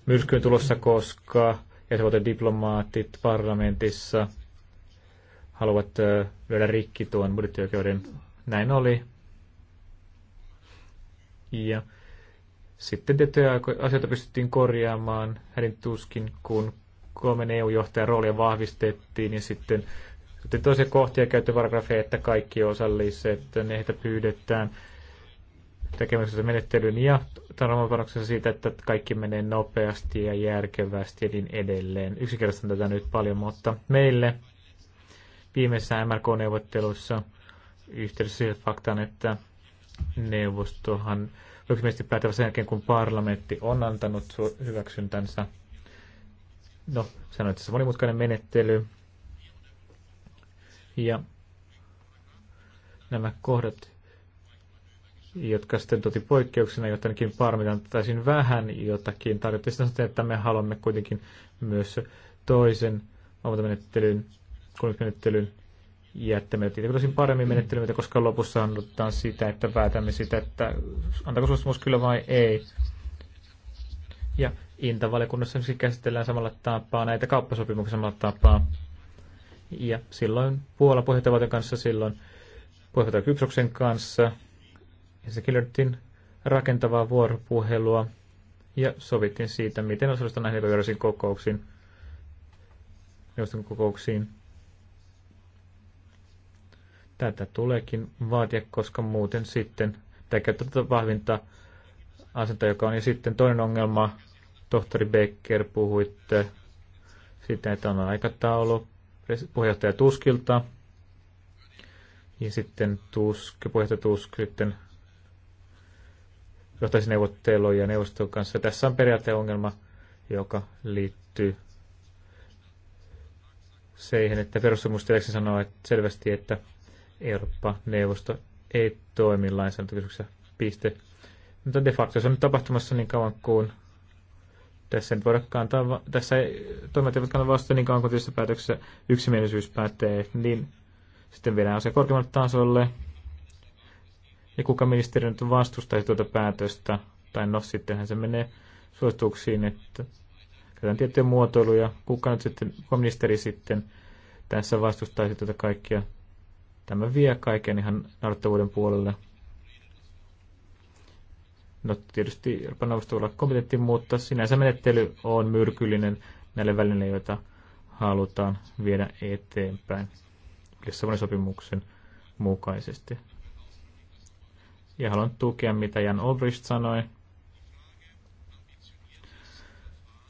myrskyyn tulossa koska, ja se diplomaatit parlamentissa – vielä lyödä rikki tuon budjettioikeuden. Näin oli. Ja sitten tiettyjä asioita pystyttiin korjaamaan hädin tuskin, kun kolmen EU-johtajan roolia vahvistettiin ja sitten sitten toisia kohtia käytetty paragrafeja, että kaikki osalliset, ne heitä pyydetään tekemässä menettelyyn ja tarvopanoksensa siitä, että kaikki menee nopeasti ja järkevästi ja niin edelleen. Yksinkertaistan tätä nyt paljon, mutta meille viimeisessä MRK-neuvottelussa yhteydessä sille faktaan, että neuvostohan yksimielisesti päätävä sen jälkeen, kun parlamentti on antanut hyväksyntänsä. No, sanoin, että se on monimutkainen menettely. Ja nämä kohdat, jotka sitten toti poikkeuksena, jotenkin parmitan parmitantaisiin vähän jotakin. tarjottiin, sitä, että me haluamme kuitenkin myös toisen valvontamenettelyn kuulemismenettelyn jättäminen. Tietenkin paremmin menettelyitä, koska lopussa annutaan sitä, että päätämme sitä, että antako suostumus kyllä vai ei. Ja Intavaliokunnassa käsitellään samalla tapaa näitä kauppasopimuksia samalla tapaa. Ja silloin Puola puheenjohtajavaltion kanssa, silloin puheenjohtaja Kypsoksen kanssa. Ja se löydettiin rakentavaa vuoropuhelua ja sovittiin siitä, miten osallistua näihin kokouksiin, neuvoston kokouksiin. Tätä tuleekin vaatia, koska muuten sitten tämä käyttää vahvinta asenta, joka on. Ja sitten toinen ongelma, tohtori Becker, puhuitte sitten, että on aikataulu puheenjohtaja Tuskilta. Ja sitten Tusk, puheenjohtaja Tusk sitten johtaisi neuvotteluja neuvoston kanssa. Tässä on ongelma, joka liittyy siihen, että perussuomusteleksi sanoo että selvästi, että Eurooppa-neuvosto ei toimi lainsäädäntökysymyksessä. Piste. Mutta de facto se on nyt tapahtumassa niin kauan kuin tässä ei voida kantaa, tässä ei, toimet eivät kantaa vasta niin kauan kuin tietysti päätöksessä yksimielisyys päätee, niin sitten viedään asia korkeammalle tasolle. Ja kuka ministeri nyt vastustaisi tuota päätöstä, tai no sittenhän se menee suosituksiin, että käytetään tiettyjä muotoiluja, kuka nyt sitten, kuka ministeri sitten tässä vastustaisi tätä tuota kaikkia Tämä vie kaiken ihan naurettavuuden puolelle. No tietysti Euroopan neuvosto voi olla kompetentti, mutta sinänsä menettely on myrkyllinen näille välineille, joita halutaan viedä eteenpäin Lissabonin sopimuksen mukaisesti. Ja haluan tukea, mitä Jan Olbrist sanoi.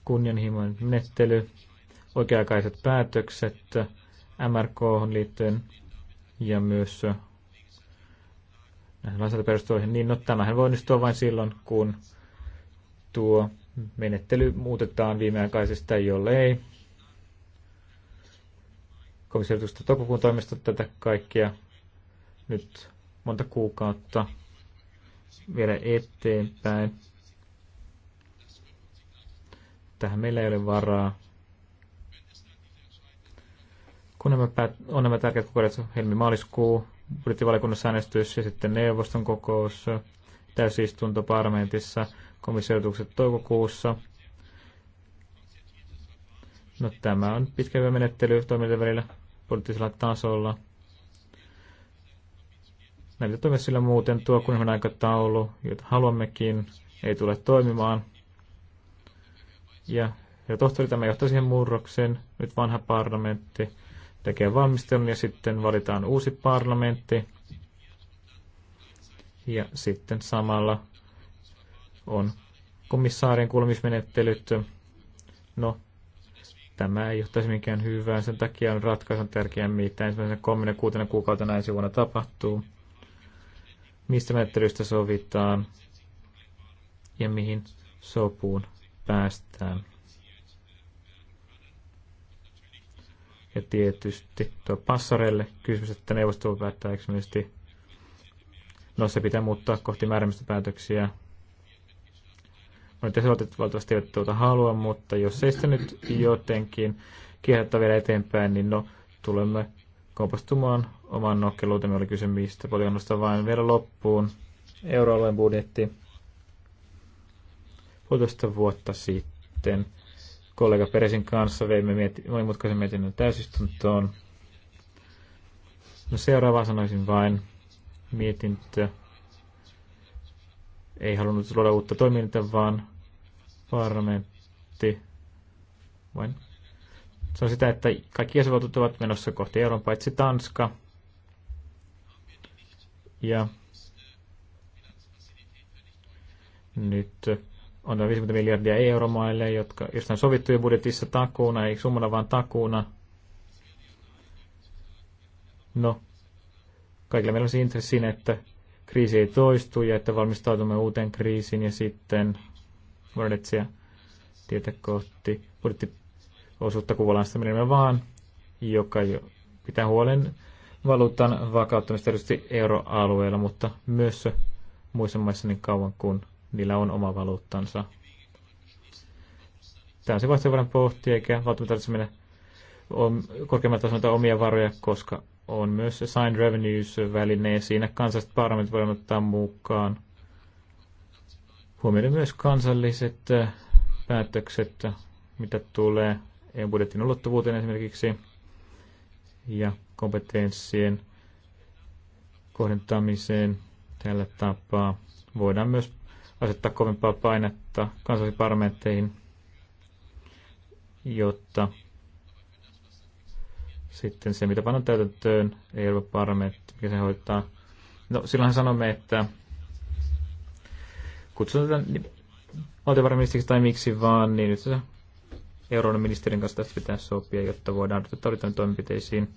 Kunnianhimoinen menettely, oikea-aikaiset päätökset MRK liittyen ja myös näihin lainsäädäntöperustoihin, niin no tämähän voi onnistua vain silloin, kun tuo menettely muutetaan viimeaikaisesta, jollei komissioitusta toukokuun toimesta tätä kaikkea nyt monta kuukautta vielä eteenpäin. Tähän meillä ei ole varaa. Kun nämä päät- on nämä tärkeät kokoukset helmi-maaliskuu, budjettivaliokunnassa äänestys ja sitten neuvoston kokous, täysistunto parlamentissa, komissiotukset toukokuussa. No tämä on pitkä menettely toimijoiden välillä poliittisella tasolla. Näitä toimia sillä muuten tuo kunhan aikataulu, jota haluammekin, ei tule toimimaan. Ja, ja tohtori tämä johtaa siihen murroksen, nyt vanha parlamentti, tekee valmistelun ja sitten valitaan uusi parlamentti. Ja sitten samalla on komissaarien kuulemismenettelyt. No, tämä ei johtaisi mikään hyvää. Sen takia on ratkaisun tärkeää, mitä ensimmäisenä kuutena kuukautena ensi vuonna tapahtuu. Mistä menettelystä sovitaan ja mihin sopuun päästään. Ja tietysti tuo passarelle kysymys, että neuvosto voi päättää yksimielisesti. No se pitää muuttaa kohti määrämistä päätöksiä. Monet jäsenvaltiot valtavasti eivät tuota halua, mutta jos ei sitä nyt jotenkin kierrättää vielä eteenpäin, niin no tulemme kompastumaan oman nokkeluutemme. Oli kyse mistä paljon nostaa vain vielä loppuun. Euroalueen budjetti puolitoista vuotta sitten kollega Peresin kanssa veimme mieti, monimutkaisen mietinnön täysistuntoon. No seuraava sanoisin vain, mietintö ei halunnut luoda uutta toimintaa, vaan parlamentti vain. Se on sitä, että kaikki jäsenvaltiot ovat menossa kohti euron, paitsi Tanska. Ja nyt on 50 miljardia euromaille, jotka, just on sovittu jo budjetissa takuuna, ei summana vaan takuuna. No, kaikilla meillä on se intressi siinä, että kriisi ei toistu ja että valmistautumme uuteen kriisiin ja sitten voidaan etsiä tietä kohti budjettiosuutta kuvalaistaminen vaan, joka jo pitää huolen valuutan vakauttamista erityisesti euroalueella, mutta myös muissa maissa niin kauan kuin niillä on oma valuuttansa. Täysin vaihtoehto voidaan pohtia, eikä valtuutta tarvitse mennä korkeammalta tasolta omia varoja, koska on myös signed Revenues-väline, ja siinä kansalliset parlamentit voidaan ottaa mukaan. Huomioiden myös kansalliset äh, päätökset, mitä tulee EU-budjetin ulottuvuuteen esimerkiksi, ja kompetenssien kohdentamiseen tällä tapaa. Voidaan myös asettaa kovempaa painetta kansallisiin jotta sitten se, mitä pannaan täytäntöön, ei ole parametti, mikä se hoitaa. No, silloinhan sanomme, että kutsun tätä valtiovarainministeriksi tai miksi vaan, niin nyt se euroopan ministerin kanssa tästä pitää sopia, jotta voidaan ryhtyä tarvittaviin toimenpiteisiin.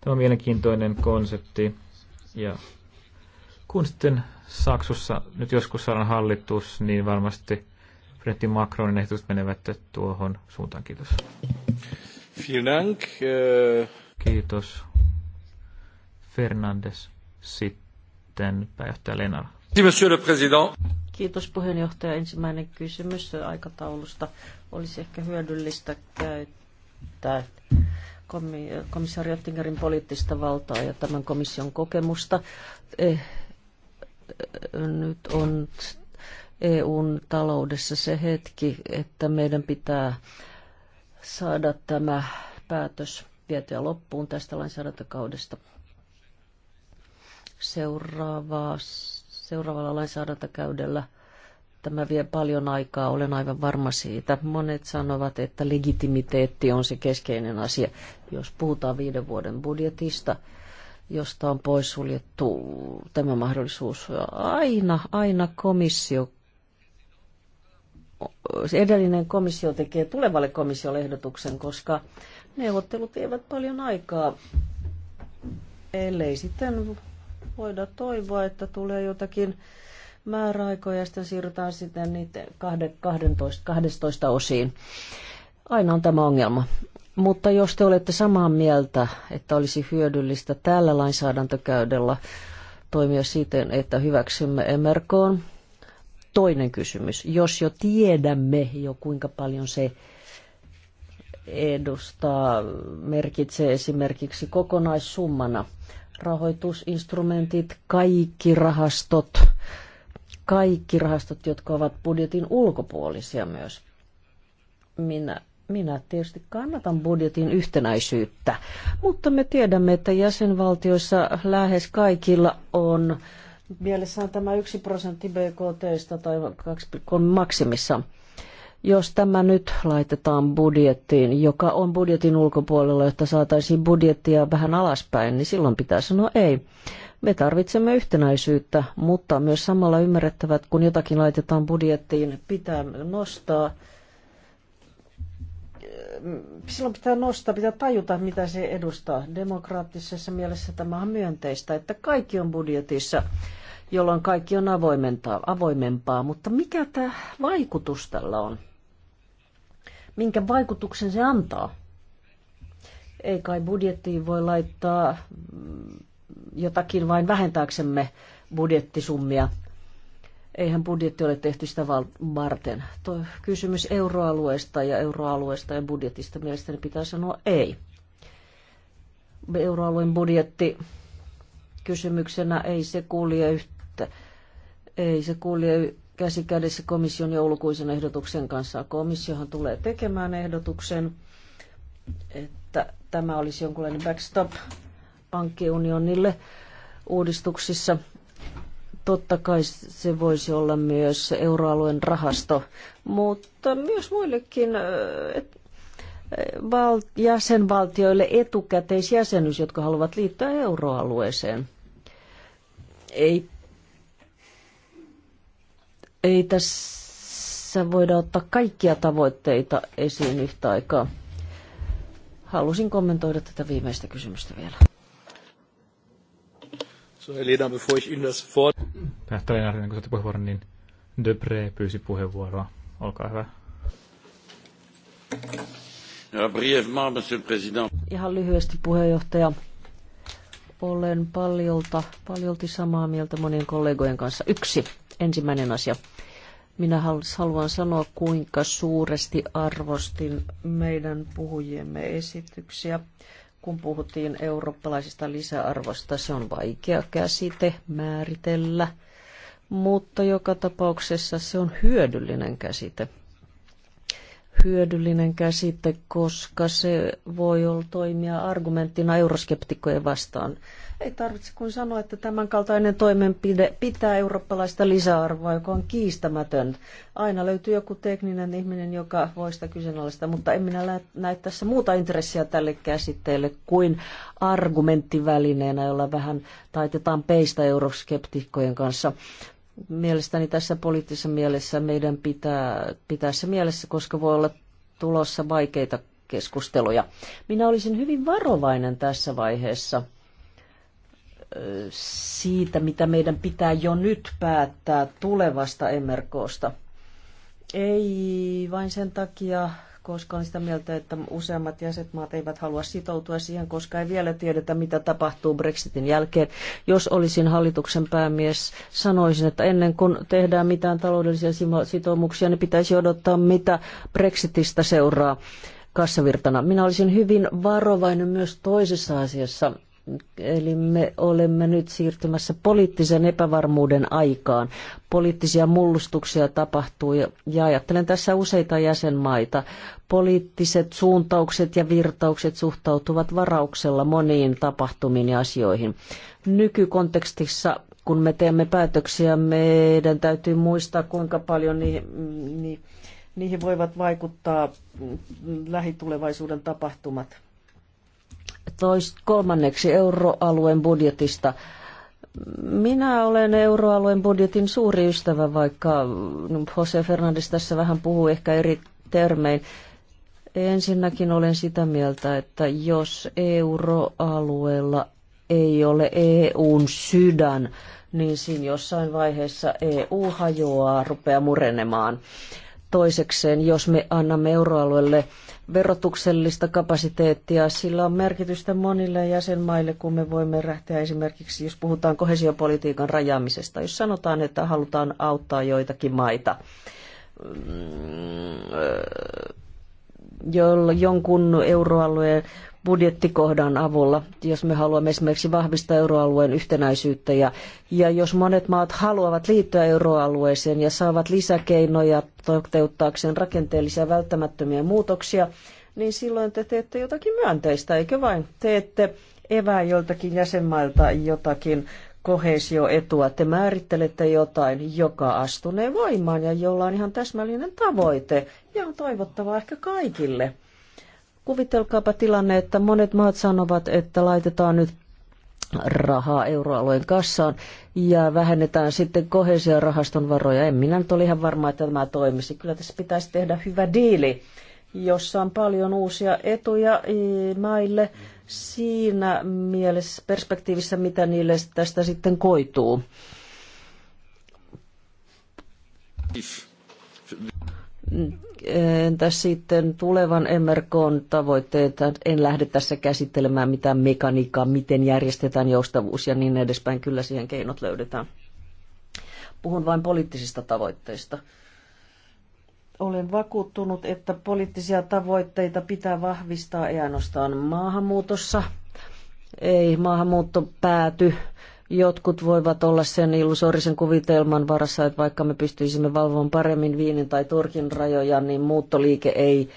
Tämä on mielenkiintoinen konsepti. Ja kun sitten Saksussa nyt joskus saadaan hallitus, niin varmasti presidentti Macronin ehdotus menevät tuohon suuntaan. Kiitos. Dank. Äh, Kiitos. Fernandes. Sitten pääjohtaja Lenar. Monsieur le Président. Kiitos puheenjohtaja. Ensimmäinen kysymys aikataulusta olisi ehkä hyödyllistä käyttää komissaari Oettingerin poliittista valtaa ja tämän komission kokemusta eh, nyt on EUn taloudessa se hetki, että meidän pitää saada tämä päätös vietyä loppuun tästä lainsäädäntökaudesta. Seuraavaa, seuraavalla lainsäädäntökäydellä tämä vie paljon aikaa, olen aivan varma siitä. Monet sanovat, että legitimiteetti on se keskeinen asia. Jos puhutaan viiden vuoden budjetista, josta on poissuljettu tämä mahdollisuus. Aina, aina komissio edellinen komissio tekee tulevalle komissiolle ehdotuksen, koska neuvottelut eivät paljon aikaa, ellei sitten voida toivoa, että tulee jotakin määräaikoja ja sitten siirrytään sitten niitä 12, 12 osiin. Aina on tämä ongelma. Mutta jos te olette samaa mieltä, että olisi hyödyllistä tällä lainsäädäntökäydellä toimia siten, että hyväksymme MRK. Toinen kysymys. Jos jo tiedämme jo kuinka paljon se edustaa, merkitsee esimerkiksi kokonaissummana rahoitusinstrumentit, kaikki rahastot, kaikki rahastot, jotka ovat budjetin ulkopuolisia myös. Minä minä tietysti kannatan budjetin yhtenäisyyttä, mutta me tiedämme, että jäsenvaltioissa lähes kaikilla on mielessään tämä 1 prosentti BKT tai 2,3 maksimissa. Jos tämä nyt laitetaan budjettiin, joka on budjetin ulkopuolella, jotta saataisiin budjettia vähän alaspäin, niin silloin pitää sanoa ei. Me tarvitsemme yhtenäisyyttä, mutta myös samalla ymmärrettävät, kun jotakin laitetaan budjettiin, pitää nostaa silloin pitää nostaa, pitää tajuta, mitä se edustaa. Demokraattisessa mielessä tämä on myönteistä, että kaikki on budjetissa, jolloin kaikki on avoimempaa. Mutta mikä tämä vaikutus tällä on? Minkä vaikutuksen se antaa? Ei kai budjettiin voi laittaa mm, jotakin vain vähentääksemme budjettisummia. Eihän budjetti ole tehty sitä varten. Tuo kysymys euroalueesta ja euroalueesta ja budjetista mielestäni pitää sanoa ei. Euroalueen budjetti kysymyksenä ei se kulje yhtä, ei se kulje käsi kädessä komission joulukuisen ehdotuksen kanssa. Komissiohan tulee tekemään ehdotuksen, että tämä olisi jonkunlainen backstop pankkiunionille uudistuksissa Totta kai se voisi olla myös euroalueen rahasto, mutta myös muillekin val- jäsenvaltioille etukäteisjäsenyys, jotka haluavat liittyä euroalueeseen. Ei, ei tässä voida ottaa kaikkia tavoitteita esiin yhtä aikaa. Halusin kommentoida tätä viimeistä kysymystä vielä. So, Elena, bevor ich Ihnen das Wort... Tähtäinen Arjen, kun saatte puheenvuoron, niin Debre pyysi puheenvuoroa. Olkaa hyvä. Brièvement, monsieur le président. Ihan lyhyesti puheenjohtaja. Olen paljolta, paljolti samaa mieltä monien kollegojen kanssa. Yksi, ensimmäinen asia. Minä haluan sanoa, kuinka suuresti arvostin meidän puhujiemme esityksiä kun puhuttiin eurooppalaisesta lisäarvosta. Se on vaikea käsite määritellä, mutta joka tapauksessa se on hyödyllinen käsite. Hyödyllinen käsite, koska se voi olla toimia argumenttina euroskeptikkojen vastaan. Ei tarvitse kuin sanoa, että tämänkaltainen toimenpide pitää eurooppalaista lisäarvoa, joka on kiistämätön. Aina löytyy joku tekninen ihminen, joka voi sitä kyseenalaista, mutta en minä näe tässä muuta intressiä tälle käsitteelle kuin argumenttivälineenä, jolla vähän taitetaan peistä euroskeptikkojen kanssa mielestäni tässä poliittisessa mielessä meidän pitää pitää se mielessä, koska voi olla tulossa vaikeita keskusteluja. Minä olisin hyvin varovainen tässä vaiheessa siitä, mitä meidän pitää jo nyt päättää tulevasta MRKsta. Ei vain sen takia, koska olen sitä mieltä, että useammat jäsenmaat eivät halua sitoutua siihen, koska ei vielä tiedetä, mitä tapahtuu Brexitin jälkeen. Jos olisin hallituksen päämies, sanoisin, että ennen kuin tehdään mitään taloudellisia sitoumuksia, niin pitäisi odottaa, mitä Brexitistä seuraa kassavirtana. Minä olisin hyvin varovainen myös toisessa asiassa, Eli me olemme nyt siirtymässä poliittisen epävarmuuden aikaan. Poliittisia mullistuksia tapahtuu ja ajattelen tässä useita jäsenmaita. Poliittiset suuntaukset ja virtaukset suhtautuvat varauksella moniin tapahtumiin ja asioihin. Nykykontekstissa kun me teemme päätöksiä, meidän täytyy muistaa, kuinka paljon niihin, niihin voivat vaikuttaa lähitulevaisuuden tapahtumat toist, kolmanneksi euroalueen budjetista. Minä olen euroalueen budjetin suuri ystävä, vaikka Jose Fernandes tässä vähän puhuu ehkä eri termein. Ensinnäkin olen sitä mieltä, että jos euroalueella ei ole EUn sydän, niin siinä jossain vaiheessa EU hajoaa, rupeaa murenemaan. Toisekseen, jos me annamme euroalueelle verotuksellista kapasiteettia, sillä on merkitystä monille jäsenmaille, kun me voimme lähteä esimerkiksi, jos puhutaan kohesiopolitiikan rajaamisesta, jos sanotaan, että halutaan auttaa joitakin maita mm, jolla jonkun euroalueen budjettikohdan avulla, jos me haluamme esimerkiksi vahvistaa euroalueen yhtenäisyyttä. Ja, ja jos monet maat haluavat liittyä euroalueeseen ja saavat lisäkeinoja toteuttaakseen rakenteellisia välttämättömiä muutoksia, niin silloin te teette jotakin myönteistä, eikö vain? Teette evää joltakin jäsenmailta jotakin kohesioetua. Te määrittelette jotain, joka astunee voimaan ja jolla on ihan täsmällinen tavoite ja on toivottavaa ehkä kaikille – Kuvitelkaapa tilanne, että monet maat sanovat, että laitetaan nyt rahaa euroalueen kassaan ja vähennetään sitten rahaston varoja. En minä nyt ole ihan varma, että tämä toimisi. Kyllä tässä pitäisi tehdä hyvä diili, jossa on paljon uusia etuja e, maille siinä mielessä perspektiivissä, mitä niille tästä sitten koituu. If Entä sitten tulevan MRKn tavoitteita? En lähde tässä käsittelemään mitään mekaniikkaa, miten järjestetään joustavuus ja niin edespäin. Kyllä siihen keinot löydetään. Puhun vain poliittisista tavoitteista. Olen vakuuttunut, että poliittisia tavoitteita pitää vahvistaa ei ainoastaan maahanmuutossa. Ei maahanmuutto pääty Jotkut voivat olla sen illusorisen kuvitelman varassa, että vaikka me pystyisimme valvomaan paremmin Viinin tai Turkin rajoja, niin muuttoliike ei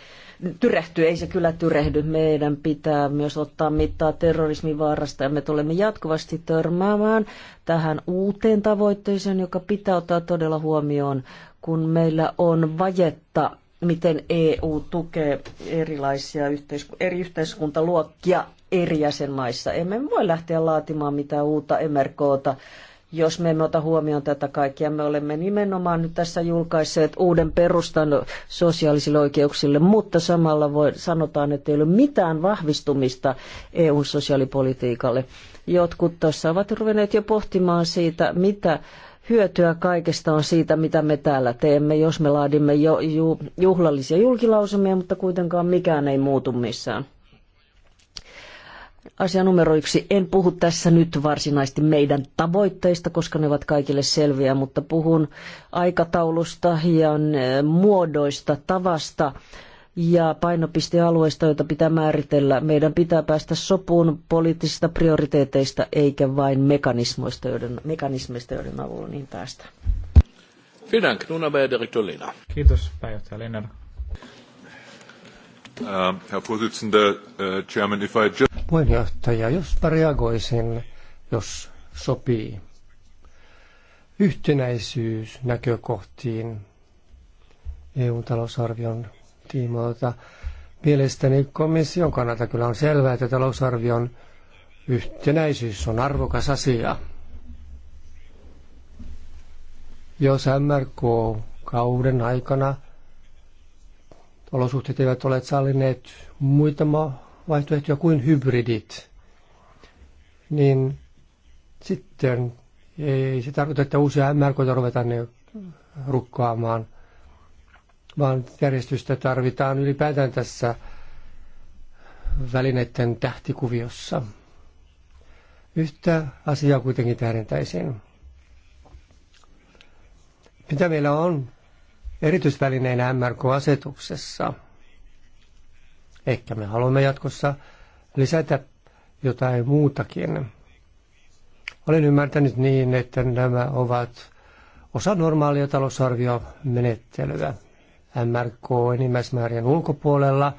tyrehty, ei se kyllä tyrehdy. Meidän pitää myös ottaa mittaa terrorismin vaarasta ja me tulemme jatkuvasti törmäämään tähän uuteen tavoitteeseen, joka pitää ottaa todella huomioon, kun meillä on vajetta, miten EU tukee erilaisia yhteisku- eri yhteiskuntaluokkia eri jäsenmaissa. Emme voi lähteä laatimaan mitään uutta MRKta, jos me emme ota huomioon tätä kaikkea. Me olemme nimenomaan nyt tässä julkaisseet uuden perustan sosiaalisille oikeuksille, mutta samalla voi, sanotaan, että ei ole mitään vahvistumista EUn sosiaalipolitiikalle. Jotkut tuossa ovat ruvenneet jo pohtimaan siitä, mitä hyötyä kaikesta on siitä, mitä me täällä teemme, jos me laadimme jo, ju, juhlallisia julkilausumia, mutta kuitenkaan mikään ei muutu missään. Asia numero yksi. En puhu tässä nyt varsinaisesti meidän tavoitteista, koska ne ovat kaikille selviä, mutta puhun aikataulusta ja äh, muodoista, tavasta ja painopistealueista, joita pitää määritellä. Meidän pitää päästä sopuun poliittisista prioriteeteista eikä vain mekanismeista, joiden, joiden avulla niin päästään. Kiitos, pääjohtaja Lena. Uh, Herr Vorsitzender, uh, Chairman, if I just... Puheenjohtaja, jos reagoisin, jos sopii. Yhtenäisyys näkökohtiin EU-talousarvion tiimoilta. Mielestäni komission kannalta kyllä on selvää, että talousarvion yhtenäisyys on arvokas asia. Jos MRK-kauden aikana olosuhteet eivät ole sallineet muita vaihtoehtoja kuin hybridit, niin sitten ei se tarkoita, että uusia MRKta ruvetaan ne rukkaamaan, vaan järjestystä tarvitaan ylipäätään tässä välineiden tähtikuviossa. Yhtä asiaa kuitenkin tähdentäisin. Mitä meillä on erityisvälineinä MRK-asetuksessa – Ehkä me haluamme jatkossa lisätä jotain muutakin. Olen ymmärtänyt niin, että nämä ovat osa normaalia talousarviomenettelyä MRK enimmäismäärien ulkopuolella,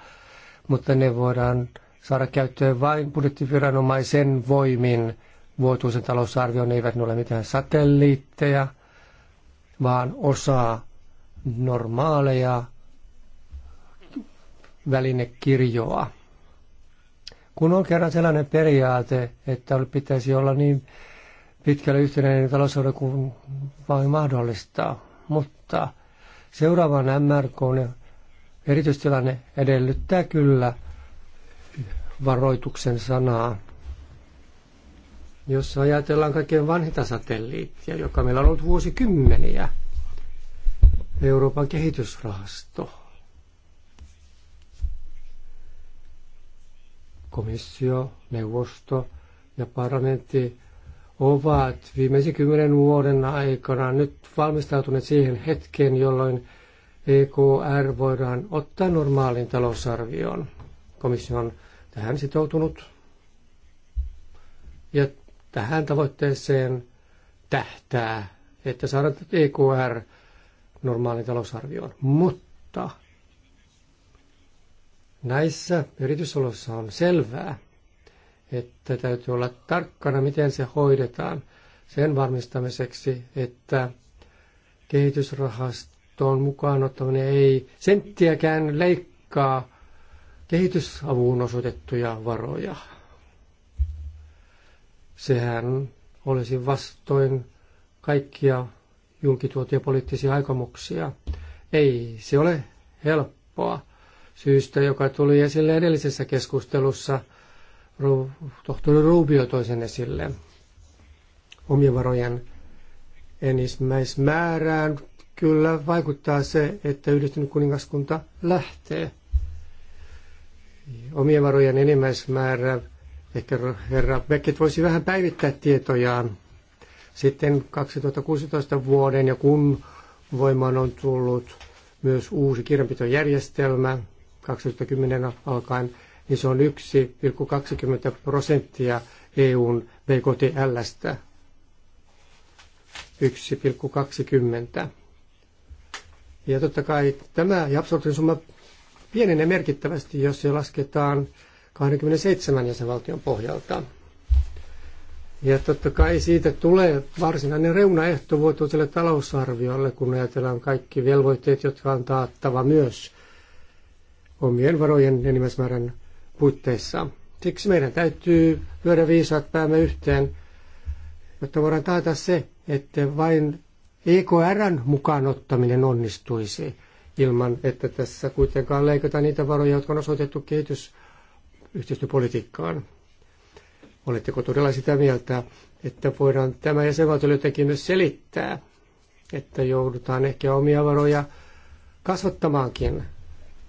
mutta ne voidaan saada käyttöön vain budjettiviranomaisen voimin. Vuotuisen talousarvion eivät ole mitään satelliitteja, vaan osa normaaleja välinekirjoa. Kun on kerran sellainen periaate, että pitäisi olla niin pitkälle yhtenäinen talousarvio kuin vain mahdollista, mutta seuraavan MRK erityistilanne edellyttää kyllä varoituksen sanaa. Jos ajatellaan kaikkein vanhinta satelliittia, joka meillä on ollut vuosikymmeniä, Euroopan kehitysrahasto – komissio, neuvosto ja parlamentti ovat viimeisen kymmenen vuoden aikana nyt valmistautuneet siihen hetkeen, jolloin EKR voidaan ottaa normaaliin talousarvioon. Komissio on tähän sitoutunut ja tähän tavoitteeseen tähtää, että saadaan EKR normaaliin talousarvioon. Mutta Näissä yritysolossa on selvää, että täytyy olla tarkkana, miten se hoidetaan sen varmistamiseksi, että kehitysrahastoon mukaan ottaminen ei senttiäkään leikkaa kehitysavuun osoitettuja varoja. Sehän olisi vastoin kaikkia julkituotia poliittisia aikomuksia. Ei se ole helppoa syystä, joka tuli esille edellisessä keskustelussa. Tohtori Rubio toi sen esille omien varojen enimmäismäärään. Kyllä vaikuttaa se, että yhdistynyt kuningaskunta lähtee. Omien varojen enimmäismäärä, ehkä herra Beckett voisi vähän päivittää tietojaan. Sitten 2016 vuoden ja kun voimaan on tullut myös uusi kirjanpitojärjestelmä, 2010 alkaen, niin se on 1,20 prosenttia EUn BKTLstä. 1,20. Ja totta kai tämä absoluuttinen summa pienenee merkittävästi, jos se lasketaan 27 jäsenvaltion pohjalta. Ja totta kai siitä tulee varsinainen reunaehto vuotuiselle talousarviolle, kun ajatellaan kaikki velvoitteet, jotka on taattava myös omien varojen enimmäismäärän puitteissa. Siksi meidän täytyy lyödä viisaat päämme yhteen, jotta voidaan taata se, että vain EKRn mukaan ottaminen onnistuisi ilman, että tässä kuitenkaan leikataan niitä varoja, jotka on osoitettu kehitysyhteistyöpolitiikkaan. Oletteko todella sitä mieltä, että voidaan tämä jäsenvaltio jotenkin myös selittää, että joudutaan ehkä omia varoja kasvattamaankin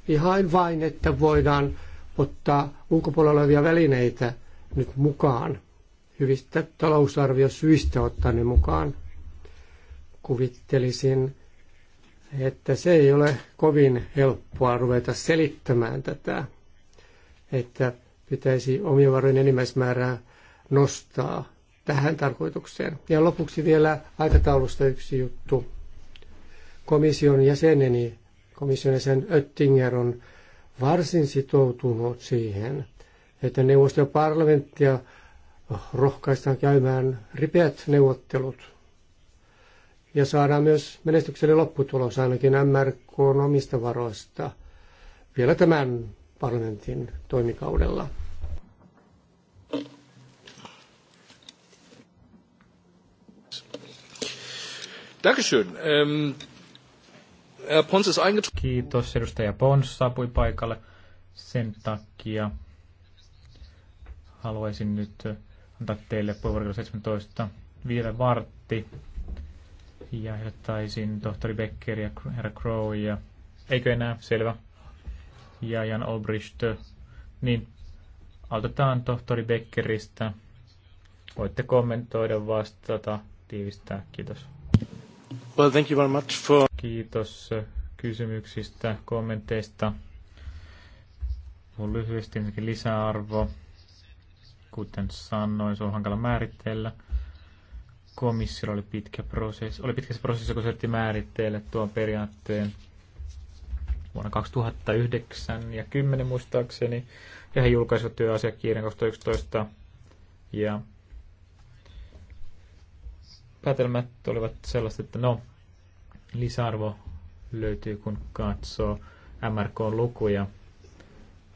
ihan vain, että voidaan ottaa ulkopuolella olevia välineitä nyt mukaan. Hyvistä talousarviosyistä ottaa ne mukaan. Kuvittelisin, että se ei ole kovin helppoa ruveta selittämään tätä, että pitäisi omien varojen enimmäismäärää nostaa tähän tarkoitukseen. Ja lopuksi vielä aikataulusta yksi juttu. Komission jäseneni komission jäsen Oettinger on varsin sitoutunut siihen, että neuvosto ja parlamenttia rohkaistaan käymään ripeät neuvottelut. Ja saadaan myös menestykselle lopputulos ainakin MRK omista varoista vielä tämän parlamentin toimikaudella. Dankeschön. Ähm, Kiitos, edustaja Pons saapui paikalle. Sen takia haluaisin nyt antaa teille puheenvuoro 17 vielä vartti. Ja ehdottaisin tohtori Becker ja herra Crow ja... Eikö enää? Selvä. Ja Jan Obrist, Niin, aloitetaan tohtori Beckeristä. Voitte kommentoida, vastata, tiivistää. Kiitos. Well, thank you very much for... Kiitos kysymyksistä, kommenteista. On lyhyesti lisäarvo. Kuten sanoin, se on hankala määritellä. Komissio oli pitkä prosessi. Oli pitkä prosessi, kun se määritellä tuon periaatteen vuonna 2009 ja 10 muistaakseni. Ja he julkaisivat työasiakirjan 2011. Ja päätelmät olivat sellaiset, että no, lisäarvo löytyy, kun katsoo MRK-lukuja.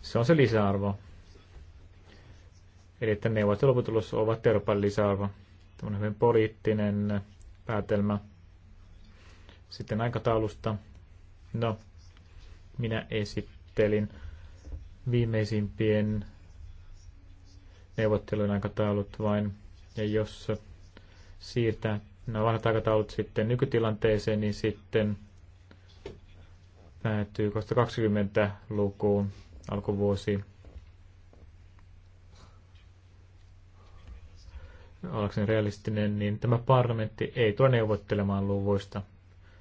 Se on se lisäarvo. Eli että neuvot ovat Euroopan lisäarvo. Tämmöinen hyvin poliittinen päätelmä. Sitten aikataulusta. No, minä esittelin viimeisimpien neuvottelujen aikataulut vain. Ja jos siirtää nämä no, vanhat aikataulut sitten nykytilanteeseen, niin sitten päättyy 2020 lukuun alkuvuosi. Ollakseni realistinen, niin tämä parlamentti ei tule neuvottelemaan luvuista.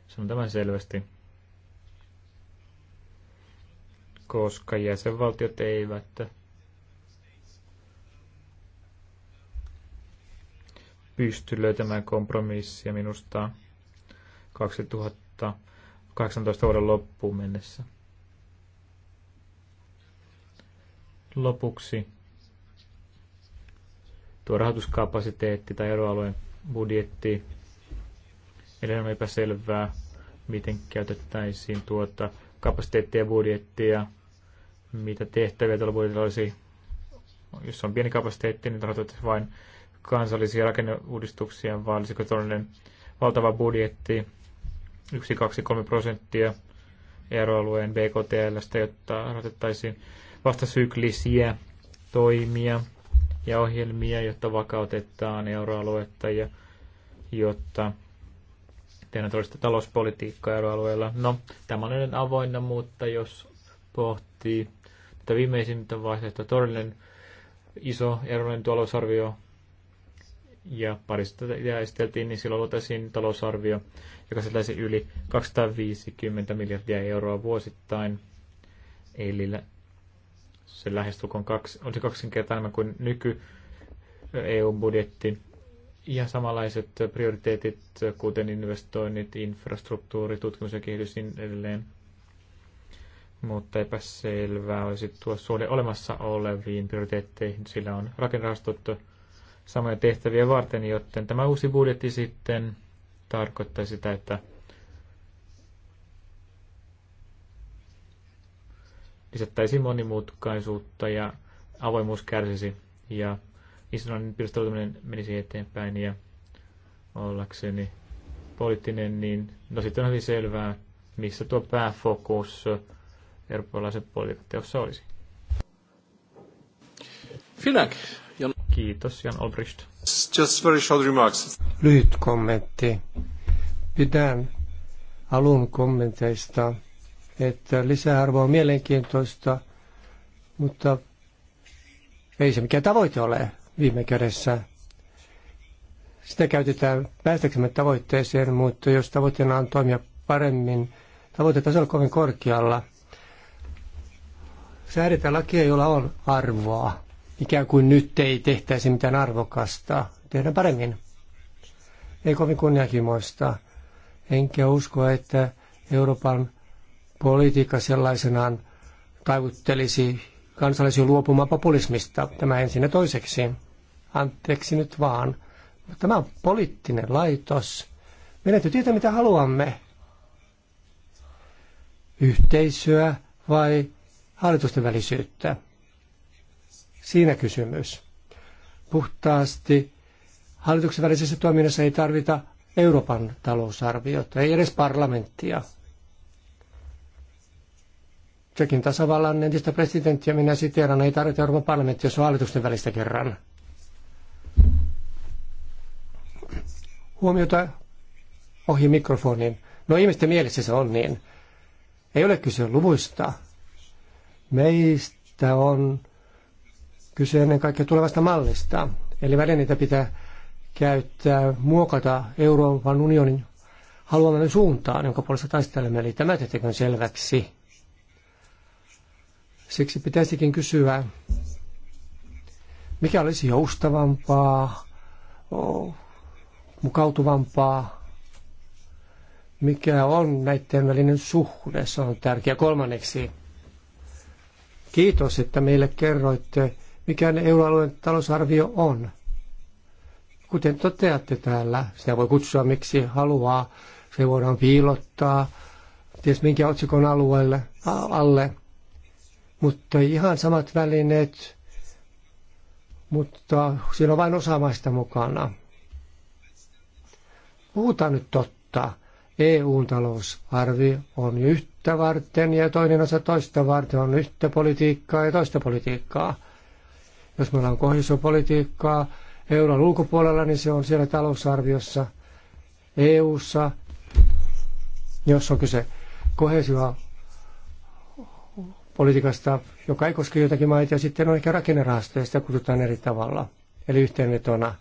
Se on tämän selvästi. Koska jäsenvaltiot eivät pysty löytämään kompromissia minusta 2018 vuoden loppuun mennessä. Lopuksi tuo rahoituskapasiteetti tai euroalueen budjetti. Eli on epäselvää, miten käytettäisiin tuota kapasiteettia ja budjettia, mitä tehtäviä tällä budjetilla olisi. Jos on pieni kapasiteetti, niin tarkoitetaan vain kansallisia rakenneuudistuksia, vaan olisiko todellinen valtava budjetti, 1-2-3 prosenttia euroalueen BKTLstä, jotta rahoitettaisiin vastasyklisiä toimia ja ohjelmia, jotta vakautetaan euroaluetta ja jotta tehdään todellista talouspolitiikkaa euroalueella. No, tämä on avoinna, mutta jos pohtii tätä viimeisintä vaihtoehtoa, todellinen iso eroinen talousarvio ja parista ja esiteltiin, niin silloin luotaisiin talousarvio, joka sisältäisi yli 250 miljardia euroa vuosittain. Eli se lähestulkoon kaksi, olisi kaksinkertainen enemmän kuin nyky EU-budjetti. Ja samanlaiset prioriteetit, kuten investoinnit, infrastruktuuri, tutkimus ja kehitys niin edelleen. Mutta epäselvää olisi tuo suhde olemassa oleviin prioriteetteihin. Sillä on rakennerahastot, samoja tehtäviä varten, joten tämä uusi budjetti sitten tarkoittaa sitä, että lisättäisiin monimutkaisuutta ja avoimuus kärsisi ja Islannin pirstoutuminen menisi eteenpäin ja ollakseni poliittinen, niin no sitten on hyvin selvää, missä tuo pääfokus eurooppalaisen politiikan teossa olisi. Vielen Kiitos, Jan Olbricht. Just very short remarks. Lyhyt kommentti. Pidän alun kommenteista, että lisäarvo on mielenkiintoista, mutta ei se mikä tavoite ole viime kädessä. Sitä käytetään päästäksemme tavoitteeseen, mutta jos tavoitteena on toimia paremmin, tavoitetaso on kovin korkealla. Säädetään lakia, jolla on arvoa ikään kuin nyt ei tehtäisi mitään arvokasta. Tehdään paremmin. Ei kovin kunnianhimoista. Enkä usko, että Euroopan politiikka sellaisenaan taivuttelisi kansalaisia luopumaan populismista. Tämä ensin ja toiseksi. Anteeksi nyt vaan. Tämä on poliittinen laitos. Meidän täytyy tietää, mitä haluamme. Yhteisöä vai hallitusten välisyyttä? Siinä kysymys. Puhtaasti hallituksen välisessä toiminnassa ei tarvita Euroopan talousarviota, ei edes parlamenttia. Tsekin tasavallan entistä presidenttiä minä siteeran, ei tarvita Euroopan parlamenttia, jos on hallituksen välistä kerran. Huomiota ohi mikrofonin. No ihmisten mielessä se on niin. Ei ole kyse luvuista. Meistä on Kyse ennen kaikkea tulevasta mallista. Eli välineitä pitää käyttää, muokata Euroopan unionin haluamalle suuntaan, jonka puolesta taistelemme. Eli tämä tietenkin selväksi. Siksi pitäisikin kysyä, mikä olisi joustavampaa, mukautuvampaa, mikä on näiden välinen suhde, se on tärkeä. Kolmanneksi, kiitos, että meille kerroitte mikä euroalueen talousarvio on. Kuten toteatte täällä, sitä voi kutsua miksi haluaa, se voidaan piilottaa, ties minkä otsikon alueelle, alle, mutta ihan samat välineet, mutta siinä on vain osa maista mukana. Puhutaan nyt totta. EUn talousarvio on yhtä varten ja toinen osa toista varten on yhtä politiikkaa ja toista politiikkaa. Jos meillä on kohdistopolitiikkaa euron ulkopuolella, niin se on siellä talousarviossa. EUssa, jos on kyse kohesiva politiikasta, joka ei koske jotakin maita, ja sitten on ehkä rakennerahastoja, sitä kutsutaan eri tavalla. Eli yhteenvetona.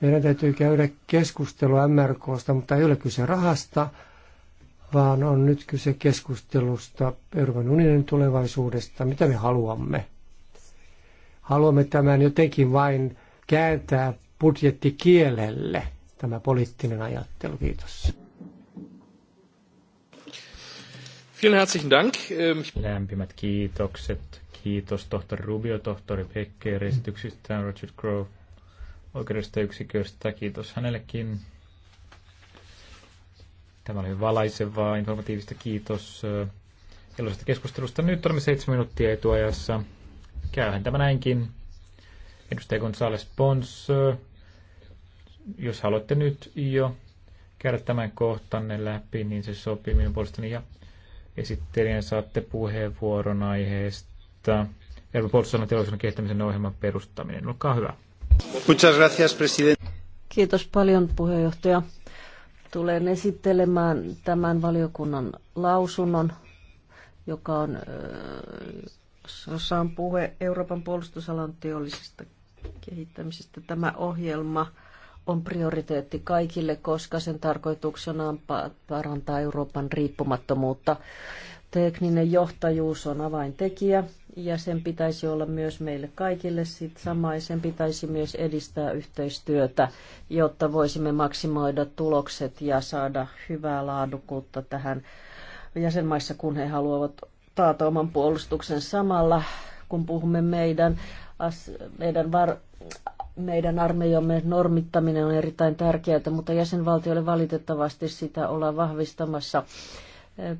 Meidän täytyy käydä keskustelua MRKsta, mutta ei ole kyse rahasta, vaan on nyt kyse keskustelusta Euroopan unionin tulevaisuudesta, mitä me haluamme haluamme tämän jotenkin vain kääntää budjettikielelle, tämä poliittinen ajattelu. Kiitos. Vielen herzlichen Dank. Ähm, Lämpimät kiitokset. Kiitos tohtori Rubio, tohtori Becker esityksistä, Richard Grove oikeudesta yksiköstä. Kiitos hänellekin. Tämä oli valaisevaa, informatiivista. Kiitos äh, keskustelusta. Nyt olemme seitsemän minuuttia etuajassa. Käyhän tämä näinkin. Edustaja Gonzales Pons, jos haluatte nyt jo käydä tämän kohtanne läpi, niin se sopii minun puolestani. Ja esittelijän saatte puheenvuoron aiheesta. Euroopan puolustusalan teollisuuden kehittämisen ohjelman perustaminen. Olkaa hyvä. Kiitos paljon puheenjohtaja. Tulen esittelemään tämän valiokunnan lausunnon, joka on jossa on puhe Euroopan puolustusalan teollisesta kehittämisestä. Tämä ohjelma on prioriteetti kaikille, koska sen tarkoituksena on parantaa Euroopan riippumattomuutta. Tekninen johtajuus on avaintekijä ja sen pitäisi olla myös meille kaikille sit sama ja sen pitäisi myös edistää yhteistyötä, jotta voisimme maksimoida tulokset ja saada hyvää laadukkuutta tähän jäsenmaissa, kun he haluavat taata oman puolustuksen samalla, kun puhumme meidän, meidän, var, meidän armeijamme normittaminen on erittäin tärkeää, mutta jäsenvaltioille valitettavasti sitä ollaan vahvistamassa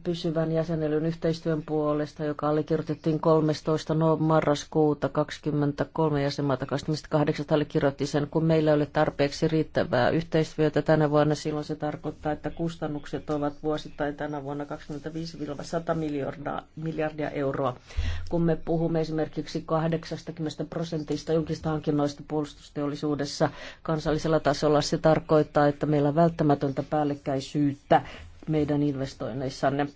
pysyvän jäsenelyn yhteistyön puolesta, joka allekirjoitettiin 13. No, marraskuuta 23 jäsenmaata 28 allekirjoitti sen. Kun meillä ei ole tarpeeksi riittävää yhteistyötä tänä vuonna, silloin se tarkoittaa, että kustannukset ovat vuosittain tänä vuonna 25-100 miljardia, miljardia euroa. Kun me puhumme esimerkiksi 80 prosentista julkista hankinnoista puolustusteollisuudessa kansallisella tasolla, se tarkoittaa, että meillä on välttämätöntä päällekkäisyyttä meidän investoinneissanne.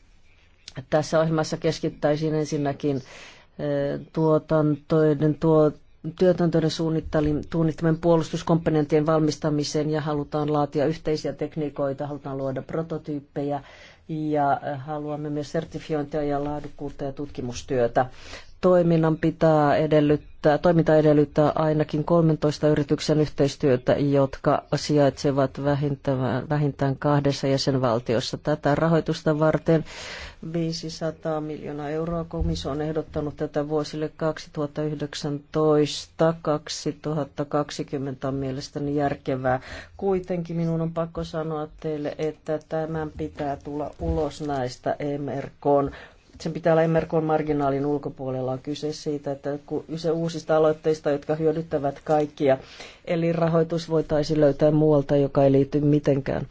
Tässä ohjelmassa keskittäisiin ensinnäkin eh, tuotantoiden, tuo, työtantoiden suunnittelun puolustuskomponenttien valmistamiseen ja halutaan laatia yhteisiä tekniikoita, halutaan luoda prototyyppejä ja eh, haluamme myös sertifiointia ja laadukkuutta ja tutkimustyötä toiminnan pitää edellyttää, toiminta edellyttää ainakin 13 yrityksen yhteistyötä, jotka sijaitsevat vähintään, vähintään kahdessa jäsenvaltiossa. Tätä rahoitusta varten 500 miljoonaa euroa komissio on ehdottanut tätä vuosille 2019-2020 on mielestäni järkevää. Kuitenkin minun on pakko sanoa teille, että tämän pitää tulla ulos näistä MRK sen pitää olla Emmerkon marginaalin ulkopuolella. On kyse siitä, että kyse uusista aloitteista, jotka hyödyttävät kaikkia. Eli rahoitus voitaisiin löytää muualta, joka ei liity mitenkään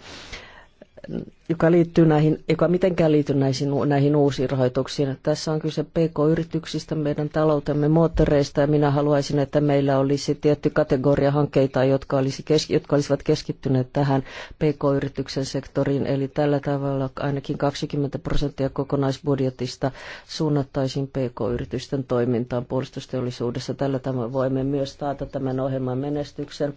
joka, liittyy näihin, joka mitenkään liittyy näihin, näihin uusiin rahoituksiin. Tässä on kyse PK-yrityksistä, meidän taloutemme moottoreista ja minä haluaisin, että meillä olisi tietty kategoria hankkeita, jotka, olisi, jotka olisivat keskittyneet tähän PK-yrityksen sektoriin. Eli tällä tavalla ainakin 20 prosenttia kokonaisbudjetista suunnattaisiin PK-yritysten toimintaan puolustusteollisuudessa. Tällä tavalla voimme myös taata tämän ohjelman menestyksen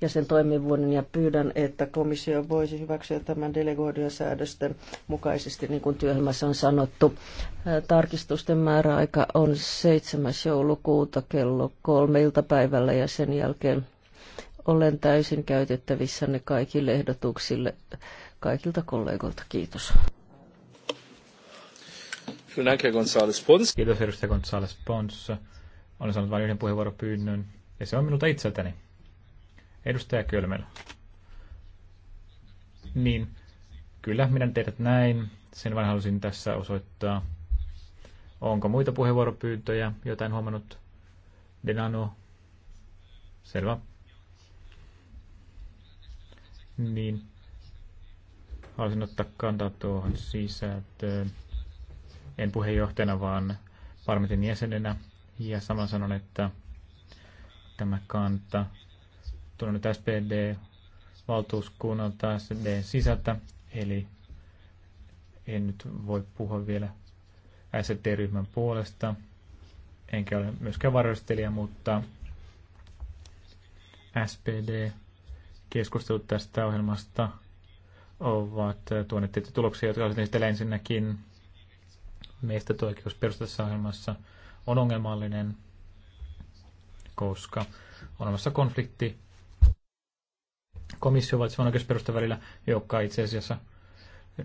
ja sen toimivuuden ja pyydän, että komissio voisi hyväksyä tämän delegoidun säädösten mukaisesti, niin kuin työhjelmässä on sanottu. Tarkistusten määräaika on 7. joulukuuta kello kolme iltapäivällä ja sen jälkeen olen täysin käytettävissänne kaikille ehdotuksille kaikilta kollegoilta. Kiitos. Kiitos edustaja Gonzales Pons. Olen saanut vain yhden puheenvuoropyynnön ja se on minulta itseltäni. Edustaja Kölmel. Niin, Kyllä, minä teidät näin. Sen vain halusin tässä osoittaa. Onko muita puheenvuoropyyntöjä? Jotain huomannut? Denano? Selvä. Niin. Haluaisin ottaa kantaa tuohon sisältöön. En puheenjohtajana, vaan parlamentin jäsenenä. Ja samalla sanon, että tämä kanta tulee nyt SPD valtuuskunnalta SDn sisältä Eli en nyt voi puhua vielä ST-ryhmän puolesta, enkä ole myöskään varoistelija, mutta SPD keskustelut tästä ohjelmasta ovat tuoneet tietty tuloksia, jotka olisivat esitellä ensinnäkin. Meistä tuo oikeus perustassa ohjelmassa on ongelmallinen, koska on olemassa konflikti komissio valitsevan oikeusperustan välillä, joka itse asiassa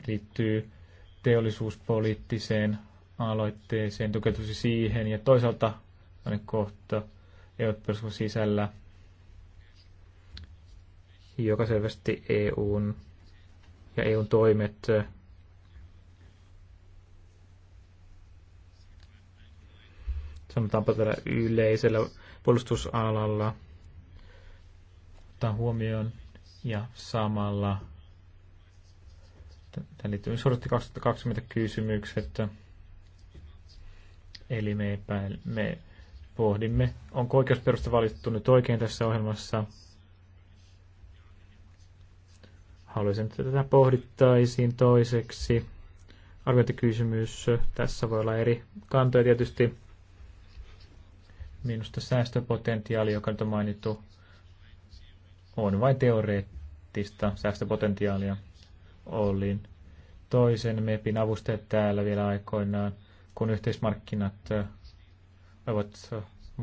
liittyy teollisuuspoliittiseen aloitteeseen, tukeutuisi siihen, ja toisaalta kohta EU-perustuksen sisällä, joka selvästi EUn ja EUn toimet sanotaanpa tällä yleisellä puolustusalalla ottaa huomioon ja samalla Tämä liittyy sortti 2020 kysymykset. Eli me, epäil, me pohdimme, onko oikeusperusta valittu nyt oikein tässä ohjelmassa. Haluaisin, että tätä pohdittaisiin toiseksi. Arviointikysymys. Tässä voi olla eri kantoja tietysti. Minusta säästöpotentiaali, joka nyt on mainittu, on vain teoreettista säästöpotentiaalia. Olin toisen MEPin avustajat täällä vielä aikoinaan, kun yhteismarkkinat ovat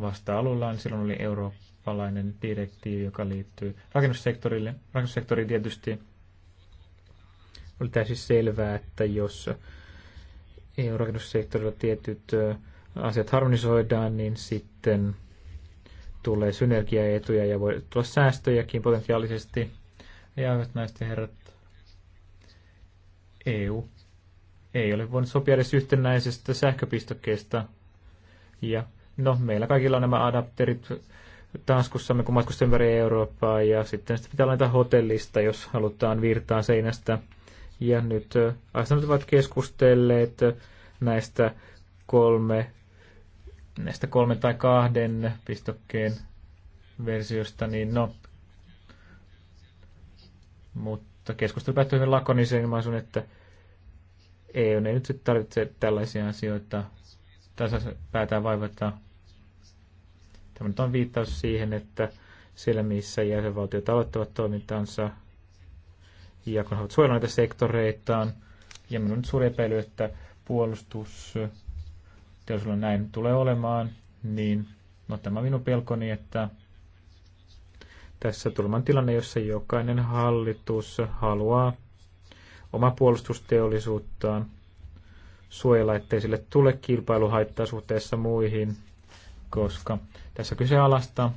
vasta alullaan. niin silloin oli eurooppalainen direktiivi, joka liittyy rakennussektorille. Rakennussektori tietysti oli täysin selvää, että jos EU-rakennussektorilla tietyt asiat harmonisoidaan, niin sitten tulee synergiaetuja ja voi tulla säästöjäkin potentiaalisesti. Ja hyvät naiset ja herrat, EU ei ole voinut sopia edes yhtenäisestä sähköpistokkeesta. Ja no, meillä kaikilla on nämä adapterit taskussamme, kun matkustamme ympäri Eurooppaa, ja sitten sitä pitää laittaa hotellista, jos halutaan virtaa seinästä. Ja nyt äh, asiantuntijat ovat keskustelleet äh, näistä kolme näistä kolme tai kahden pistokkeen versiosta, niin no, mutta keskustelu päättyi hyvin lakoniseen ilmaisuun, että ei, ei nyt sitten tarvitse tällaisia asioita tässä päätään vaivata. Tämä on viittaus siihen, että siellä missä jäsenvaltiot aloittavat toimintansa ja kun haluat suojella näitä sektoreitaan, ja minun on nyt suuri epäily, että puolustus sulla näin tulee olemaan, niin no, tämä minun pelkoni, että tässä tulman tilanne, jossa jokainen hallitus haluaa oma puolustusteollisuuttaan suojella, ettei sille tule kilpailuhaittaa suhteessa muihin, koska tässä kyse alasta,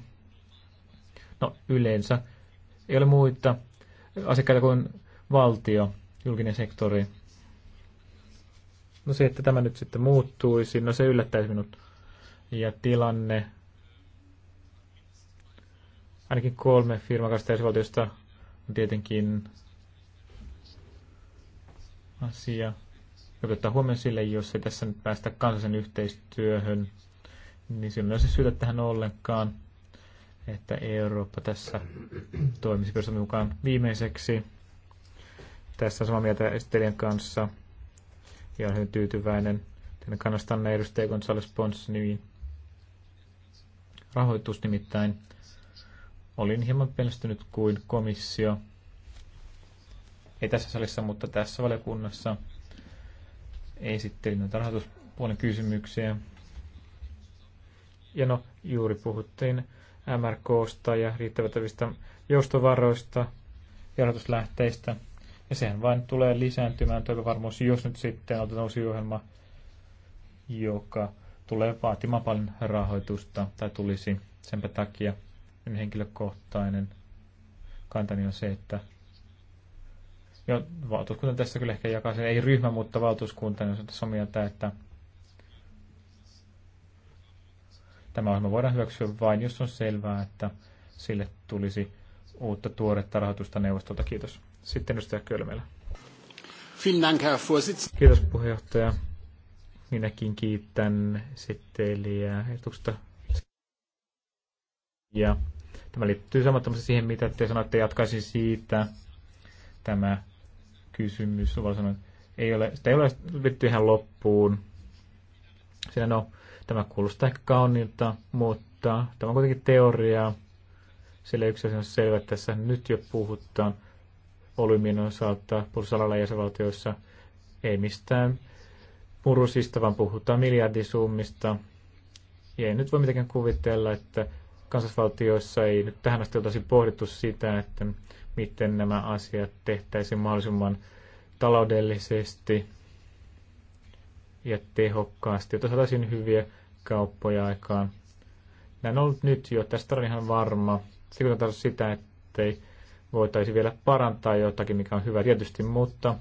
no yleensä ei ole muita asiakkaita kuin valtio, julkinen sektori, No se, että tämä nyt sitten muuttuisi, no se yllättäisi minut. Ja tilanne, ainakin kolme firman kanssa on tietenkin asia, joka ottaa huomioon sille, jos ei tässä nyt päästä kansallisen yhteistyöhön, niin silloin se syytä tähän ollenkaan, että Eurooppa tässä toimisi perustamme mukaan viimeiseksi. Tässä samaa mieltä esittelijän kanssa – ja olen hyvin tyytyväinen Tänne kannastanne edustaja Gonzales Pons niin rahoitus nimittäin. Olin hieman pelästynyt kuin komissio. Ei tässä salissa, mutta tässä valiokunnassa esittelin näitä rahoituspuolen kysymyksiä. Ja no, juuri puhuttiin MRKsta ja riittävätävistä joustovaroista ja rahoituslähteistä – ja sehän vain tulee lisääntymään toivovarmuus, jos nyt sitten otetaan uusi ohjelma, joka tulee vaatimaan paljon rahoitusta tai tulisi senpä takia niin henkilökohtainen kantani on se, että jo, valtuuskunta tässä kyllä ehkä jakaa sen, ei ryhmä, mutta valtuuskunta, niin on tässä mieltä, että tämä ohjelma voidaan hyväksyä vain, jos on selvää, että sille tulisi uutta tuoretta rahoitusta neuvostolta. Kiitos. Sitten edustaja Kölmelä. Kiitos puheenjohtaja. Minäkin kiitän esittelijää ehdotuksesta. Ja tämä liittyy samattomasti siihen, mitä te sanoitte, jatkaisin siitä. Tämä kysymys, sanoin, ei ole, sitä ei ole vitty ihan loppuun. Siinä no, tämä kuulostaa ehkä kauniilta, mutta tämä on kuitenkin teoria. Sillä yksi asia on selvä, että tässä nyt jo puhutaan volyymin osalta puolustusalalla jäsenvaltioissa ei mistään murusista, vaan puhutaan miljardisummista. Ja ei nyt voi mitenkään kuvitella, että kansallisvaltioissa ei nyt tähän asti oltaisi pohdittu sitä, että miten nämä asiat tehtäisiin mahdollisimman taloudellisesti ja tehokkaasti, jotta saataisiin hyviä kauppoja aikaan. Näin on ollut nyt jo, tästä on ihan varma. Se on sitä, ei voitaisiin vielä parantaa jotakin, mikä on hyvä tietysti, mutta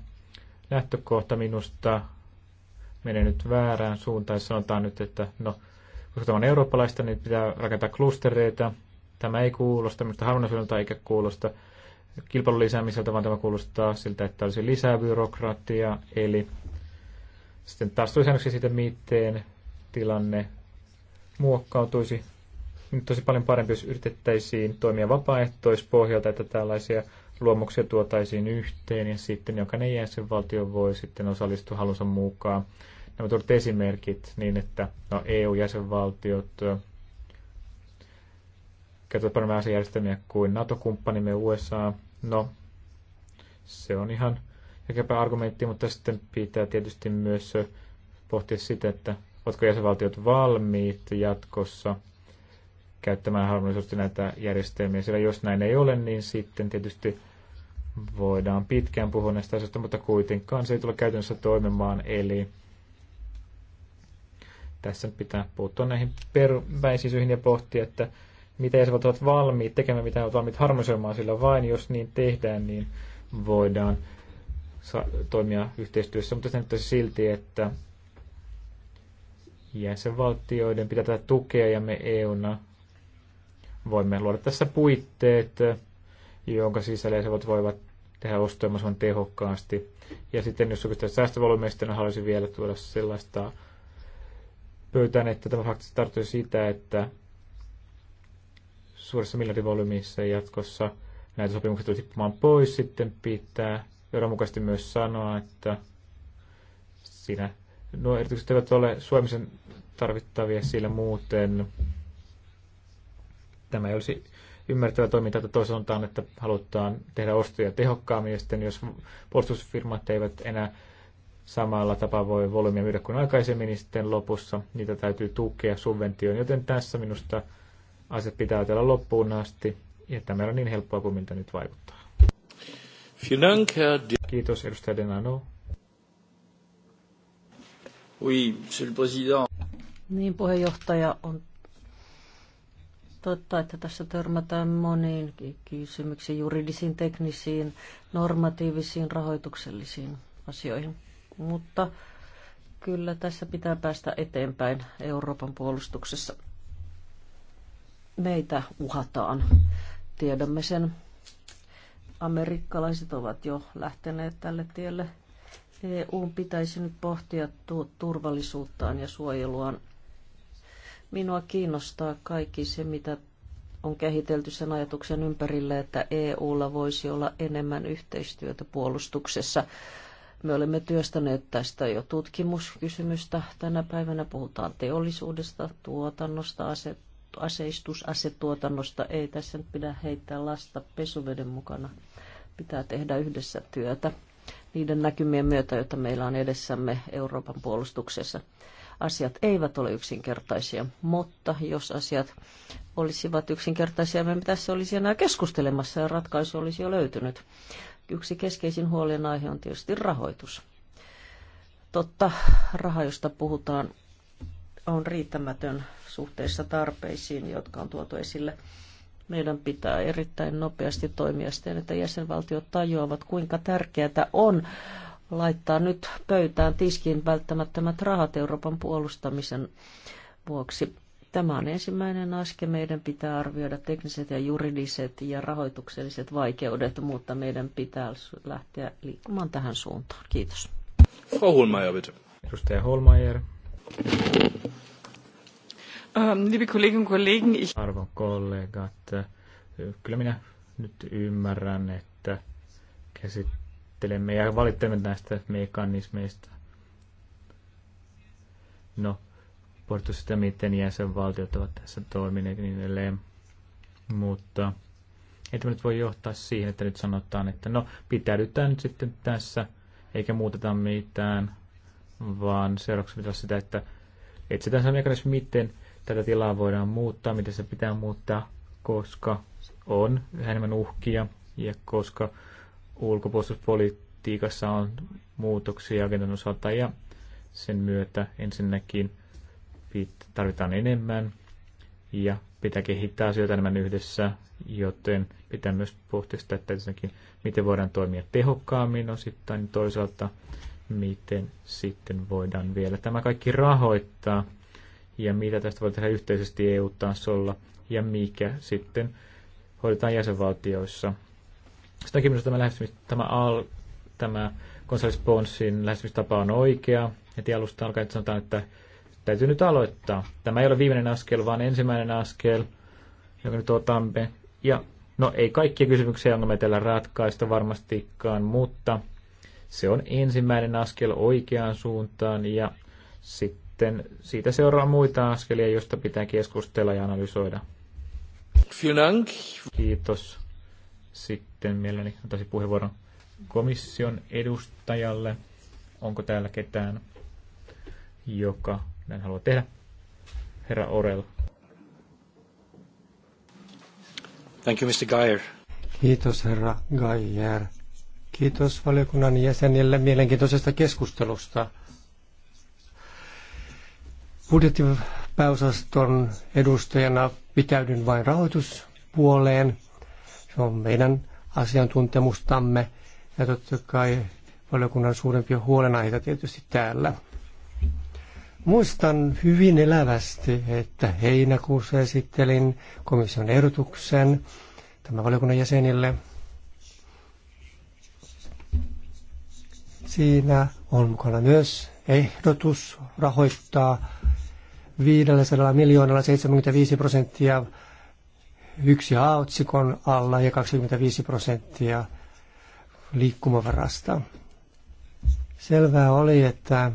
lähtökohta minusta menee nyt väärään suuntaan. Sanotaan nyt, että no, koska tämä on eurooppalaista, niin pitää rakentaa klustereita. Tämä ei kuulosta minusta harvinaisuudelta eikä kuulosta kilpailun lisäämiseltä, vaan tämä kuulostaa siltä, että olisi lisää byrokratia. Eli sitten taas tulisi siitä, miten tilanne muokkautuisi nyt tosi paljon parempi, jos yritettäisiin toimia vapaaehtoispohjalta, että tällaisia luomuksia tuotaisiin yhteen ja sitten jokainen jäsenvaltio voi sitten osallistua halunsa mukaan. Nämä tuot esimerkit niin, että no, EU-jäsenvaltiot käyttävät paremmin asejärjestelmiä kuin NATO-kumppanimme USA. No, se on ihan jälkeenpäin argumentti, mutta sitten pitää tietysti myös pohtia sitä, että ovatko jäsenvaltiot valmiit jatkossa – käyttämään harmonisesti näitä järjestelmiä, sillä jos näin ei ole, niin sitten tietysti voidaan pitkään puhua näistä asioista, mutta kuitenkaan se ei tule käytännössä toimimaan, eli tässä pitää puuttua näihin perväisisyihin ja pohtia, että mitä jäsenvaltiot ovat valmiit tekemään, mitä ovat valmiit harmonisoimaan, sillä vain jos niin tehdään, niin voidaan toimia yhteistyössä, mutta se näyttäisi silti, että jäsenvaltioiden pitää tätä tukea ja me EUna voimme luoda tässä puitteet, jonka sisällä jäsenvaltiot voivat tehdä ostoja on tehokkaasti. Ja sitten jos on kyse niin haluaisin vielä tuoda sellaista pöytään, että tämä faktisesti tarkoittaa sitä, että suurissa miljardivolyymissa jatkossa näitä sopimuksia tulisi tippumaan pois, sitten pitää johdonmukaisesti myös sanoa, että siinä nuo erityiset eivät ole Suomisen tarvittavia, sillä muuten tämä ei olisi ymmärtävä toiminta, että toisaaltaan, että halutaan tehdä ostoja tehokkaammin, ja sitten jos puolustusfirmat eivät enää samalla tapaa voi volyymia myydä kuin aikaisemmin, niin sitten lopussa niitä täytyy tukea subventioon. Joten tässä minusta asiat pitää ajatella loppuun asti, ja tämä on niin helppoa kuin miltä nyt vaikuttaa. Kiitos, edustaja Denano. Oui, monsieur le président. Niin, puheenjohtaja, on totta, että tässä törmätään moniin kysymyksiin, juridisiin, teknisiin, normatiivisiin, rahoituksellisiin asioihin. Mutta kyllä tässä pitää päästä eteenpäin Euroopan puolustuksessa. Meitä uhataan. Tiedämme sen. Amerikkalaiset ovat jo lähteneet tälle tielle. EU pitäisi nyt pohtia turvallisuuttaan ja suojeluaan Minua kiinnostaa kaikki se, mitä on kehitelty sen ajatuksen ympärille, että EUlla voisi olla enemmän yhteistyötä puolustuksessa. Me olemme työstäneet tästä jo tutkimuskysymystä. Tänä päivänä puhutaan teollisuudesta, tuotannosta, ase, Ei tässä nyt pidä heittää lasta pesuveden mukana. Pitää tehdä yhdessä työtä niiden näkymien myötä, joita meillä on edessämme Euroopan puolustuksessa. Asiat eivät ole yksinkertaisia, mutta jos asiat olisivat yksinkertaisia, me tässä olisi enää keskustelemassa ja ratkaisu olisi jo löytynyt. Yksi keskeisin huolenaihe on tietysti rahoitus. Totta, raha, josta puhutaan, on riittämätön suhteessa tarpeisiin, jotka on tuotu esille meidän pitää erittäin nopeasti toimia siten, että jäsenvaltiot tajuavat, kuinka tärkeää on laittaa nyt pöytään tiskiin välttämättömät rahat Euroopan puolustamisen vuoksi. Tämä on ensimmäinen aske. Meidän pitää arvioida tekniset ja juridiset ja rahoitukselliset vaikeudet, mutta meidän pitää lähteä liikkumaan tähän suuntaan. Kiitos. Frau bitte. Edustaja Holmeier. Ähm, liebe Kolleginnen Kollegen, ich... Arvon kollegat, kyllä minä nyt ymmärrän, että käsit ihmettelemme ja valittelemme näistä mekanismeista. No, puhuttu sitä, miten jäsenvaltiot ovat tässä toimineet niin edelleen. Mutta että nyt voi johtaa siihen, että nyt sanotaan, että no pitäydytään nyt sitten tässä, eikä muuteta mitään, vaan seuraavaksi pitää sitä, että etsitään se mekanismi, miten tätä tilaa voidaan muuttaa, miten se pitää muuttaa, koska on yhä enemmän uhkia ja koska ulkopuolustuspolitiikassa on muutoksia agendan osalta ja sen myötä ensinnäkin tarvitaan enemmän ja pitää kehittää asioita enemmän yhdessä, joten pitää myös pohtia sitä, että ensinnäkin miten voidaan toimia tehokkaammin osittain, toisaalta miten sitten voidaan vielä tämä kaikki rahoittaa ja mitä tästä voi tehdä yhteisesti EU-tasolla ja mikä sitten hoidetaan jäsenvaltioissa. Sitäkin minusta tämä, lähestymis, tämä, al, tämä konsolisponssin lähestymistapa on oikea. Heti alusta alkaen että sanotaan, että täytyy nyt aloittaa. Tämä ei ole viimeinen askel, vaan ensimmäinen askel, joka nyt otamme. Ja no ei kaikkia kysymyksiä ongelmia tällä ratkaista varmastikaan, mutta se on ensimmäinen askel oikeaan suuntaan ja sitten siitä seuraa muita askelia, joista pitää keskustella ja analysoida. Kiitos. Sitten mielelläni antaisin puheenvuoron komission edustajalle. Onko täällä ketään, joka näin haluaa tehdä? Herra Orel. Thank you, Mr. Geyer. Kiitos, herra Geyer. Kiitos valiokunnan jäsenille mielenkiintoisesta keskustelusta. Budjettipääosaston edustajana pitäydyn vain rahoituspuoleen. Se on meidän asiantuntemustamme ja totta kai valiokunnan suurempia huolenaiheita tietysti täällä. Muistan hyvin elävästi, että heinäkuussa esittelin komission ehdotuksen tämän valiokunnan jäsenille. Siinä on mukana myös ehdotus rahoittaa 500 miljoonalla 75 prosenttia yksi A-otsikon alla ja 25 prosenttia liikkumavarasta. Selvää oli, että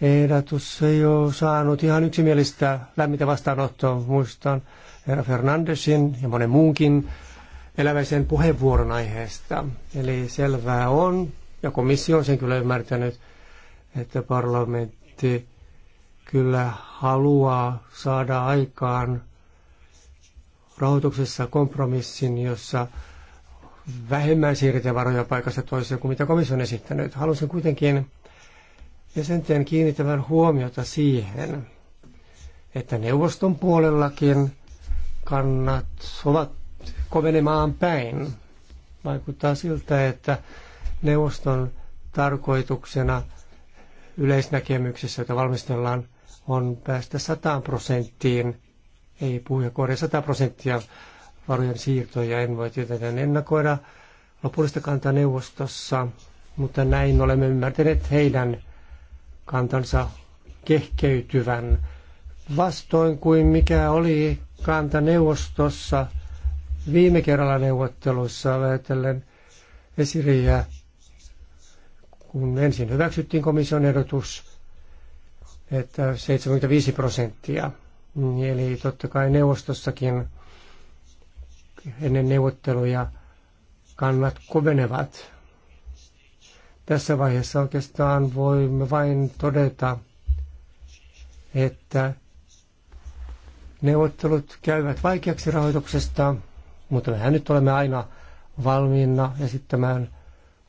ehdotus ei ole saanut ihan yksimielistä lämmintä vastaanottoa. Muistan herra Fernandesin ja monen muunkin eläväisen puheenvuoron aiheesta. Eli selvää on, ja komissio on sen kyllä ymmärtänyt, että parlamentti kyllä haluaa saada aikaan rahoituksessa kompromissin, jossa vähemmän siirretään varoja paikasta toiseen kuin mitä komissio on esittänyt. Halusin kuitenkin jäsenten kiinnittävän huomiota siihen, että neuvoston puolellakin kannat ovat kovenemaan päin. Vaikuttaa siltä, että neuvoston tarkoituksena yleisnäkemyksessä, jota valmistellaan, on päästä 100 prosenttiin, ei puhuja korjaa 100 prosenttia varojen siirtoja, en voi tietenkään ennakoida lopullista kantaa neuvostossa, mutta näin olemme ymmärtäneet heidän kantansa kehkeytyvän vastoin kuin mikä oli kanta neuvostossa viime kerralla neuvotteluissa ajatellen esiriä, kun ensin hyväksyttiin komission ehdotus että 75 prosenttia. Eli totta kai neuvostossakin ennen neuvotteluja kannat kovenevat. Tässä vaiheessa oikeastaan voimme vain todeta, että neuvottelut käyvät vaikeaksi rahoituksesta, mutta mehän nyt olemme aina valmiina esittämään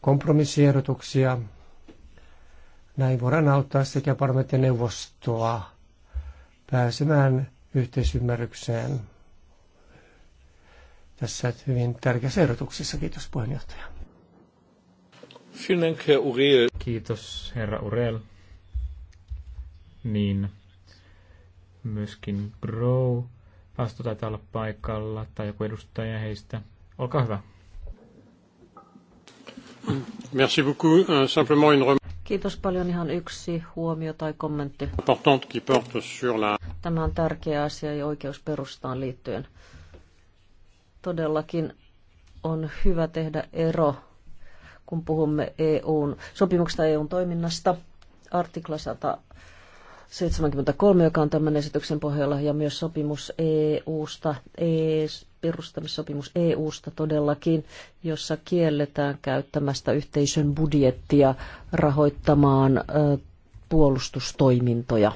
kompromissiehdotuksia – näin voidaan auttaa sekä parlamentin neuvostoa pääsemään yhteisymmärrykseen tässä hyvin tärkeässä ehdotuksessa. Kiitos puheenjohtaja. Kiitos herra Urel. Niin, myöskin Bro Pasto taitaa olla paikalla tai joku edustaja heistä. Olkaa hyvä. Merci beaucoup. Euh, simplement une Kiitos paljon. Ihan yksi huomio tai kommentti. Tämä on tärkeä asia ja oikeusperustaan liittyen. Todellakin on hyvä tehdä ero, kun puhumme EUn sopimuksesta EUn toiminnasta. Artikla 100 73, joka on tämän esityksen pohjalla, ja myös sopimus EU-sta, e, perustamissopimus EU-sta todellakin, jossa kielletään käyttämästä yhteisön budjettia rahoittamaan puolustustoimintoja.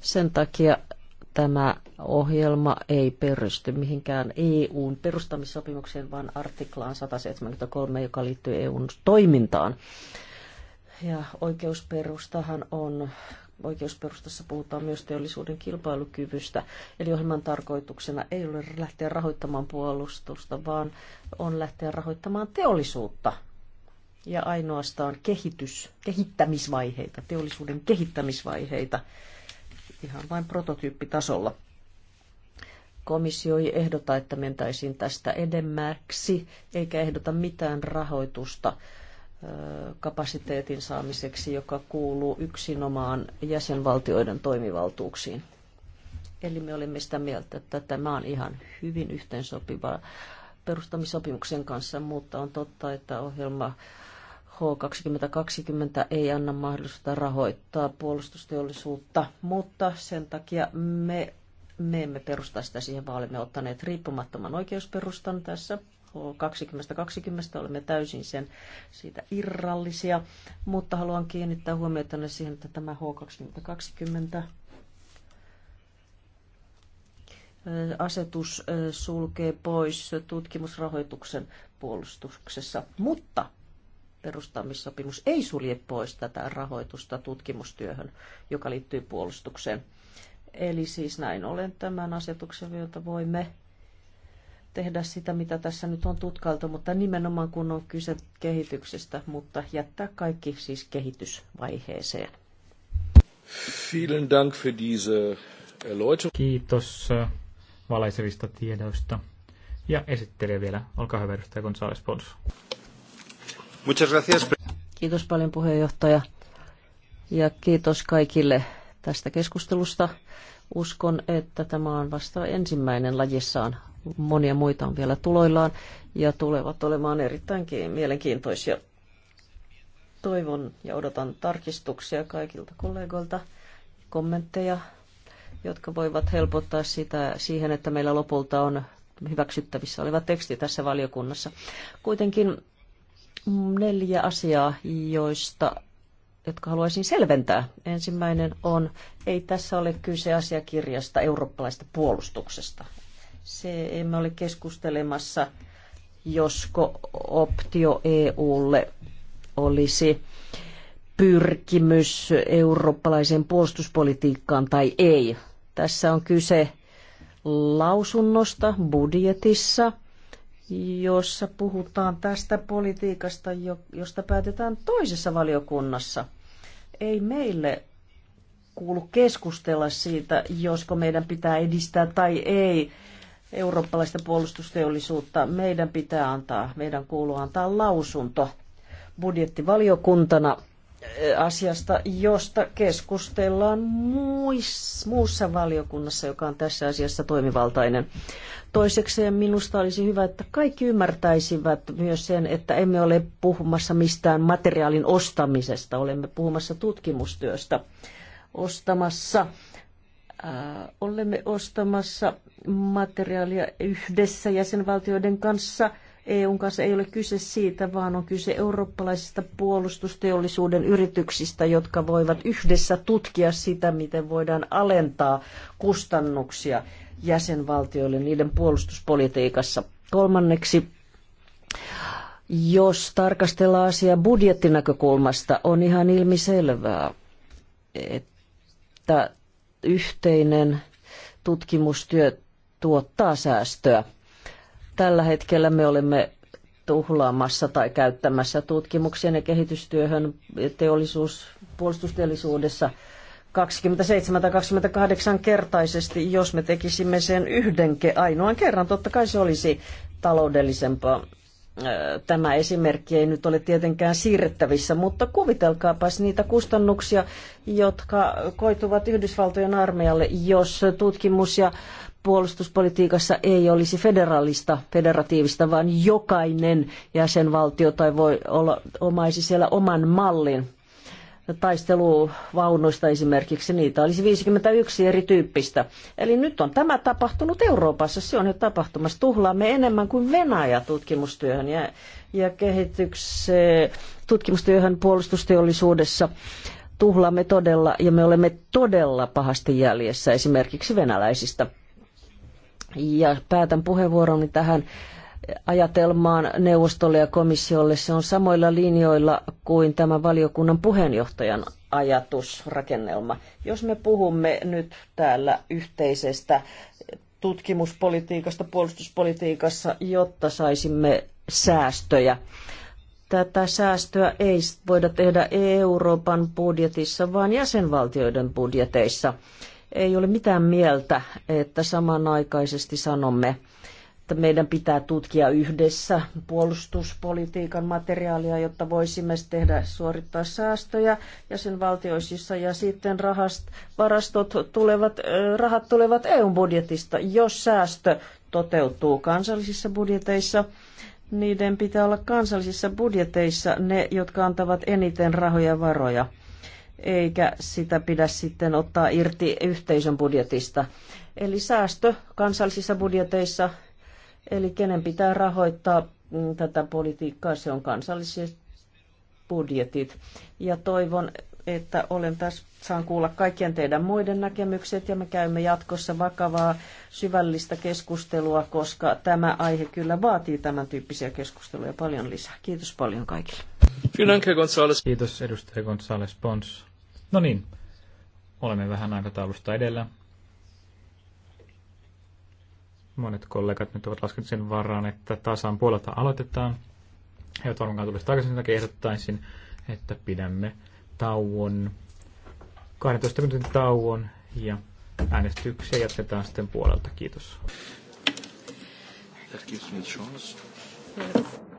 Sen takia tämä ohjelma ei perusty mihinkään EUn perustamissopimukseen, vaan artiklaan 173, joka liittyy EUn toimintaan. Ja oikeusperustahan on, oikeusperustassa puhutaan myös teollisuuden kilpailukyvystä, eli ohjelman tarkoituksena ei ole lähteä rahoittamaan puolustusta, vaan on lähteä rahoittamaan teollisuutta ja ainoastaan kehitys, kehittämisvaiheita, teollisuuden kehittämisvaiheita ihan vain prototyyppitasolla. Komissio ei ehdota, että mentäisiin tästä edemmäksi, eikä ehdota mitään rahoitusta kapasiteetin saamiseksi, joka kuuluu yksinomaan jäsenvaltioiden toimivaltuuksiin. Eli me olemme sitä mieltä, että tämä on ihan hyvin yhteensopiva perustamisopimuksen kanssa, mutta on totta, että ohjelma H2020 ei anna mahdollisuutta rahoittaa puolustusteollisuutta, mutta sen takia me, me emme perusta sitä siihen, vaan olemme ottaneet riippumattoman oikeusperustan tässä 2020 olemme täysin sen siitä irrallisia, mutta haluan kiinnittää huomiota siihen, että tämä H2020 asetus sulkee pois tutkimusrahoituksen puolustuksessa, mutta perustamissopimus ei sulje pois tätä rahoitusta tutkimustyöhön, joka liittyy puolustukseen. Eli siis näin olen tämän asetuksen, jota voimme tehdä sitä, mitä tässä nyt on tutkailtu, mutta nimenomaan kun on kyse kehityksestä, mutta jättää kaikki siis kehitysvaiheeseen. Vielen Dank für diese Erläuterung. Kiitos äh, valaisevista tiedoista. Ja esittelijä vielä. Olkaa hyvä, edustaja González Pons. Muchas gracias. Kiitos paljon puheenjohtaja ja kiitos kaikille tästä keskustelusta. Uskon, että tämä on vasta ensimmäinen lajissaan monia muita on vielä tuloillaan ja tulevat olemaan erittäin mielenkiintoisia. Toivon ja odotan tarkistuksia kaikilta kollegoilta, kommentteja, jotka voivat helpottaa sitä siihen, että meillä lopulta on hyväksyttävissä oleva teksti tässä valiokunnassa. Kuitenkin neljä asiaa, joista jotka haluaisin selventää. Ensimmäinen on, ei tässä ole kyse asiakirjasta eurooppalaista puolustuksesta. Se emme ole keskustelemassa, josko optio EUlle olisi pyrkimys eurooppalaiseen puolustuspolitiikkaan tai ei. Tässä on kyse lausunnosta budjetissa, jossa puhutaan tästä politiikasta, josta päätetään toisessa valiokunnassa. Ei meille kuulu keskustella siitä, josko meidän pitää edistää tai ei eurooppalaista puolustusteollisuutta, meidän pitää antaa, meidän kuuluu antaa lausunto budjettivaliokuntana eh, asiasta, josta keskustellaan muissa, muussa valiokunnassa, joka on tässä asiassa toimivaltainen. Toisekseen minusta olisi hyvä, että kaikki ymmärtäisivät myös sen, että emme ole puhumassa mistään materiaalin ostamisesta, olemme puhumassa tutkimustyöstä ostamassa Äh, olemme ostamassa materiaalia yhdessä jäsenvaltioiden kanssa. EUn kanssa ei ole kyse siitä, vaan on kyse eurooppalaisista puolustusteollisuuden yrityksistä, jotka voivat yhdessä tutkia sitä, miten voidaan alentaa kustannuksia jäsenvaltioille niiden puolustuspolitiikassa. Kolmanneksi jos tarkastellaan asiaa budjettinäkökulmasta, on ihan ilmiselvää, että yhteinen tutkimustyö tuottaa säästöä. Tällä hetkellä me olemme tuhlaamassa tai käyttämässä tutkimuksien ja kehitystyöhön teollisuus, puolustusteollisuudessa 27-28 kertaisesti, jos me tekisimme sen yhden ainoan kerran. Totta kai se olisi taloudellisempaa tämä esimerkki ei nyt ole tietenkään siirrettävissä, mutta kuvitelkaapas niitä kustannuksia, jotka koituvat Yhdysvaltojen armeijalle, jos tutkimus ja puolustuspolitiikassa ei olisi federaalista, federatiivista, vaan jokainen jäsenvaltio tai voi olla, omaisi siellä oman mallin taisteluvaunuista esimerkiksi, niitä olisi 51 erityyppistä. Eli nyt on tämä tapahtunut Euroopassa, se on jo tapahtumassa. Tuhlaamme enemmän kuin Venäjä tutkimustyöhön ja, ja kehitykseen, tutkimustyöhön puolustusteollisuudessa tuhlaamme todella ja me olemme todella pahasti jäljessä esimerkiksi venäläisistä. Ja päätän puheenvuoroni tähän ajatelmaan neuvostolle ja komissiolle. Se on samoilla linjoilla kuin tämä valiokunnan puheenjohtajan ajatusrakennelma. Jos me puhumme nyt täällä yhteisestä tutkimuspolitiikasta, puolustuspolitiikassa, jotta saisimme säästöjä. Tätä säästöä ei voida tehdä Euroopan budjetissa, vaan jäsenvaltioiden budjeteissa. Ei ole mitään mieltä, että samanaikaisesti sanomme, että meidän pitää tutkia yhdessä puolustuspolitiikan materiaalia, jotta voisimme tehdä suorittaa säästöjä jäsenvaltioisissa ja sitten rahast, varastot tulevat, rahat tulevat EU-budjetista, jos säästö toteutuu kansallisissa budjeteissa. Niiden pitää olla kansallisissa budjeteissa ne, jotka antavat eniten rahoja ja varoja, eikä sitä pidä sitten ottaa irti yhteisön budjetista. Eli säästö kansallisissa budjeteissa Eli kenen pitää rahoittaa mm, tätä politiikkaa, se on kansalliset budjetit. Ja toivon, että olen tässä, saan kuulla kaikkien teidän muiden näkemykset ja me käymme jatkossa vakavaa syvällistä keskustelua, koska tämä aihe kyllä vaatii tämän tyyppisiä keskusteluja paljon lisää. Kiitos paljon kaikille. Kiitos edustaja González Pons. No niin, olemme vähän aikataulusta edellä. Monet kollegat nyt ovat laskeneet sen varaan, että tasan puolelta aloitetaan. He ovat varmaan tulleet takaisin, takia ehdottaisin, että pidämme tauon, 12 minuutin tauon ja äänestyksiä jatketaan sitten puolelta. Kiitos. That gives me chance. Yeah.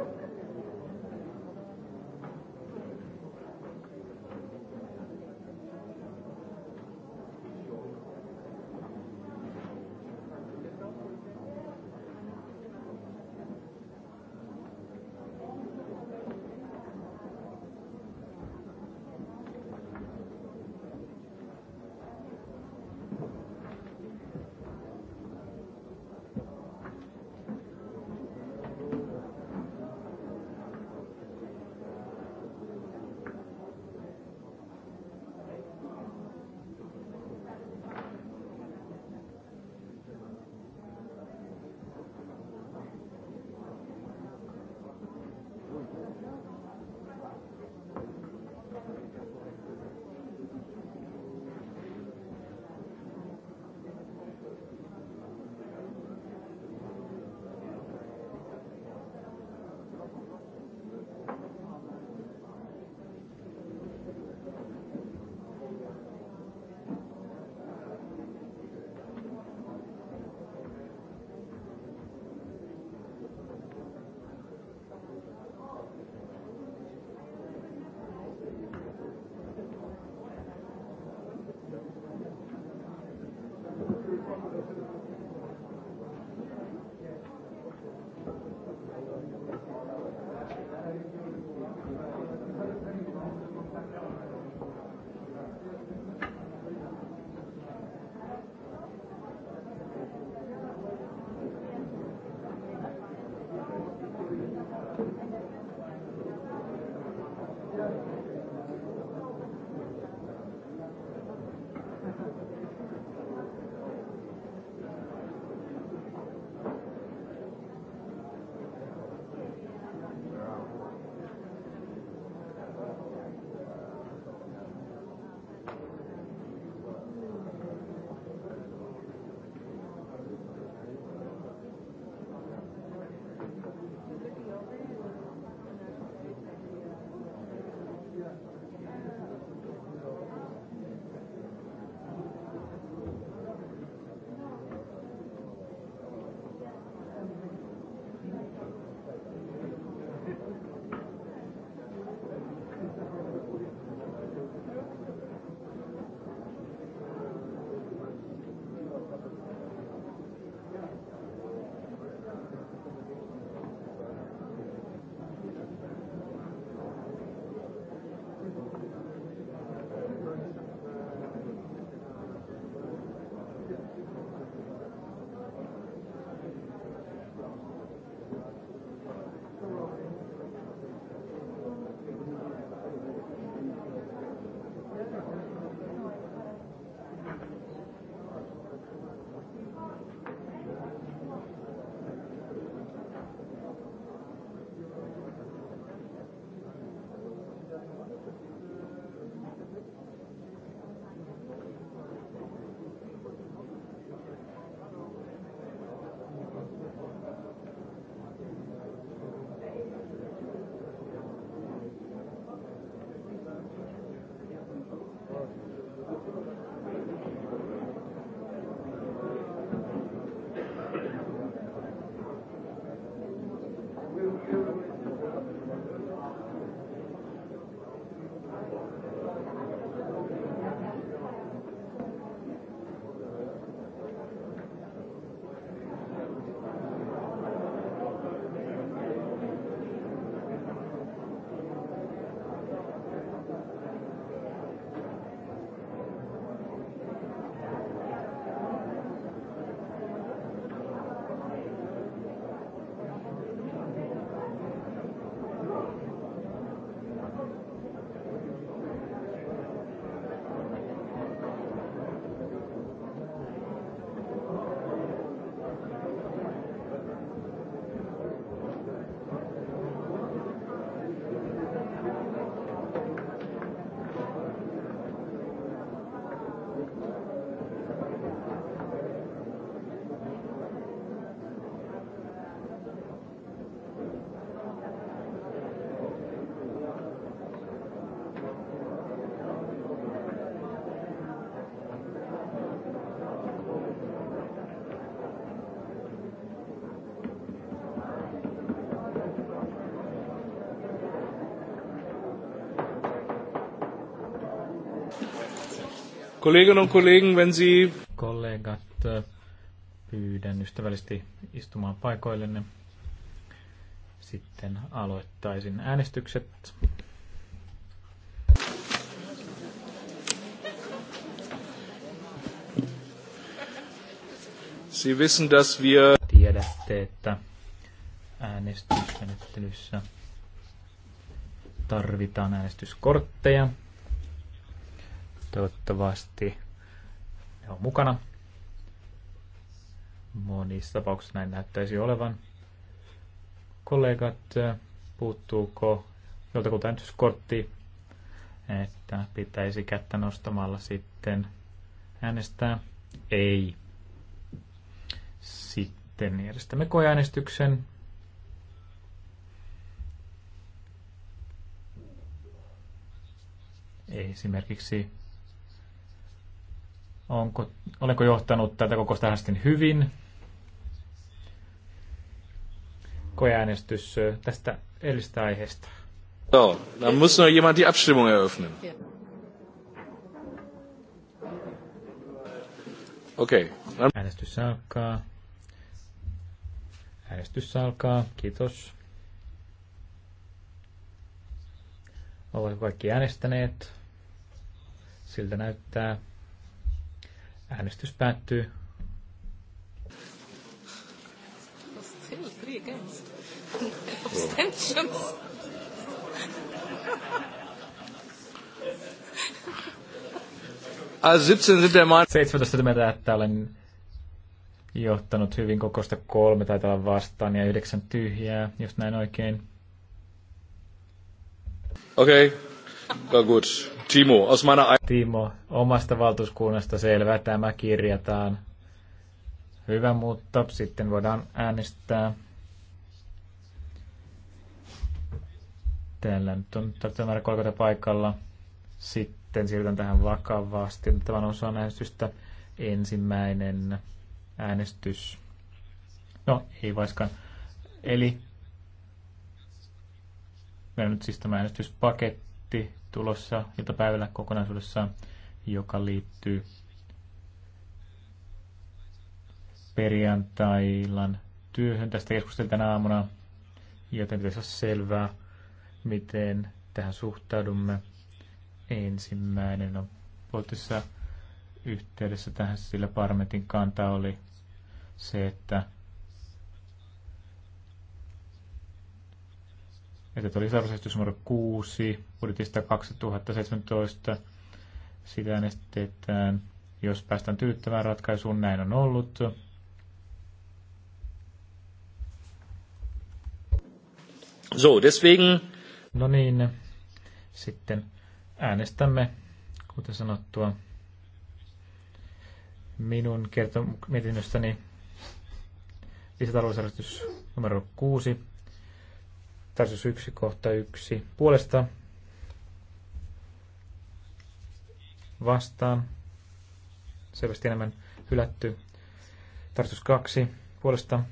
Thank you. Kolleginnen und Kollegen, wenn Sie... Kollegat, pyydän ystävällisesti istumaan paikoillenne. Sitten aloittaisin äänestykset. Sie wissen, dass wir... Tiedätte, että äänestysmenettelyssä tarvitaan äänestyskortteja toivottavasti ne on mukana. Monissa tapauksissa näin näyttäisi olevan. Kollegat, äh, puuttuuko joltakulta äänestyskortti, että pitäisi kättä nostamalla sitten äänestää? Ei. Sitten järjestämme koeäänestyksen. esimerkiksi Onko, olenko johtanut tätä koko tähän hyvin? Koeäänestys tästä edellisestä aiheesta. Joo, no, dann muss noch jemand die Abstimmung eröffnen. Okei. Okay. Äänestys alkaa. Äänestys alkaa. Kiitos. Ovatko kaikki äänestäneet? Siltä näyttää. Äänestys päättyy. Abstentions. Also 17 meitä, että olen johtanut hyvin kokosta kolme taitaa tällä vastaan ja yhdeksän tyhjää, jos näin oikein. Okei, okay. good. Timo, aus Timo, omasta valtuuskunnasta selvä, tämä kirjataan. Hyvä, mutta sitten voidaan äänestää. Täällä nyt on tarvitaan kolkata paikalla. Sitten siirrytään tähän vakavasti otettavan osaan äänestystä. Ensimmäinen äänestys. No, ei vaiskaan. Eli meillä on nyt siis tämä äänestyspaketti tulossa iltapäivällä kokonaisuudessaan, joka liittyy perjantailan työhön. Tästä keskusteltiin tänä aamuna, joten pitäisi olla selvää, miten tähän suhtaudumme. Ensimmäinen on poliittisessa yhteydessä tähän, sillä parlamentin kanta oli se, että että oli lisäysesitys numero 6 budjetista 2017. Sitä äänestetään, jos päästään tyydyttävään ratkaisuun, näin on ollut. So, deswegen... No niin, sitten äänestämme, kuten sanottua, minun kertomietinnöstäni lisätalousarvistus numero 6 Tarkoitus 1 kohta 1 puolesta vastaan. Selvästi enemmän hylätty. Tarkoitus 2 puolesta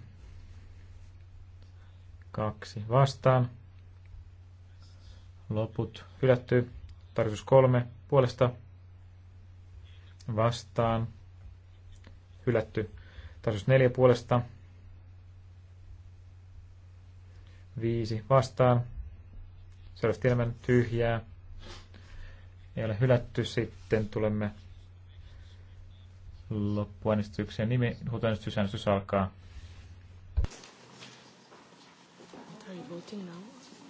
kaksi vastaan. Loput hylätty. Tarkoitus kolme puolesta vastaan. Hylätty. Tarkoitus neljä puolesta viisi vastaan. olisi enemmän tyhjää. Ei ole hylätty. Sitten tulemme loppuäänestykseen. Nimi, huutoäänestysäänestys alkaa.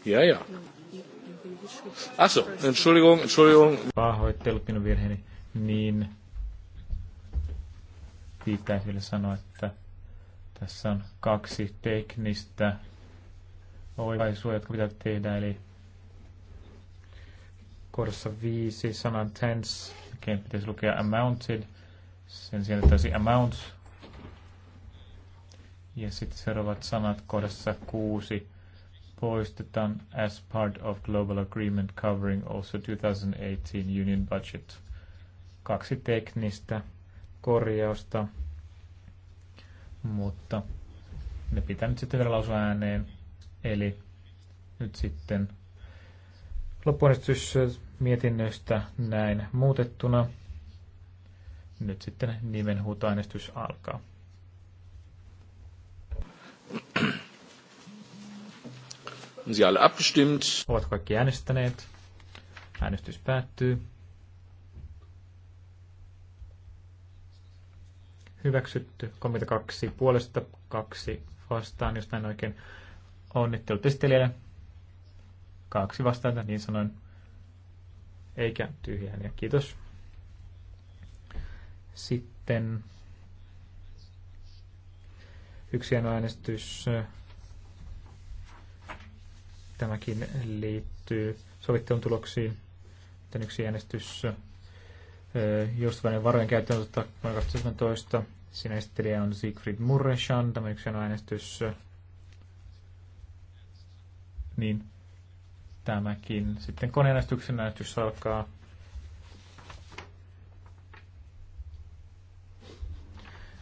Ja, ja. Asso, entschuldigung, entschuldigung. Pahoittelut minun virheeni. Niin pitäisi vielä sanoa, että tässä on kaksi teknistä oikaisua, jotka pitää tehdä, eli kohdassa 5 sanan tense, oikein pitäisi lukea amounted, sen sijaan täysin amounts. Ja sitten seuraavat sanat kohdassa 6 poistetaan as part of global agreement covering also 2018 union budget. Kaksi teknistä korjausta, mutta ne pitää nyt sitten vielä lausua ääneen. Eli nyt sitten loppuäänestys mietinnöstä näin muutettuna. Nyt sitten nimenhuutoäänestys alkaa. Sie alle abgestimmt. Ovat kaikki äänestäneet. Äänestys päättyy. Hyväksytty. kaksi puolesta, kaksi vastaan, jos näin oikein Onnittelut esittelijälle. Kaksi vastainta, niin sanoin. Eikä tyhjää, ja niin kiitos. Sitten yksi äänestys. Tämäkin liittyy sovittelun tuloksiin. Sitten yksi äänestys joustavainen varojen käyttö vuonna 2017. Siinä esittelijä on Siegfried Murreshan. Tämä yksi äänestys niin tämäkin. Sitten koneenäistyksen näytys alkaa.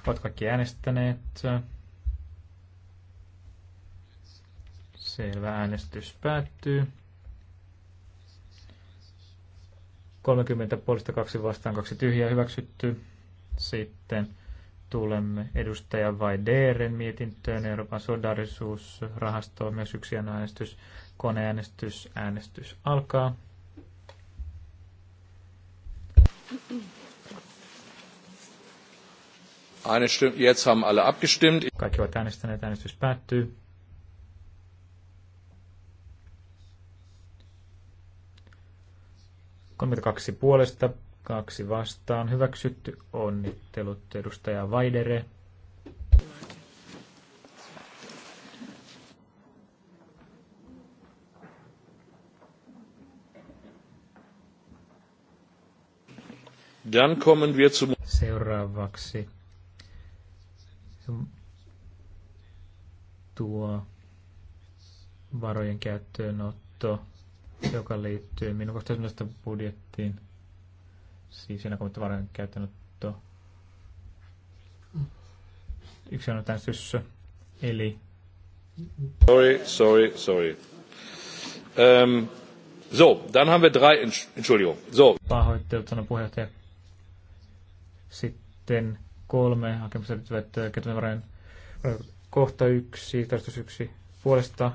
Ovat kaikki äänestäneet. Selvä äänestys päättyy. 30 puolesta kaksi vastaan kaksi tyhjää hyväksytty. Sitten tulemme edustaja Vaideren mietintöön, Euroopan solidarisuusrahasto myös yksi äänestys, koneäänestys, äänestys alkaa. Äänestimmt, jetzt haben alle abgestimmt. Kaikki ovat äänestäneet, äänestys päättyy. kaksi puolesta, Kaksi vastaan hyväksytty. Onnittelut edustaja Vaidere. Dann kommen wir zum Seuraavaksi tuo varojen käyttöönotto, joka liittyy minun budjettiin siis käyttänyt tuo yksi on syssö, eli... Sorry, sorry, sorry. Um, so, dann haben wir drei, Entschuldigung, so. Pahoittelut, sanoi puheenjohtaja. Sitten kolme hakemusta liittyvät äh, kertomavarojen kohta yksi, tarkastus yksi puolesta.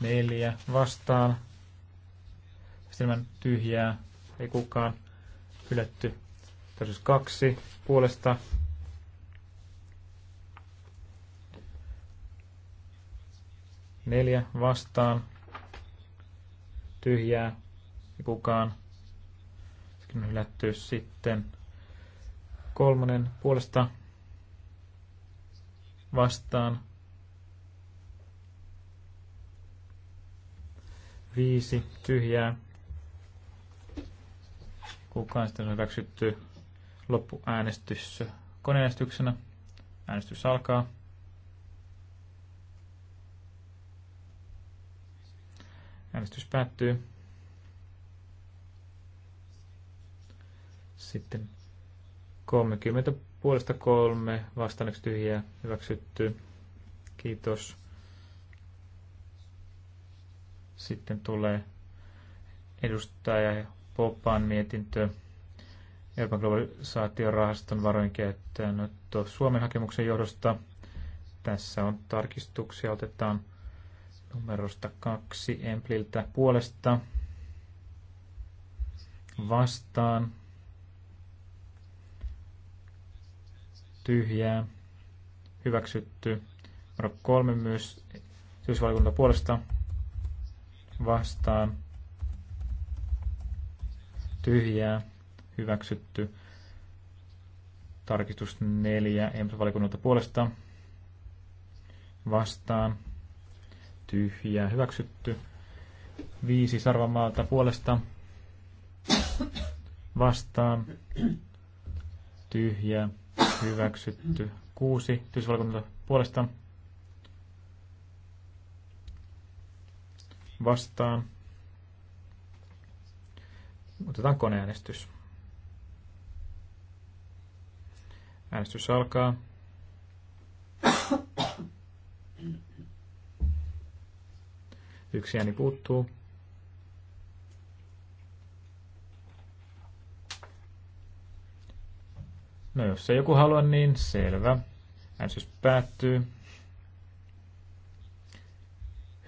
Neljä vastaan. Sitten tyhjää, ei kukaan hylätty. Tarkoitus kaksi puolesta. Neljä vastaan. Tyhjää, ei kukaan. Sitten on hylätty sitten kolmonen puolesta vastaan. Viisi tyhjää, kukaan sitten on hyväksytty loppuäänestys koneäänestyksenä. Äänestys alkaa. Äänestys päättyy. Sitten 30 puolesta kolme, vastaan yksi tyhjää, hyväksytty. Kiitos. Sitten tulee edustaja Popan mietintö Euroopan rahaston varojen käyttöön Suomen hakemuksen johdosta. Tässä on tarkistuksia, otetaan numerosta kaksi Empliltä puolesta vastaan tyhjää hyväksytty. Numero kolme myös Syysvalikunta puolesta vastaan tyhjää, hyväksytty. Tarkistus 4, valikunnalta puolesta, vastaan, tyhjää, hyväksytty. 5 Sarvamaalta puolesta, vastaan, tyhjää, hyväksytty. 6 tyysvalikunnalta puolesta, vastaan, Otetaan koneäänestys. Äänestys alkaa. Yksi ääni puuttuu. No jos se joku haluaa niin selvä. Äänestys päättyy.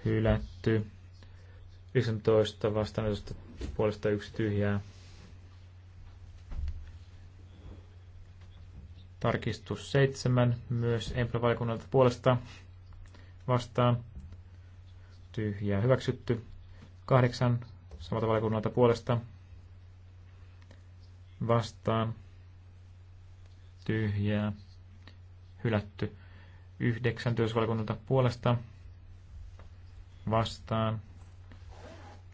Hylätty. 19 vastaan puolesta yksi tyhjää. Tarkistus 7 myös Emple-valikunnalta puolesta vastaan. Tyhjää hyväksytty. 8 samalta valikunnalta puolesta vastaan. Tyhjää hylätty. 9 työsvalikunnalta puolesta vastaan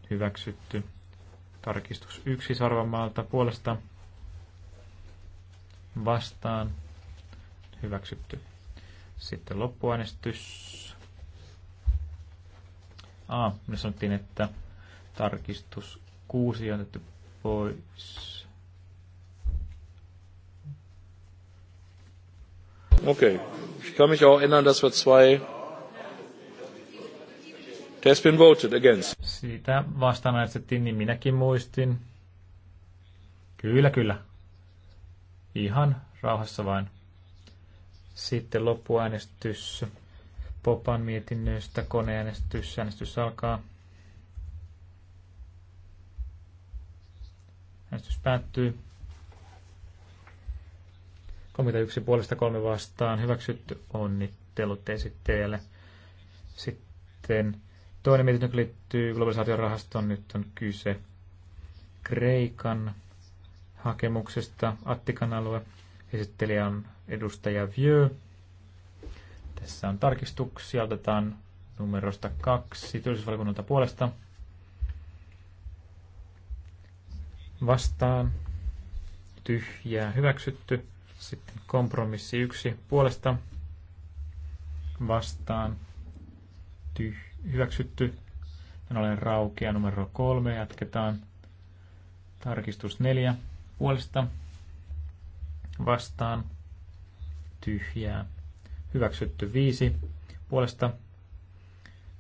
hyväksytty. Tarkistus yksi Sarvamaalta puolesta vastaan. Hyväksytty. Sitten loppuäänestys. Ah, me sanottiin, että tarkistus 6 on otettu pois. Okay. Ich kann mich auch erinnern, dass wir zwei... It voted against sitä vastaan äänestettiin, niin minäkin muistin. Kyllä, kyllä. Ihan rauhassa vain. Sitten loppuäänestys. Popan mietinnöstä koneäänestys. Äänestys alkaa. Äänestys päättyy. 31 puolesta kolme vastaan. Hyväksytty onnittelut esittäjälle. Sitten Toinen mietintö, liittyy globalisaation rahastoon, nyt on kyse Kreikan hakemuksesta. Attikan alue. Esittelijä on edustaja Vieux. Tässä on tarkistuksia. Otetaan numerosta kaksi työllisyysvaliokunnalta puolesta. Vastaan. Tyhjää hyväksytty. Sitten kompromissi yksi puolesta. Vastaan. Tyhjää hyväksytty. minä olen raukea numero kolme. Jatketaan. Tarkistus neljä puolesta vastaan tyhjää. Hyväksytty viisi puolesta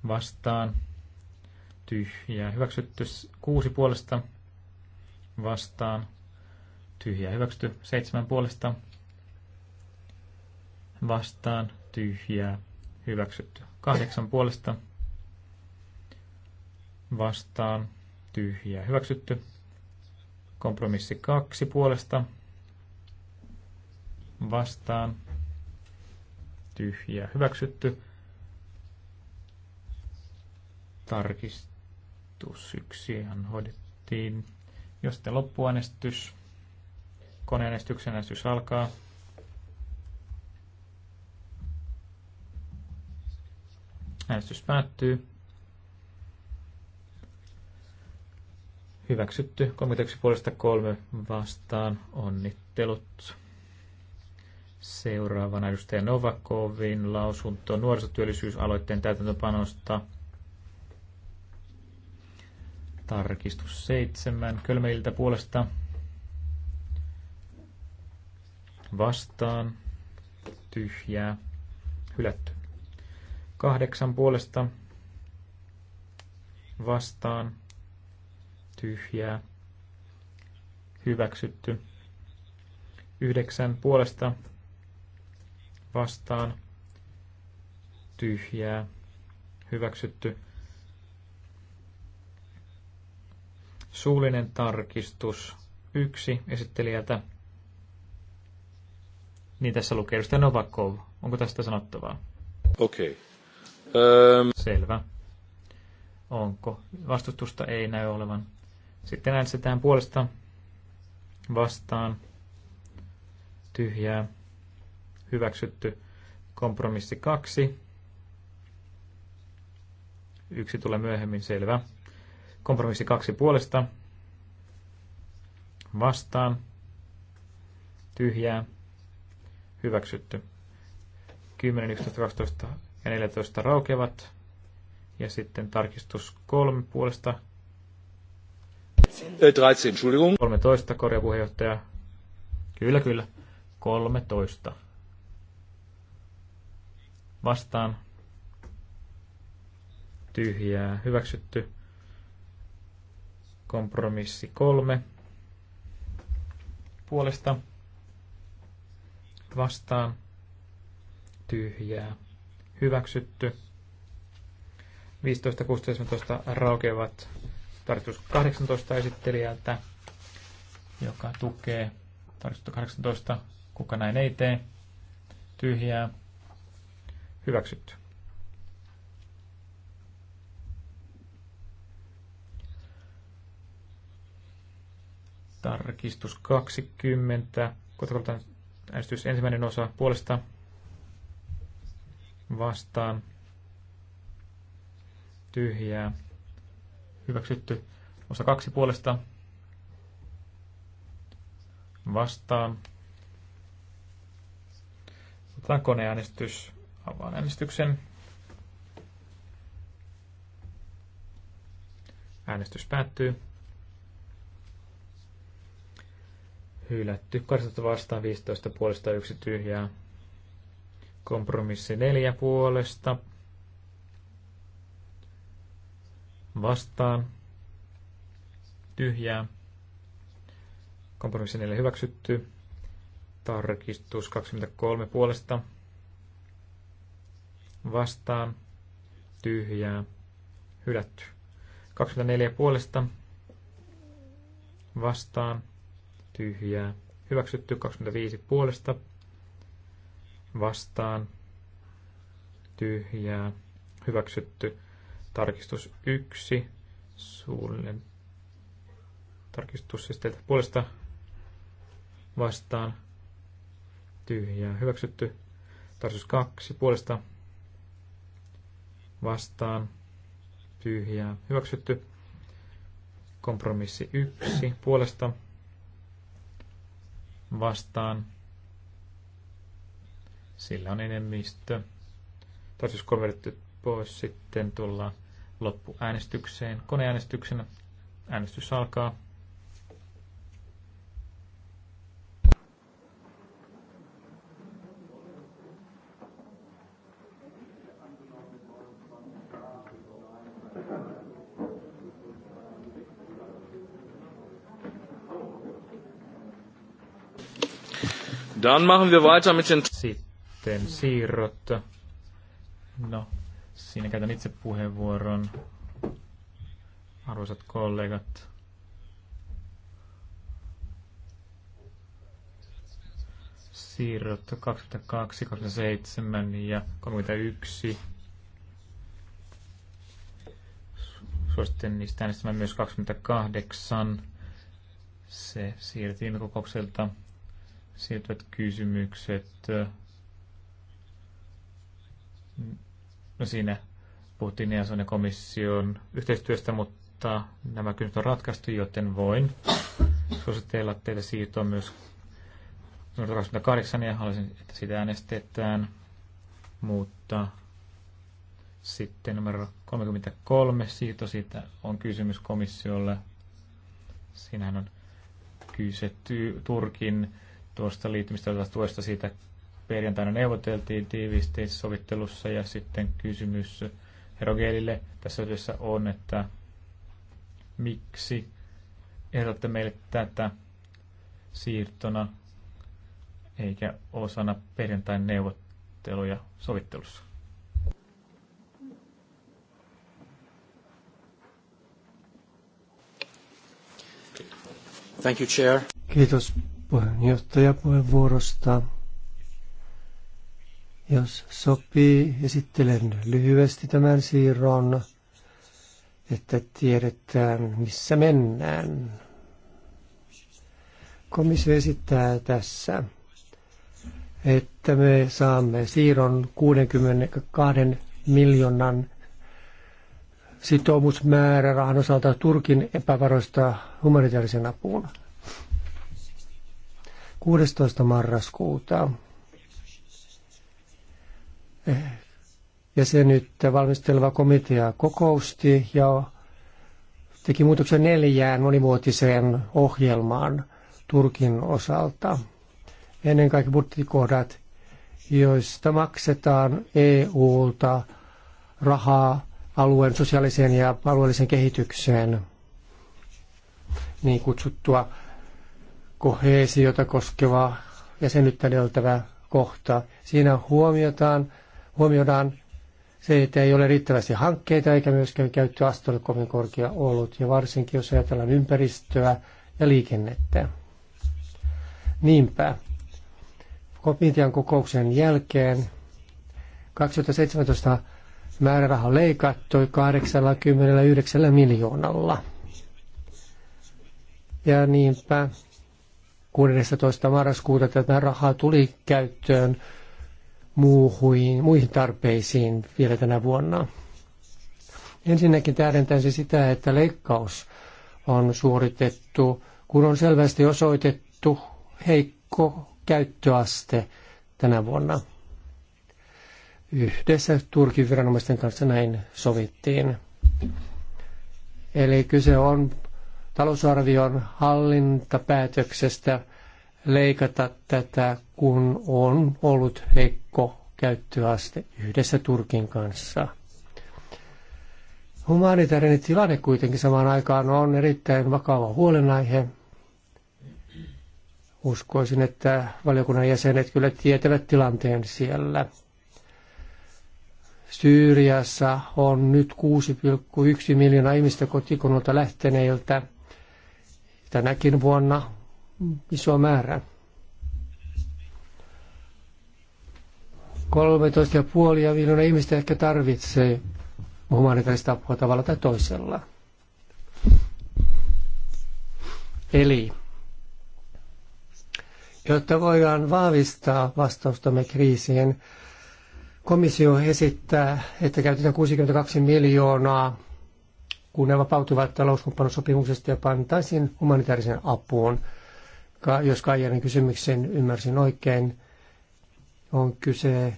vastaan tyhjää. Hyväksytty kuusi puolesta vastaan tyhjää. Hyväksytty seitsemän puolesta vastaan tyhjää. Hyväksytty kahdeksan puolesta vastaan tyhjä hyväksytty. Kompromissi 2 puolesta vastaan tyhjä hyväksytty. Tarkistus 1 hoidettiin. Jos sitten loppuäänestys, koneäänestyksen äänestys alkaa. Äänestys päättyy. Hyväksytty 31 puolesta kolme vastaan. Onnittelut. Seuraavana edustaja Novakovin lausunto nuorisotyöllisyysaloitteen täytäntöpanosta. Tarkistus 7 Kölmeiltä puolesta vastaan. Tyhjää. Hylätty. Kahdeksan puolesta vastaan tyhjää hyväksytty. Yhdeksän puolesta vastaan tyhjää hyväksytty. Suullinen tarkistus yksi esittelijältä. Niin tässä lukee edustaja Novakov. Onko tästä sanottavaa? Okei. Okay. Um... Selvä. Onko? Vastustusta ei näy olevan. Sitten äänestetään puolesta vastaan tyhjää hyväksytty kompromissi 2. Yksi tulee myöhemmin selvä. Kompromissi 2 puolesta vastaan tyhjää hyväksytty. 10, 11, 12 ja 14 raukeavat. Ja sitten tarkistus 3 puolesta 13, 13, 13, puheenjohtaja. Kyllä, kyllä. 13. Vastaan. Tyhjää. Hyväksytty. Kompromissi 3. Puolesta. Vastaan. Tyhjää. Hyväksytty. 15, 16, 17 raukeavat tarkistus 18 esittelijältä, joka tukee tarkistus 18, kuka näin ei tee, tyhjää, hyväksytty. Tarkistus 20, kotikoltaan äänestys ensimmäinen osa puolesta vastaan, tyhjää, hyväksytty. Osa kaksi puolesta vastaan. Otetaan koneäänestys. Avaan äänestyksen. Äänestys päättyy. Hylätty. 12 vastaan 15 puolesta yksi tyhjää. Kompromissi 4 puolesta vastaan, tyhjää, kompromissi 4 hyväksytty, tarkistus 23 puolesta, vastaan, tyhjää, hylätty. 24 puolesta, vastaan, tyhjää, hyväksytty. 25 puolesta, vastaan, tyhjää, hyväksytty. Tarkistus 1, suullinen tarkistus siis teiltä puolesta vastaan. Tyhjää hyväksytty. Tarkistus 2 puolesta vastaan. Tyhjää hyväksytty. Kompromissi 1 puolesta vastaan. Sillä on enemmistö. Tarkistus 3 pois. Sitten tullaan loppuäänestykseen koneäänestyksenä. Äänestys alkaa. Dann machen wir weiter mit den... Sitten siirrot. No, Siinä käytän itse puheenvuoron. Arvoisat kollegat, siirrot 22, 27 ja 31. Suosittelen niistä äänestämään myös 28. Se siirrettiin viime kokoukselta. Siirtyvät kysymykset No siinä puhuttiin EASON ja komission yhteistyöstä, mutta nämä kysymykset on ratkaistu, joten voin suositella teille siirtoa myös 28 ja haluaisin, että sitä äänestetään, mutta sitten numero 33 siirto, siitä on kysymys komissiolle. Siinähän on kyse Turkin tuosta liittymistä tuosta siitä perjantaina neuvoteltiin tiiviisti sovittelussa ja sitten kysymys Herogeelille tässä yhdessä on, että miksi ehdotatte meille tätä siirtona eikä osana perjantain neuvotteluja sovittelussa. Thank you, Chair. Kiitos puheenjohtaja puheenvuorosta. Jos sopii, esittelen lyhyesti tämän siirron, että tiedetään, missä mennään. Komissio esittää tässä, että me saamme siirron 62 miljoonan sitoumusmäärärahan osalta Turkin epävaroista humanitaarisen apuun. 16. marraskuuta jäsenyyttä valmisteleva komitea kokousti ja teki muutoksen neljään monimuotiseen ohjelmaan Turkin osalta. Ennen kaikkea budjettikohdat, joista maksetaan EU-ta rahaa alueen sosiaaliseen ja alueelliseen kehitykseen, niin kutsuttua koheesiota koskeva edeltävä kohta. Siinä huomiotaan huomioidaan se, että ei ole riittävästi hankkeita eikä myöskään käytty astolle kovin korkea ollut, ja varsinkin jos ajatellaan ympäristöä ja liikennettä. Niinpä, komitean kokouksen jälkeen 2017 määräraha leikattui 89 miljoonalla. Ja niinpä 16. marraskuuta tätä rahaa tuli käyttöön muuhuin, muihin tarpeisiin vielä tänä vuonna. Ensinnäkin täydentäisi sitä, että leikkaus on suoritettu, kun on selvästi osoitettu heikko käyttöaste tänä vuonna. Yhdessä Turkin viranomaisten kanssa näin sovittiin. Eli kyse on talousarvion hallintapäätöksestä leikata tätä, kun on ollut heikko käyttöaste yhdessä Turkin kanssa. Humanitaarinen tilanne kuitenkin samaan aikaan on erittäin vakava huolenaihe. Uskoisin, että valiokunnan jäsenet kyllä tietävät tilanteen siellä. Syyriassa on nyt 6,1 miljoonaa ihmistä kotikunnalta lähteneiltä. Tänäkin vuonna iso määrä. 13,5 ja miljoonaa ihmistä ehkä tarvitsee humanitaarista apua tavalla tai toisella. Eli jotta voidaan vahvistaa vastaustamme kriisiin, komissio esittää, että käytetään 62 miljoonaa, kun ne vapautuvat talouskumppanuussopimuksesta ja pantaisiin humanitaarisen apuun. Jos Kaijanin kysymyksen ymmärsin oikein, on kyse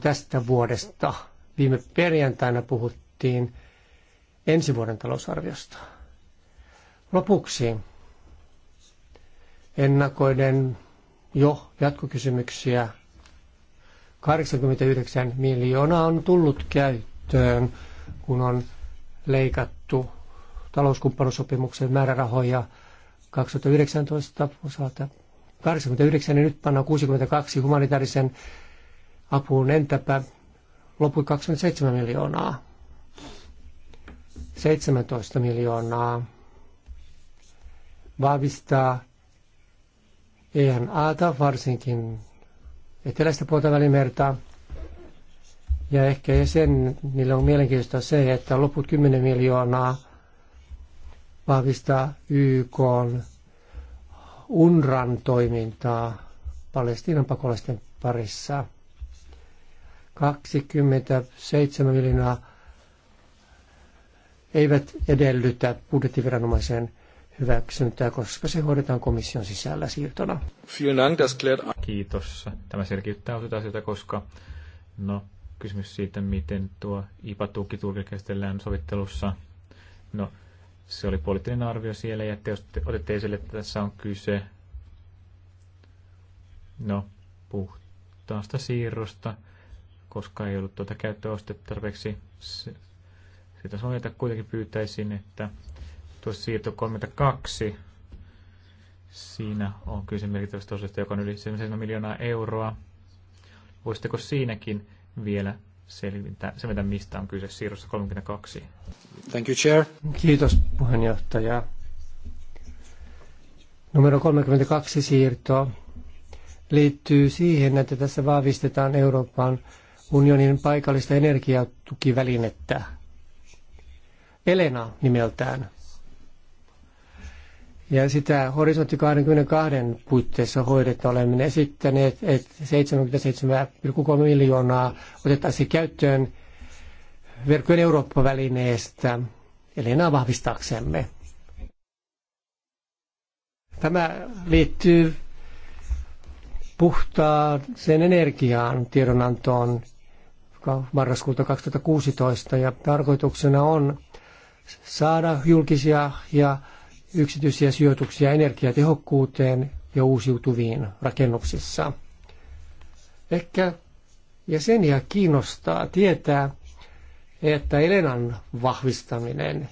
tästä vuodesta. Viime perjantaina puhuttiin ensi vuoden talousarviosta. Lopuksi ennakoiden jo jatkokysymyksiä. 89 miljoonaa on tullut käyttöön, kun on leikattu talouskumppanusopimuksen määrärahoja 2019 osalta 89 ja nyt pannaan 62 humanitaarisen apuun, entäpä loput 27 miljoonaa, 17 miljoonaa vahvistaa ENAta, varsinkin eteläistä puolta välimerta. Ja ehkä sen niille on mielenkiintoista se, että loput 10 miljoonaa vahvistaa YK UNRAN toimintaa Palestiinan pakolaisten parissa. 27 miljoonaa eivät edellytä budjettiviranomaisen hyväksyntää, koska se hoidetaan komission sisällä siirtona. Kiitos. Tämä selkiyttää otetaan asioita, koska no, kysymys siitä, miten tuo IPA-tuki tulkikäsitellään sovittelussa. No, se oli poliittinen arvio siellä, ja te otette esille, että tässä on kyse no, puhtaasta siirrosta koska ei ollut tuota käyttöostetta tarpeeksi. Sitä sanoita kuitenkin pyytäisin, että tuossa siirto 32, siinä on kyse merkittävästä osasta, joka on yli 7 miljoonaa euroa. Voisitteko siinäkin vielä selvittää, selventää, mistä on kyse siirrossa 32? Thank you, Chair. Kiitos puheenjohtaja. Numero 32 siirto liittyy siihen, että tässä vahvistetaan Euroopan unionin paikallista energiatukivälinettä. Elena nimeltään. Ja sitä horisontti 22 puitteissa hoidetaan. Olemme esittäneet, että 77,3 miljoonaa otettaisiin käyttöön verkkojen Eurooppa-välineestä Elenaa vahvistaaksemme. Tämä liittyy puhtaan sen energiaan tiedonantoon marraskuuta 2016 ja tarkoituksena on saada julkisia ja yksityisiä sijoituksia energiatehokkuuteen ja uusiutuviin rakennuksissa. Ehkä jäseniä kiinnostaa tietää, että Elenan vahvistaminen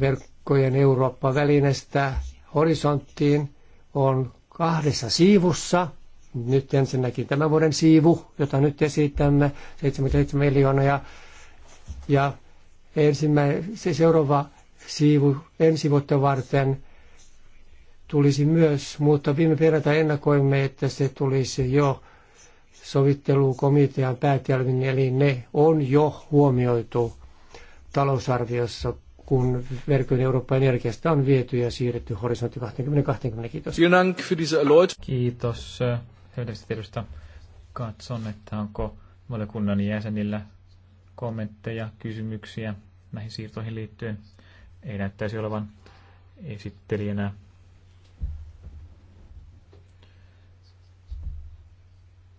verkkojen Eurooppa-välineestä horisonttiin on kahdessa siivussa – nyt ensinnäkin tämän vuoden siivu, jota nyt esitämme, 77 miljoonaa, ja, ja ensimmäinen, se seuraava siivu ensi vuotta varten tulisi myös, mutta viime perjantai ennakoimme, että se tulisi jo sovittelukomitean päätelmin, eli ne on jo huomioitu talousarviossa, kun verkon Eurooppa energiasta on viety ja siirretty horisontti 2020. Kiitos. Kiitos Selvästi tiedosta katson, että onko valiokunnan jäsenillä kommentteja, kysymyksiä näihin siirtoihin liittyen. Ei näyttäisi olevan esittelijänä.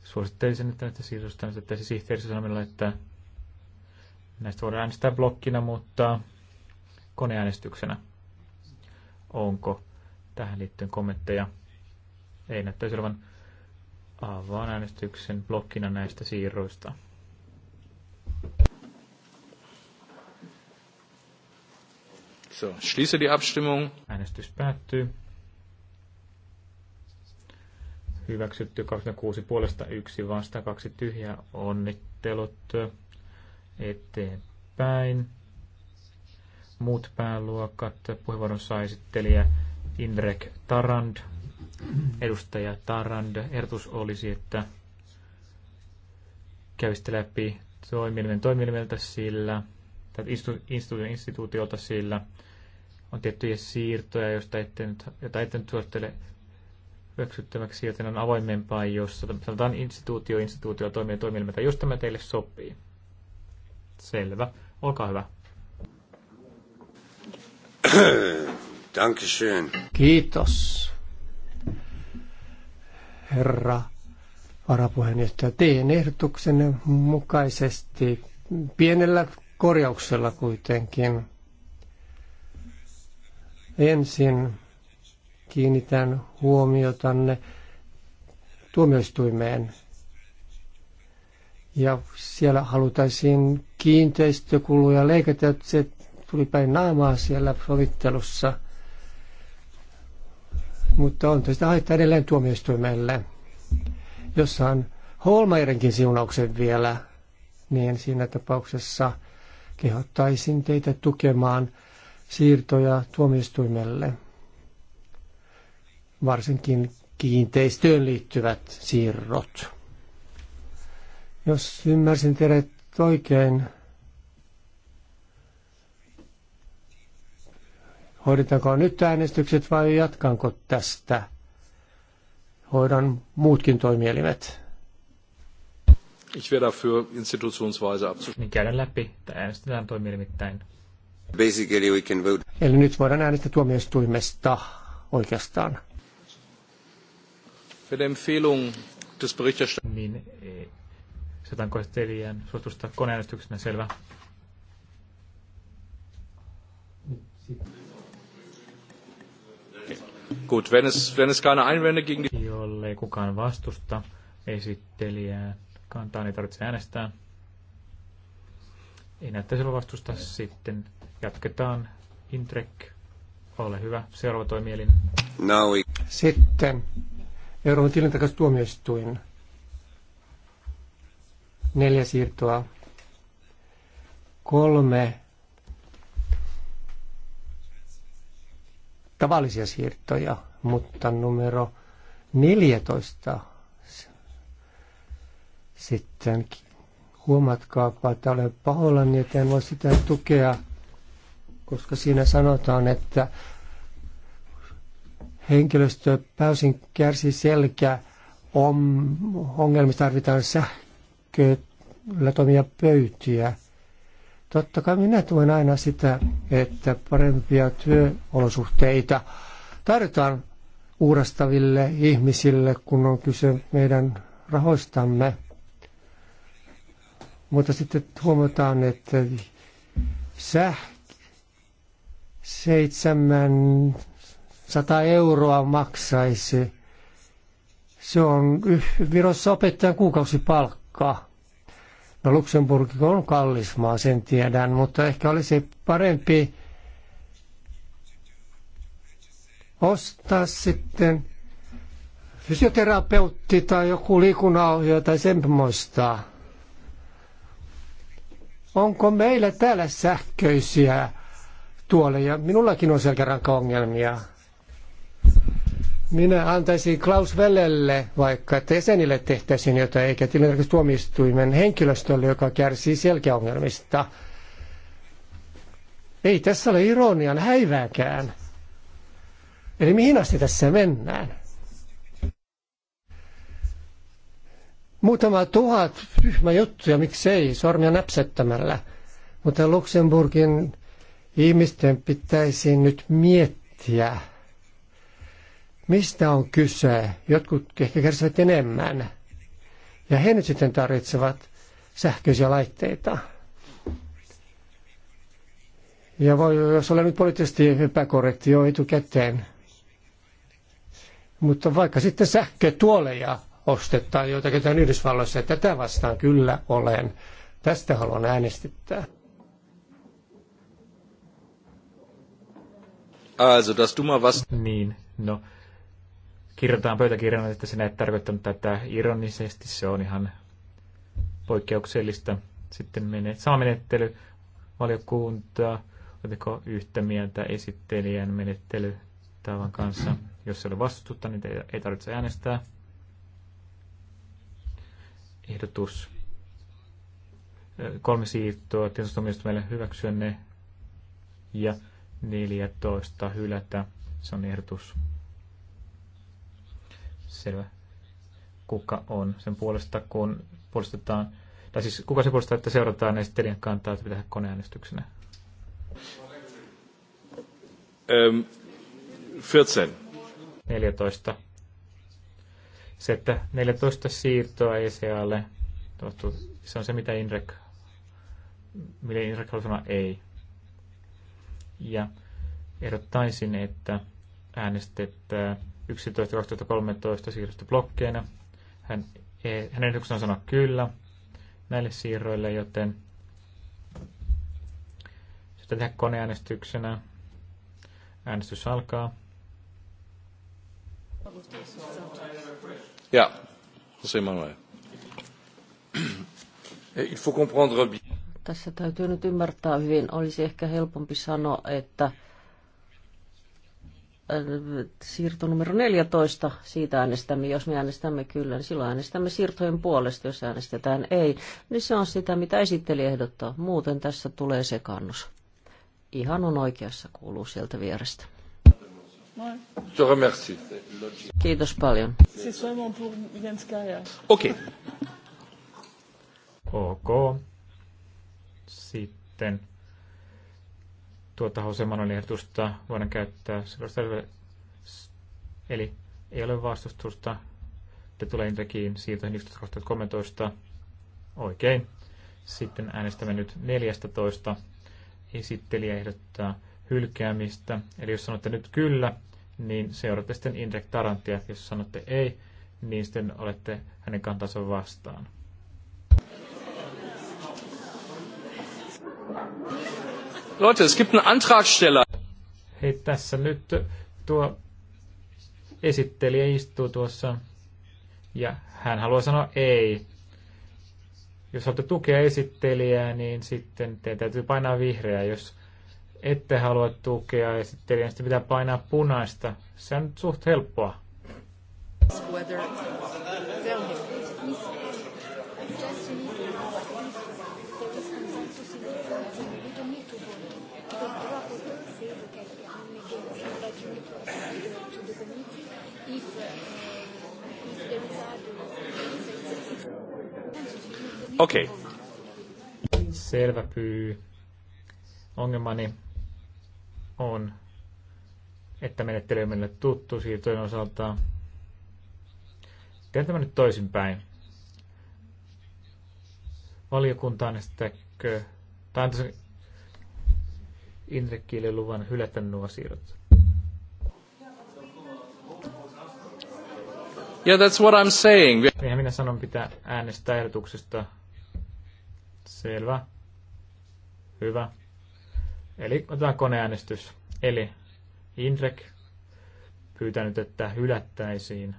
Suosittelisin, että näistä siirtoista näyttäisi sihteerissä sanomilla, että näistä voidaan äänestää blokkina, mutta koneäänestyksenä. Onko tähän liittyen kommentteja? Ei näyttäisi olevan Avaan äänestyksen blokkina näistä siirroista. So, schließe die Abstimmung. Äänestys päättyy. Hyväksytty 26 puolesta yksi vasta, kaksi tyhjää. Onnittelut eteenpäin. Muut pääluokat. Puheenvuoron sai esittelijä Indrek Tarand edustaja Tarand. Ehdotus olisi, että kävisitte läpi toimielimen toimielimeltä sillä, tai instituutio, instituutiolta sillä, on tiettyjä siirtoja, joista ette nyt, joita ette nyt suosittele hyväksyttäväksi, joten on avoimempaa, jos sanotaan instituutio, instituutio, toimii toimielimeltä, jos tämä teille sopii. Selvä. Olkaa hyvä. Dankeschön. Kiitos herra varapuheenjohtaja, teen ehdotuksenne mukaisesti pienellä korjauksella kuitenkin. Ensin kiinnitän huomiotanne tuomioistuimeen. Ja siellä halutaisiin kiinteistökuluja leikata, että se tuli päin naamaa siellä sovittelussa – mutta on tästä haittaa edelleen tuomioistuimelle, Jos on Holmairenkin siunauksen vielä, niin siinä tapauksessa kehottaisin teitä tukemaan siirtoja tuomioistuimelle, varsinkin kiinteistöön liittyvät siirrot. Jos ymmärsin teidät oikein, Hoidetaanko nyt äänestykset vai jatkanko tästä? Hoidan muutkin toimielimet. Ich wäre dafür, institutionsweise abzustimmen. Niin käydään läpi, tai äänestetään toimielimittäin. Basically we can vote. Eli nyt voidaan äänestää tuomioistuimesta oikeastaan. Für die Empfehlung des Berichterstatters. Niin, e, koestelijän suostusta koneäänestyksenä selvä. Sitten. Gut, wenn es, wenn es keine Einwände gegen die... Jollei kukaan vastusta esittelijää, kantaa ei niin tarvitse äänestää. Ei näyttäisi olla vastusta. Sitten jatketaan. Intrek, ole hyvä. Seuraava toimielin. Now we... Sitten Euroopan tuomioistuin. Neljä siirtoa. Kolme tavallisia siirtoja, mutta numero 14 sitten huomatkaapa, että olen pahoillani, että en voi sitä tukea, koska siinä sanotaan, että henkilöstö pääosin kärsi selkä, on, ongelmissa tarvitaan sähköllä toimia pöytiä – Totta kai minä tuen aina sitä, että parempia työolosuhteita tarjotaan uurastaville ihmisille, kun on kyse meidän rahoistamme. Mutta sitten huomataan, että säh, 700 euroa maksaisi. Se on Virossa opettajan kuukausipalkkaa. No Luxemburg on kallis maa, sen tiedän, mutta ehkä olisi parempi ostaa sitten fysioterapeutti tai joku liikunnanohjaaja tai semmoista. Onko meillä täällä sähköisiä tuoleja? Minullakin on selkärankaongelmia. ongelmia minä antaisin Klaus Vellelle vaikka, että jäsenille tehtäisiin jotain, eikä tilintarkastustuomioistuimen henkilöstölle, joka kärsii selkäongelmista. Ei tässä ole ironian häivääkään. Eli mihin asti tässä mennään? Muutama tuhat tyhmä juttuja, miksei, sormia näpsettämällä. Mutta Luxemburgin ihmisten pitäisi nyt miettiä, mistä on kyse. Jotkut ehkä kärsivät enemmän. Ja he nyt sitten tarvitsevat sähköisiä laitteita. Ja voi, jos olen nyt poliittisesti epäkorrekti jo etukäteen. Mutta vaikka sitten sähkötuoleja ostetaan joita käytetään Yhdysvalloissa, ja tätä vastaan kyllä olen. Tästä haluan äänestyttää. Also, das du mal was... Niin, no kirjoitetaan pöytäkirjana, että sinä et tarkoittanut tätä ironisesti, se on ihan poikkeuksellista. Sitten menee, sama menettely, valiokunta, oletteko yhtä mieltä esittelijän tavan kanssa? Jos se oli vastustutta, niin ei, ei tarvitse äänestää. Ehdotus. Kolme siirtoa, tietysti meille hyväksyä ne. Ja 14 hylätä, se on ehdotus. Selvä. Kuka on sen puolesta, kun puolustetaan, tai siis kuka se puolesta, että seurataan esittelijän kantaa, että pitää koneäänestyksenä? Ähm, 14. 14. Se, että 14 siirtoa ECAlle se on se, mitä Inrek, mille Inrek haluaa sanoa ei. Ja ehdottaisin, että äänestetään 2011-2013 siirrystä blokkeina. Hän, e, hänen ehdotuksensa on sanoa kyllä näille siirroille, joten sitä tehdään koneäänestyksenä. Äänestys alkaa. Ja, José Manuel. Il faut comprendre bien. Tässä täytyy nyt ymmärtää hyvin. Olisi ehkä helpompi sanoa, että Äh, siirto numero 14, siitä äänestämme. Jos me äänestämme kyllä, niin silloin äänestämme siirtojen puolesta. Jos äänestetään ei, niin se on sitä, mitä esitteli ehdottaa. Muuten tässä tulee sekannus. Ihan on oikeassa, kuuluu sieltä vierestä. Kiitos paljon. Okei. Okay. Okay. Sitten tuota Jose Manuelin ehdotusta voidaan käyttää Eli ei ole vastustusta. Te tulee intakiin siirtoihin 2013 Oikein. Sitten äänestämme nyt 14. Esittelijä ehdottaa hylkäämistä. Eli jos sanotte nyt kyllä, niin seuraatte sitten Indrek Tarantia. Jos sanotte ei, niin sitten olette hänen kantansa vastaan. Leute, es gibt einen Antragsteller. Hei, tässä nyt tuo esittelijä istuu tuossa ja hän haluaa sanoa ei. Jos haluatte tukea esittelijää, niin sitten teidän täytyy painaa vihreää. Jos ette halua tukea esittelijää, niin sitten pitää painaa punaista. Se on nyt suht helppoa. Okei. Okay. Selvä pyy. Ongelmani on, että menettely on meille tuttu siirtojen osalta. Tehdään tämä nyt toisinpäin. Valiokunta äänestääkö, tai antaisi Indrekkiille luvan hylätä nuo siirrot. Yeah, that's what I'm saying. Eihän minä sanon pitää äänestää ehdotuksesta Selvä. Hyvä. Eli otetaan koneäänestys. Eli Indrek pyytänyt, että hylättäisiin.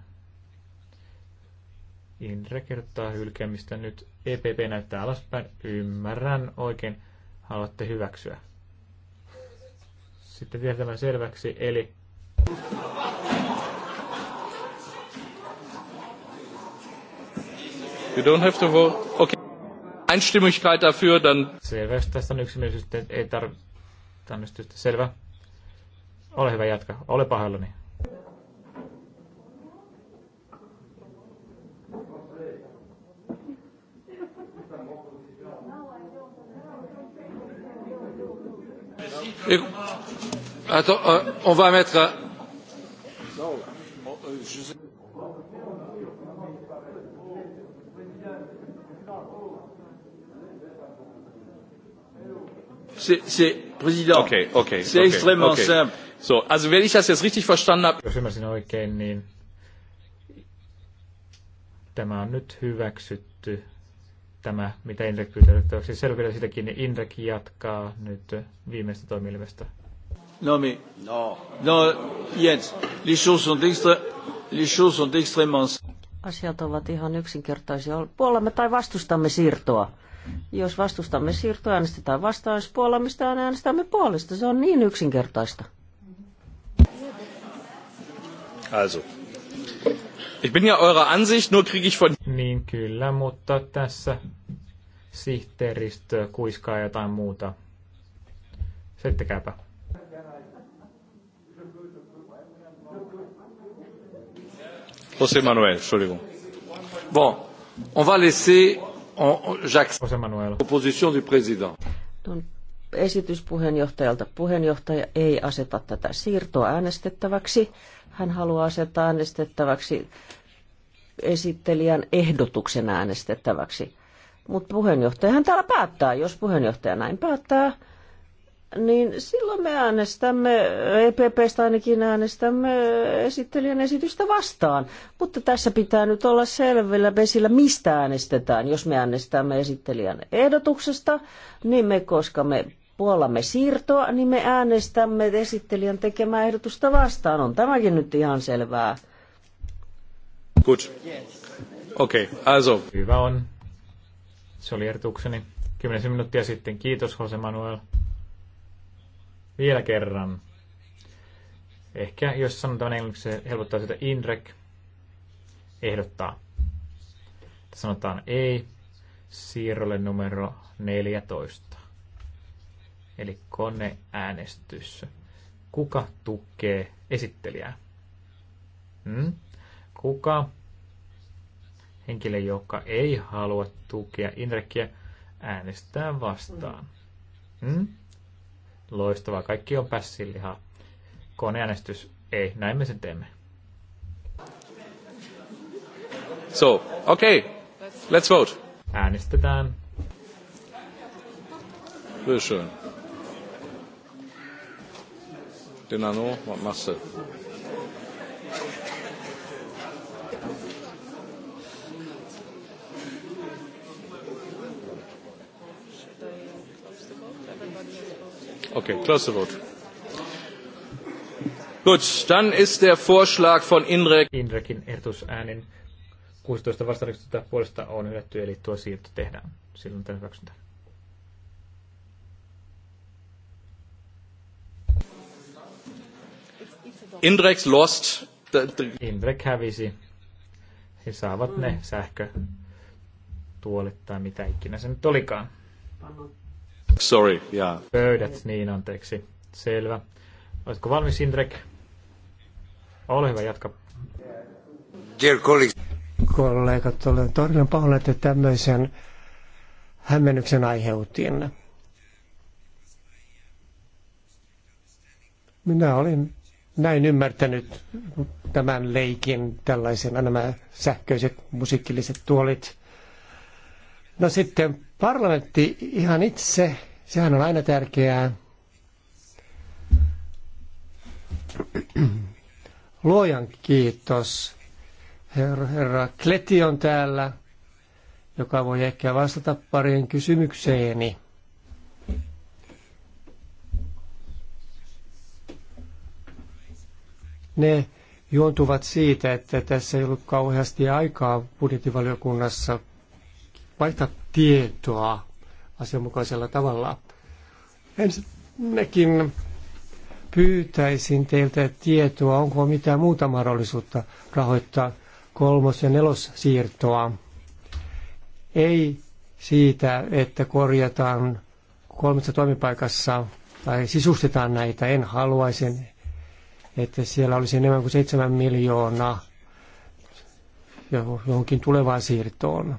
Indrek kertaa hylkemistä. Nyt EPP näyttää alaspäin. Ymmärrän oikein. Haluatte hyväksyä. Sitten tehdään tämän selväksi. Eli You don't have to vote. Okay. Einstimmigkeit dafür, dann... Selvä, jos tästä on yksimielisyys, ei tarvitse Selvä. Ole hyvä, jatka. Ole pahoillani. Attends, euh, on va mettre... Euh, C'est président. okay, okay, C'est okay, extrêmement okay. simple. So, also wenn ich das jetzt richtig verstanden habe... Jos ymmärsin oikein, niin tämä on nyt hyväksytty, tämä mitä Indrek pyytää siis selville sitäkin, niin Indrek jatkaa nyt viimeistä toimielimestä. No, mi. no. no Jens, les choses sont, extra, les choses sont extrêmement... Asiat ovat ihan yksinkertaisia. Puolemme tai vastustamme siirtoa. Jos vastustamme siirtoa, äänestetään vastaan. Jos puolamista äänestämme puolesta. Se on niin yksinkertaista. Also. Ich bin ja eurer Ansicht, nur kriege ich von... Niin kyllä, mutta tässä sihteeristö kuiskaa jotain muuta. Settekääpä. José Manuel, Entschuldigung. Bon, on va laisser Opposition du président. Esitys puheenjohtajalta. Puheenjohtaja ei aseta tätä siirtoa äänestettäväksi. Hän haluaa asettaa äänestettäväksi esittelijän ehdotuksen äänestettäväksi. Mutta puheenjohtajahan täällä päättää, jos puheenjohtaja näin päättää niin silloin me äänestämme, EPPstä ainakin äänestämme esittelijän esitystä vastaan. Mutta tässä pitää nyt olla selvillä vesillä, mistä äänestetään. Jos me äänestämme esittelijän ehdotuksesta, niin me, koska me puolamme siirtoa, niin me äänestämme esittelijän tekemää ehdotusta vastaan. On tämäkin nyt ihan selvää. Good. Okei, okay, also. Hyvä on. Se oli ehdotukseni. 10 minuuttia sitten. Kiitos, Jose Manuel. Vielä kerran. Ehkä jos sanotaan englanniksi, se helpottaa sitä Indrek ehdottaa. Sanotaan ei siirrolle numero 14. Eli koneäänestys. Kuka tukee esittelijää? Hmm? Kuka henkilö, joka ei halua tukea Indrekkiä, äänestää vastaan? Hmm? Loistavaa, kaikki on pässilihaa. Koneäänestys ei, näin me sen teemme. So, okay, let's vote. Äänestetään. Sehr Tänään on was Okay, close the vote. Gut, dann ist der Vorschlag von Inrek. Inrekin ehdotusäänin 16 vastaan puolesta on hylätty, eli tuo siirto tehdään silloin tämän hyväksyntään. Indrex lost. The, the... Indrek hävisi. He saavat ne sähkö tuolit tai mitä ikinä se nyt olikaan. Pannut Sorry, yeah. Pöydät, niin anteeksi. Selvä. Oletko valmis, Indrek? Ole hyvä, jatka. Dear colleagues. Kollegat, olen todella pahoin, että tämmöisen hämmennyksen aiheutin. Minä olin näin ymmärtänyt tämän leikin, tällaisena nämä sähköiset musiikilliset tuolit. No sitten parlamentti ihan itse, sehän on aina tärkeää. Luojan kiitos. Herra, herra Kleti on täällä, joka voi ehkä vastata pariin kysymykseeni. Ne juontuvat siitä, että tässä ei ollut kauheasti aikaa budjettivaliokunnassa vaihtaa tietoa asianmukaisella tavalla. Ensinnäkin pyytäisin teiltä tietoa, onko mitään muuta mahdollisuutta rahoittaa kolmos- ja nelossiirtoa. Ei siitä, että korjataan kolmessa toimipaikassa tai sisustetaan näitä. En haluaisin, että siellä olisi enemmän kuin 7 miljoonaa johonkin tulevaan siirtoon.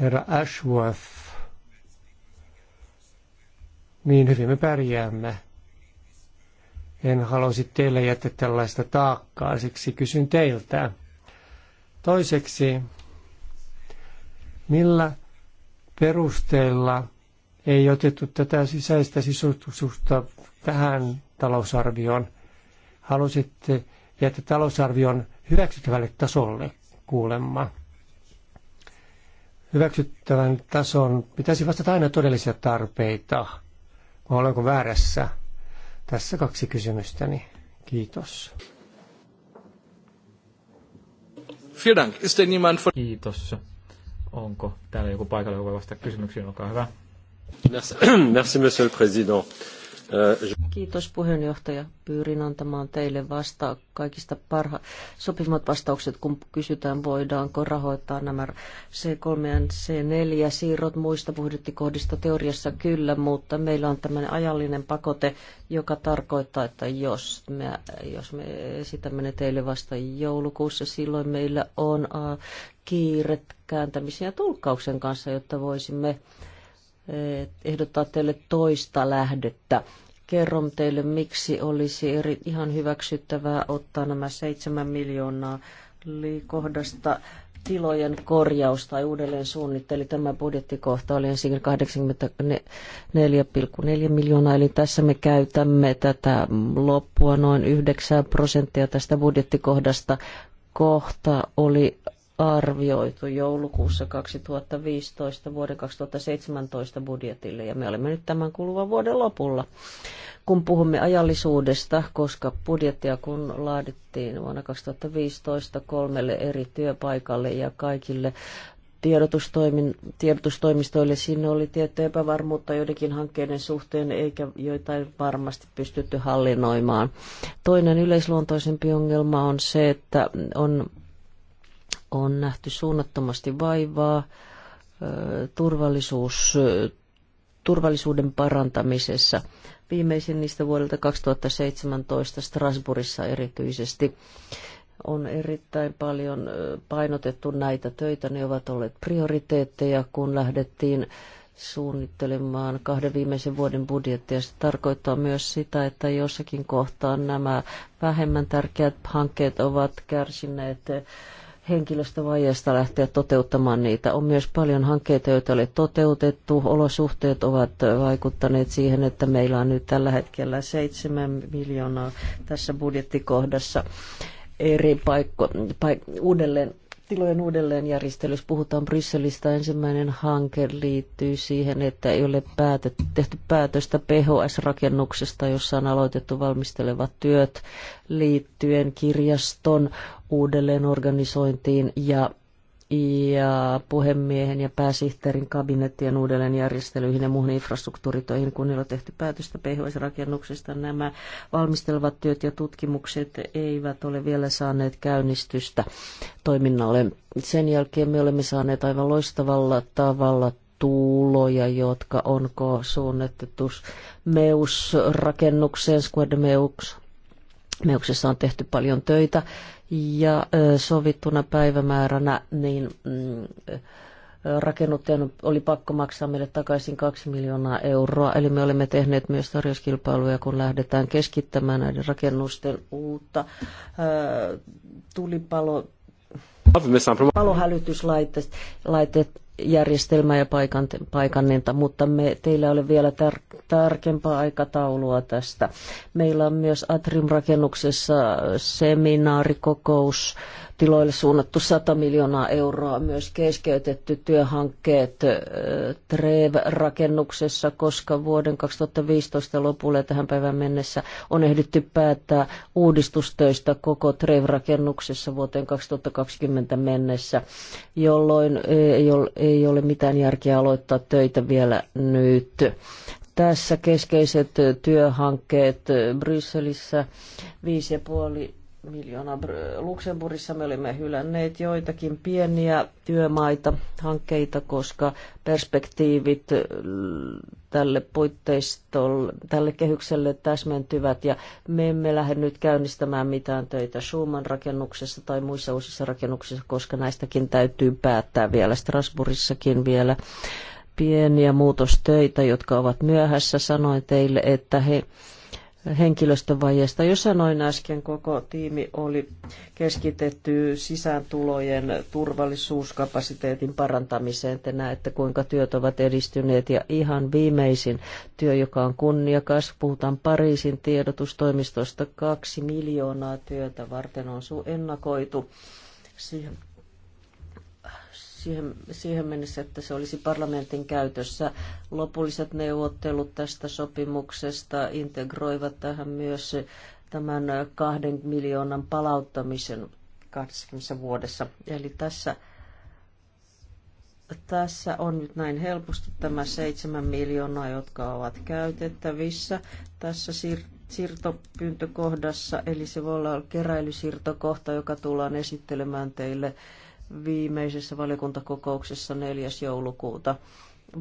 herra Ashworth, niin hyvin me pärjäämme. En halusi teille jättää tällaista taakkaa, siksi kysyn teiltä. Toiseksi, millä perusteella ei otettu tätä sisäistä sisustusta tähän talousarvioon? Halusitte jättää talousarvion hyväksyttävälle tasolle kuulemma hyväksyttävän tason pitäisi vastata aina todellisia tarpeita. Mä olenko väärässä? Tässä kaksi kysymystäni. Kiitos. Kiitos. Onko täällä joku paikalla, joka vastaa kysymyksiin? Olkaa hyvä. Merci, monsieur le président. Kiitos puheenjohtaja. Pyrin antamaan teille vasta kaikista parha vastaukset, kun kysytään voidaanko rahoittaa nämä C3 ja C4 siirrot muista budjettikohdista teoriassa kyllä, mutta meillä on tämmöinen ajallinen pakote, joka tarkoittaa, että jos me, jos me esitämme ne teille vasta joulukuussa, silloin meillä on kiiret kääntämisen ja tulkkauksen kanssa, jotta voisimme ehdottaa teille toista lähdettä. Kerron teille, miksi olisi eri, ihan hyväksyttävää ottaa nämä 7 miljoonaa kohdasta tilojen korjaus tai uudelleen suunnitteli. Tämä budjettikohta oli ensin 84,4 miljoonaa, eli tässä me käytämme tätä loppua noin 9 prosenttia tästä budjettikohdasta. Kohta oli arvioitu joulukuussa 2015 vuoden 2017 budjetille ja me olemme nyt tämän kuluvan vuoden lopulla. Kun puhumme ajallisuudesta, koska budjettia kun laadittiin vuonna 2015 kolmelle eri työpaikalle ja kaikille tiedotustoimin, tiedotustoimistoille siinä oli tiettyä epävarmuutta joidenkin hankkeiden suhteen, eikä joitain varmasti pystytty hallinnoimaan. Toinen yleisluontoisempi ongelma on se, että on on nähty suunnattomasti vaivaa turvallisuus, turvallisuuden parantamisessa. Viimeisin niistä vuodelta 2017 Strasbourgissa erityisesti on erittäin paljon painotettu näitä töitä. Ne ovat olleet prioriteetteja, kun lähdettiin suunnittelemaan kahden viimeisen vuoden budjettia. Se tarkoittaa myös sitä, että jossakin kohtaa nämä vähemmän tärkeät hankkeet ovat kärsineet henkilöstövajeesta lähteä toteuttamaan niitä. On myös paljon hankkeita, joita oli toteutettu. Olosuhteet ovat vaikuttaneet siihen, että meillä on nyt tällä hetkellä 7 miljoonaa tässä budjettikohdassa eri paikko, paik- uudelleen tilojen uudelleenjärjestelyssä puhutaan Brysselistä. Ensimmäinen hanke liittyy siihen, että ei ole päätet, tehty päätöstä PHS-rakennuksesta, jossa on aloitettu valmistelevat työt liittyen kirjaston uudelleenorganisointiin ja, ja puhemiehen ja pääsihteerin kabinettien uudelleenjärjestelyihin ja muuhun infrastruktuuritoihin, kun niillä on tehty päätöstä phs Nämä valmistelevat työt ja tutkimukset eivät ole vielä saaneet käynnistystä toiminnalle. Sen jälkeen me olemme saaneet aivan loistavalla tavalla tuuloja, jotka onko suunnittu MEUS-rakennukseen, Squad MEUS Meuksessa on tehty paljon töitä ja sovittuna päivämääränä niin mm, rakennuttajan oli pakko maksaa meille takaisin 2 miljoonaa euroa. Eli me olemme tehneet myös tarjouskilpailuja, kun lähdetään keskittämään näiden rakennusten uutta tulipalo palohälytyslaitteet järjestelmää ja paikan, paikanninta, mutta me, teillä ole vielä tar- tarkempaa aikataulua tästä. Meillä on myös Atrium-rakennuksessa seminaarikokous tiloille suunnattu 100 miljoonaa euroa, myös keskeytetty työhankkeet TREV-rakennuksessa, koska vuoden 2015 lopulle ja tähän päivään mennessä on ehditty päättää uudistustöistä koko TREV-rakennuksessa vuoteen 2020 mennessä, jolloin ei ole mitään järkeä aloittaa töitä vielä nyt tässä keskeiset työhankkeet Brysselissä 5,5 miljoona Luxemburgissa. Me olimme hylänneet joitakin pieniä työmaita, hankkeita, koska perspektiivit tälle puitteistolle, tälle kehykselle täsmentyvät ja me emme lähde nyt käynnistämään mitään töitä Schumann rakennuksessa tai muissa uusissa rakennuksissa, koska näistäkin täytyy päättää vielä Strasbourgissakin vielä pieniä muutostöitä, jotka ovat myöhässä. Sanoin teille, että he henkilöstövajeesta. Jo sanoin äsken, koko tiimi oli keskitetty sisääntulojen turvallisuuskapasiteetin parantamiseen. Te näette, kuinka työt ovat edistyneet ja ihan viimeisin työ, joka on kunniakas. Puhutaan Pariisin tiedotustoimistosta. Kaksi miljoonaa työtä varten on ennakoitu. Siihen siihen, siihen mennessä, että se olisi parlamentin käytössä. Lopulliset neuvottelut tästä sopimuksesta integroivat tähän myös tämän kahden miljoonan palauttamisen 20 vuodessa. Eli tässä, tässä on nyt näin helposti tämä seitsemän miljoonaa, jotka ovat käytettävissä. Tässä siirtyy siirtopyyntökohdassa, eli se voi olla keräilysiirtokohta, joka tullaan esittelemään teille viimeisessä valiokuntakokouksessa 4. joulukuuta.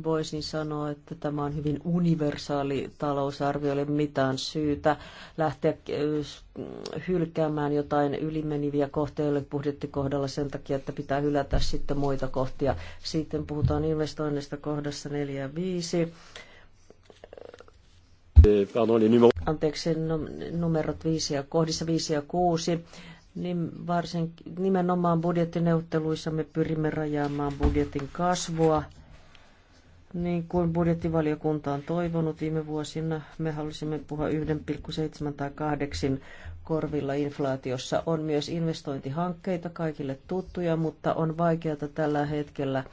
Voisin sanoa, että tämä on hyvin universaali talousarvio, ei mitään syytä lähteä eh, hylkäämään jotain ylimeniviä kohteille budjettikohdalla sen takia, että pitää hylätä sitten muita kohtia. Sitten puhutaan investoinnista kohdassa 4 ja 5. Eh, Anteeksi, no, numerot 5 ja, kohdissa 5 ja 6 niin varsin, nimenomaan budjettineuvotteluissa me pyrimme rajaamaan budjetin kasvua, niin kuin budjettivaliokunta on toivonut viime vuosina. Me halusimme puhua 1,7 tai 8 korvilla inflaatiossa. On myös investointihankkeita kaikille tuttuja, mutta on vaikeata tällä hetkellä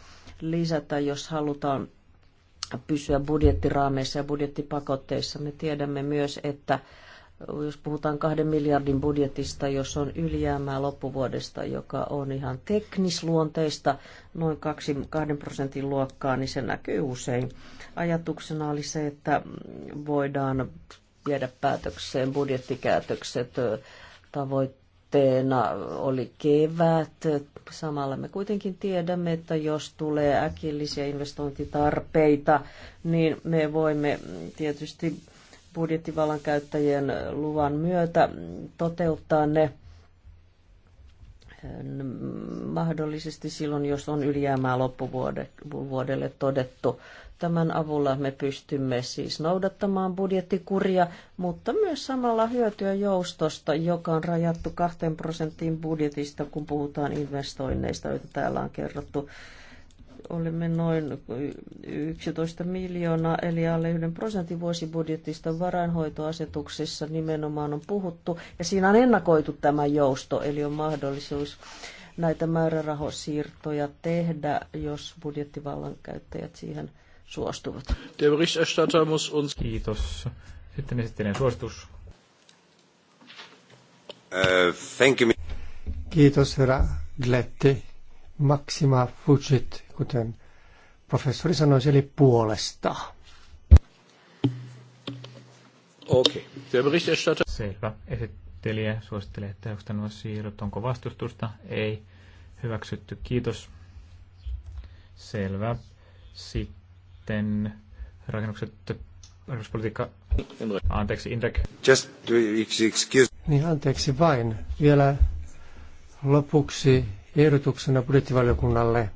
lisätä, jos halutaan pysyä budjettiraameissa ja budjettipakotteissa. Me tiedämme myös, että jos puhutaan kahden miljardin budjetista, jos on ylijäämää loppuvuodesta, joka on ihan teknisluonteista, noin 2, 2 prosentin luokkaa, niin se näkyy usein. Ajatuksena oli se, että voidaan viedä päätökseen budjettikäytökset tavoitteena oli kevät. Samalla me kuitenkin tiedämme, että jos tulee äkillisiä investointitarpeita, niin me voimme tietysti budjettivallan käyttäjien luvan myötä toteuttaa ne ähm, mahdollisesti silloin, jos on ylijäämää loppuvuodelle todettu. Tämän avulla me pystymme siis noudattamaan budjettikuria, mutta myös samalla hyötyä joustosta, joka on rajattu 2 prosenttiin budjetista, kun puhutaan investoinneista, joita täällä on kerrottu olemme noin 11 miljoonaa, eli alle yhden prosentin vuosibudjetista varainhoitoasetuksessa nimenomaan on puhuttu, ja siinä on ennakoitu tämä jousto, eli on mahdollisuus näitä määrärahosiirtoja tehdä, jos budjettivallan käyttäjät siihen suostuvat. Kiitos. Sitten esittelen suositus. Uh, thank you. Kiitos, herra Gletti. Maxima Fujit kuten professori sanoi, eli puolesta. Okei. Okay. Selvä. Esittelijä suosittelee, että onko tämä siirrot, onko vastustusta? Ei. Hyväksytty. Kiitos. Selvä. Sitten rakennukset, rakennuspolitiikka. Anteeksi, Indrek. Just excuse. Niin, anteeksi vain. Vielä lopuksi ehdotuksena budjettivaliokunnalle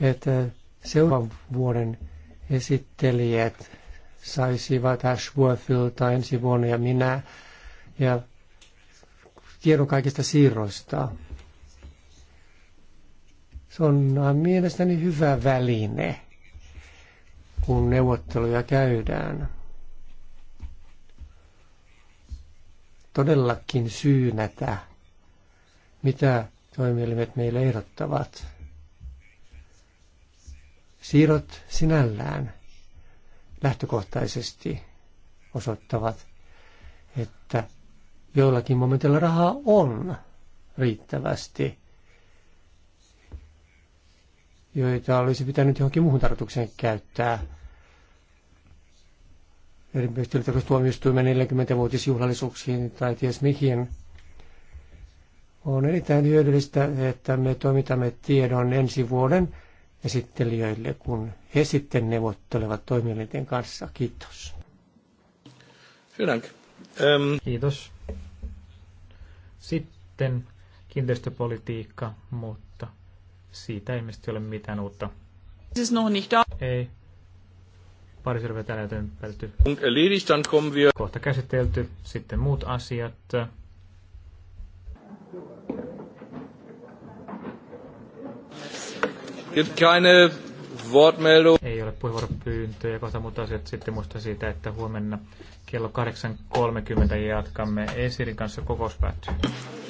että seuraavan vuoden esittelijät saisivat Ashworthilta ensi vuonna ja minä ja tiedon kaikista siirroista. Se on mielestäni hyvä väline, kun neuvotteluja käydään. Todellakin syynätä, mitä toimielimet meille ehdottavat. Siirrot sinällään lähtökohtaisesti osoittavat, että joillakin momentilla rahaa on riittävästi, joita olisi pitänyt johonkin muuhun tarkoitukseen käyttää. Erityisesti tuomioistuimen 40-vuotisjuhlallisuuksiin tai ties mihin. On erittäin hyödyllistä, että me toimitamme tiedon ensi vuoden esittelijöille, kun he sitten neuvottelevat toimielinten kanssa. Kiitos. Ähm. Kiitos. Sitten kiinteistöpolitiikka, mutta siitä ei mielestäni ole mitään uutta. Ei. Pari selviä täällä, joten päätetty. Kohta käsitelty. Sitten muut asiat. keine Wortmeldung. Ei ole puheenvuoropyyntöjä, kohta muut asiat sitten muista siitä, että huomenna kello 8.30 jatkamme Esirin kanssa kokous päättyy.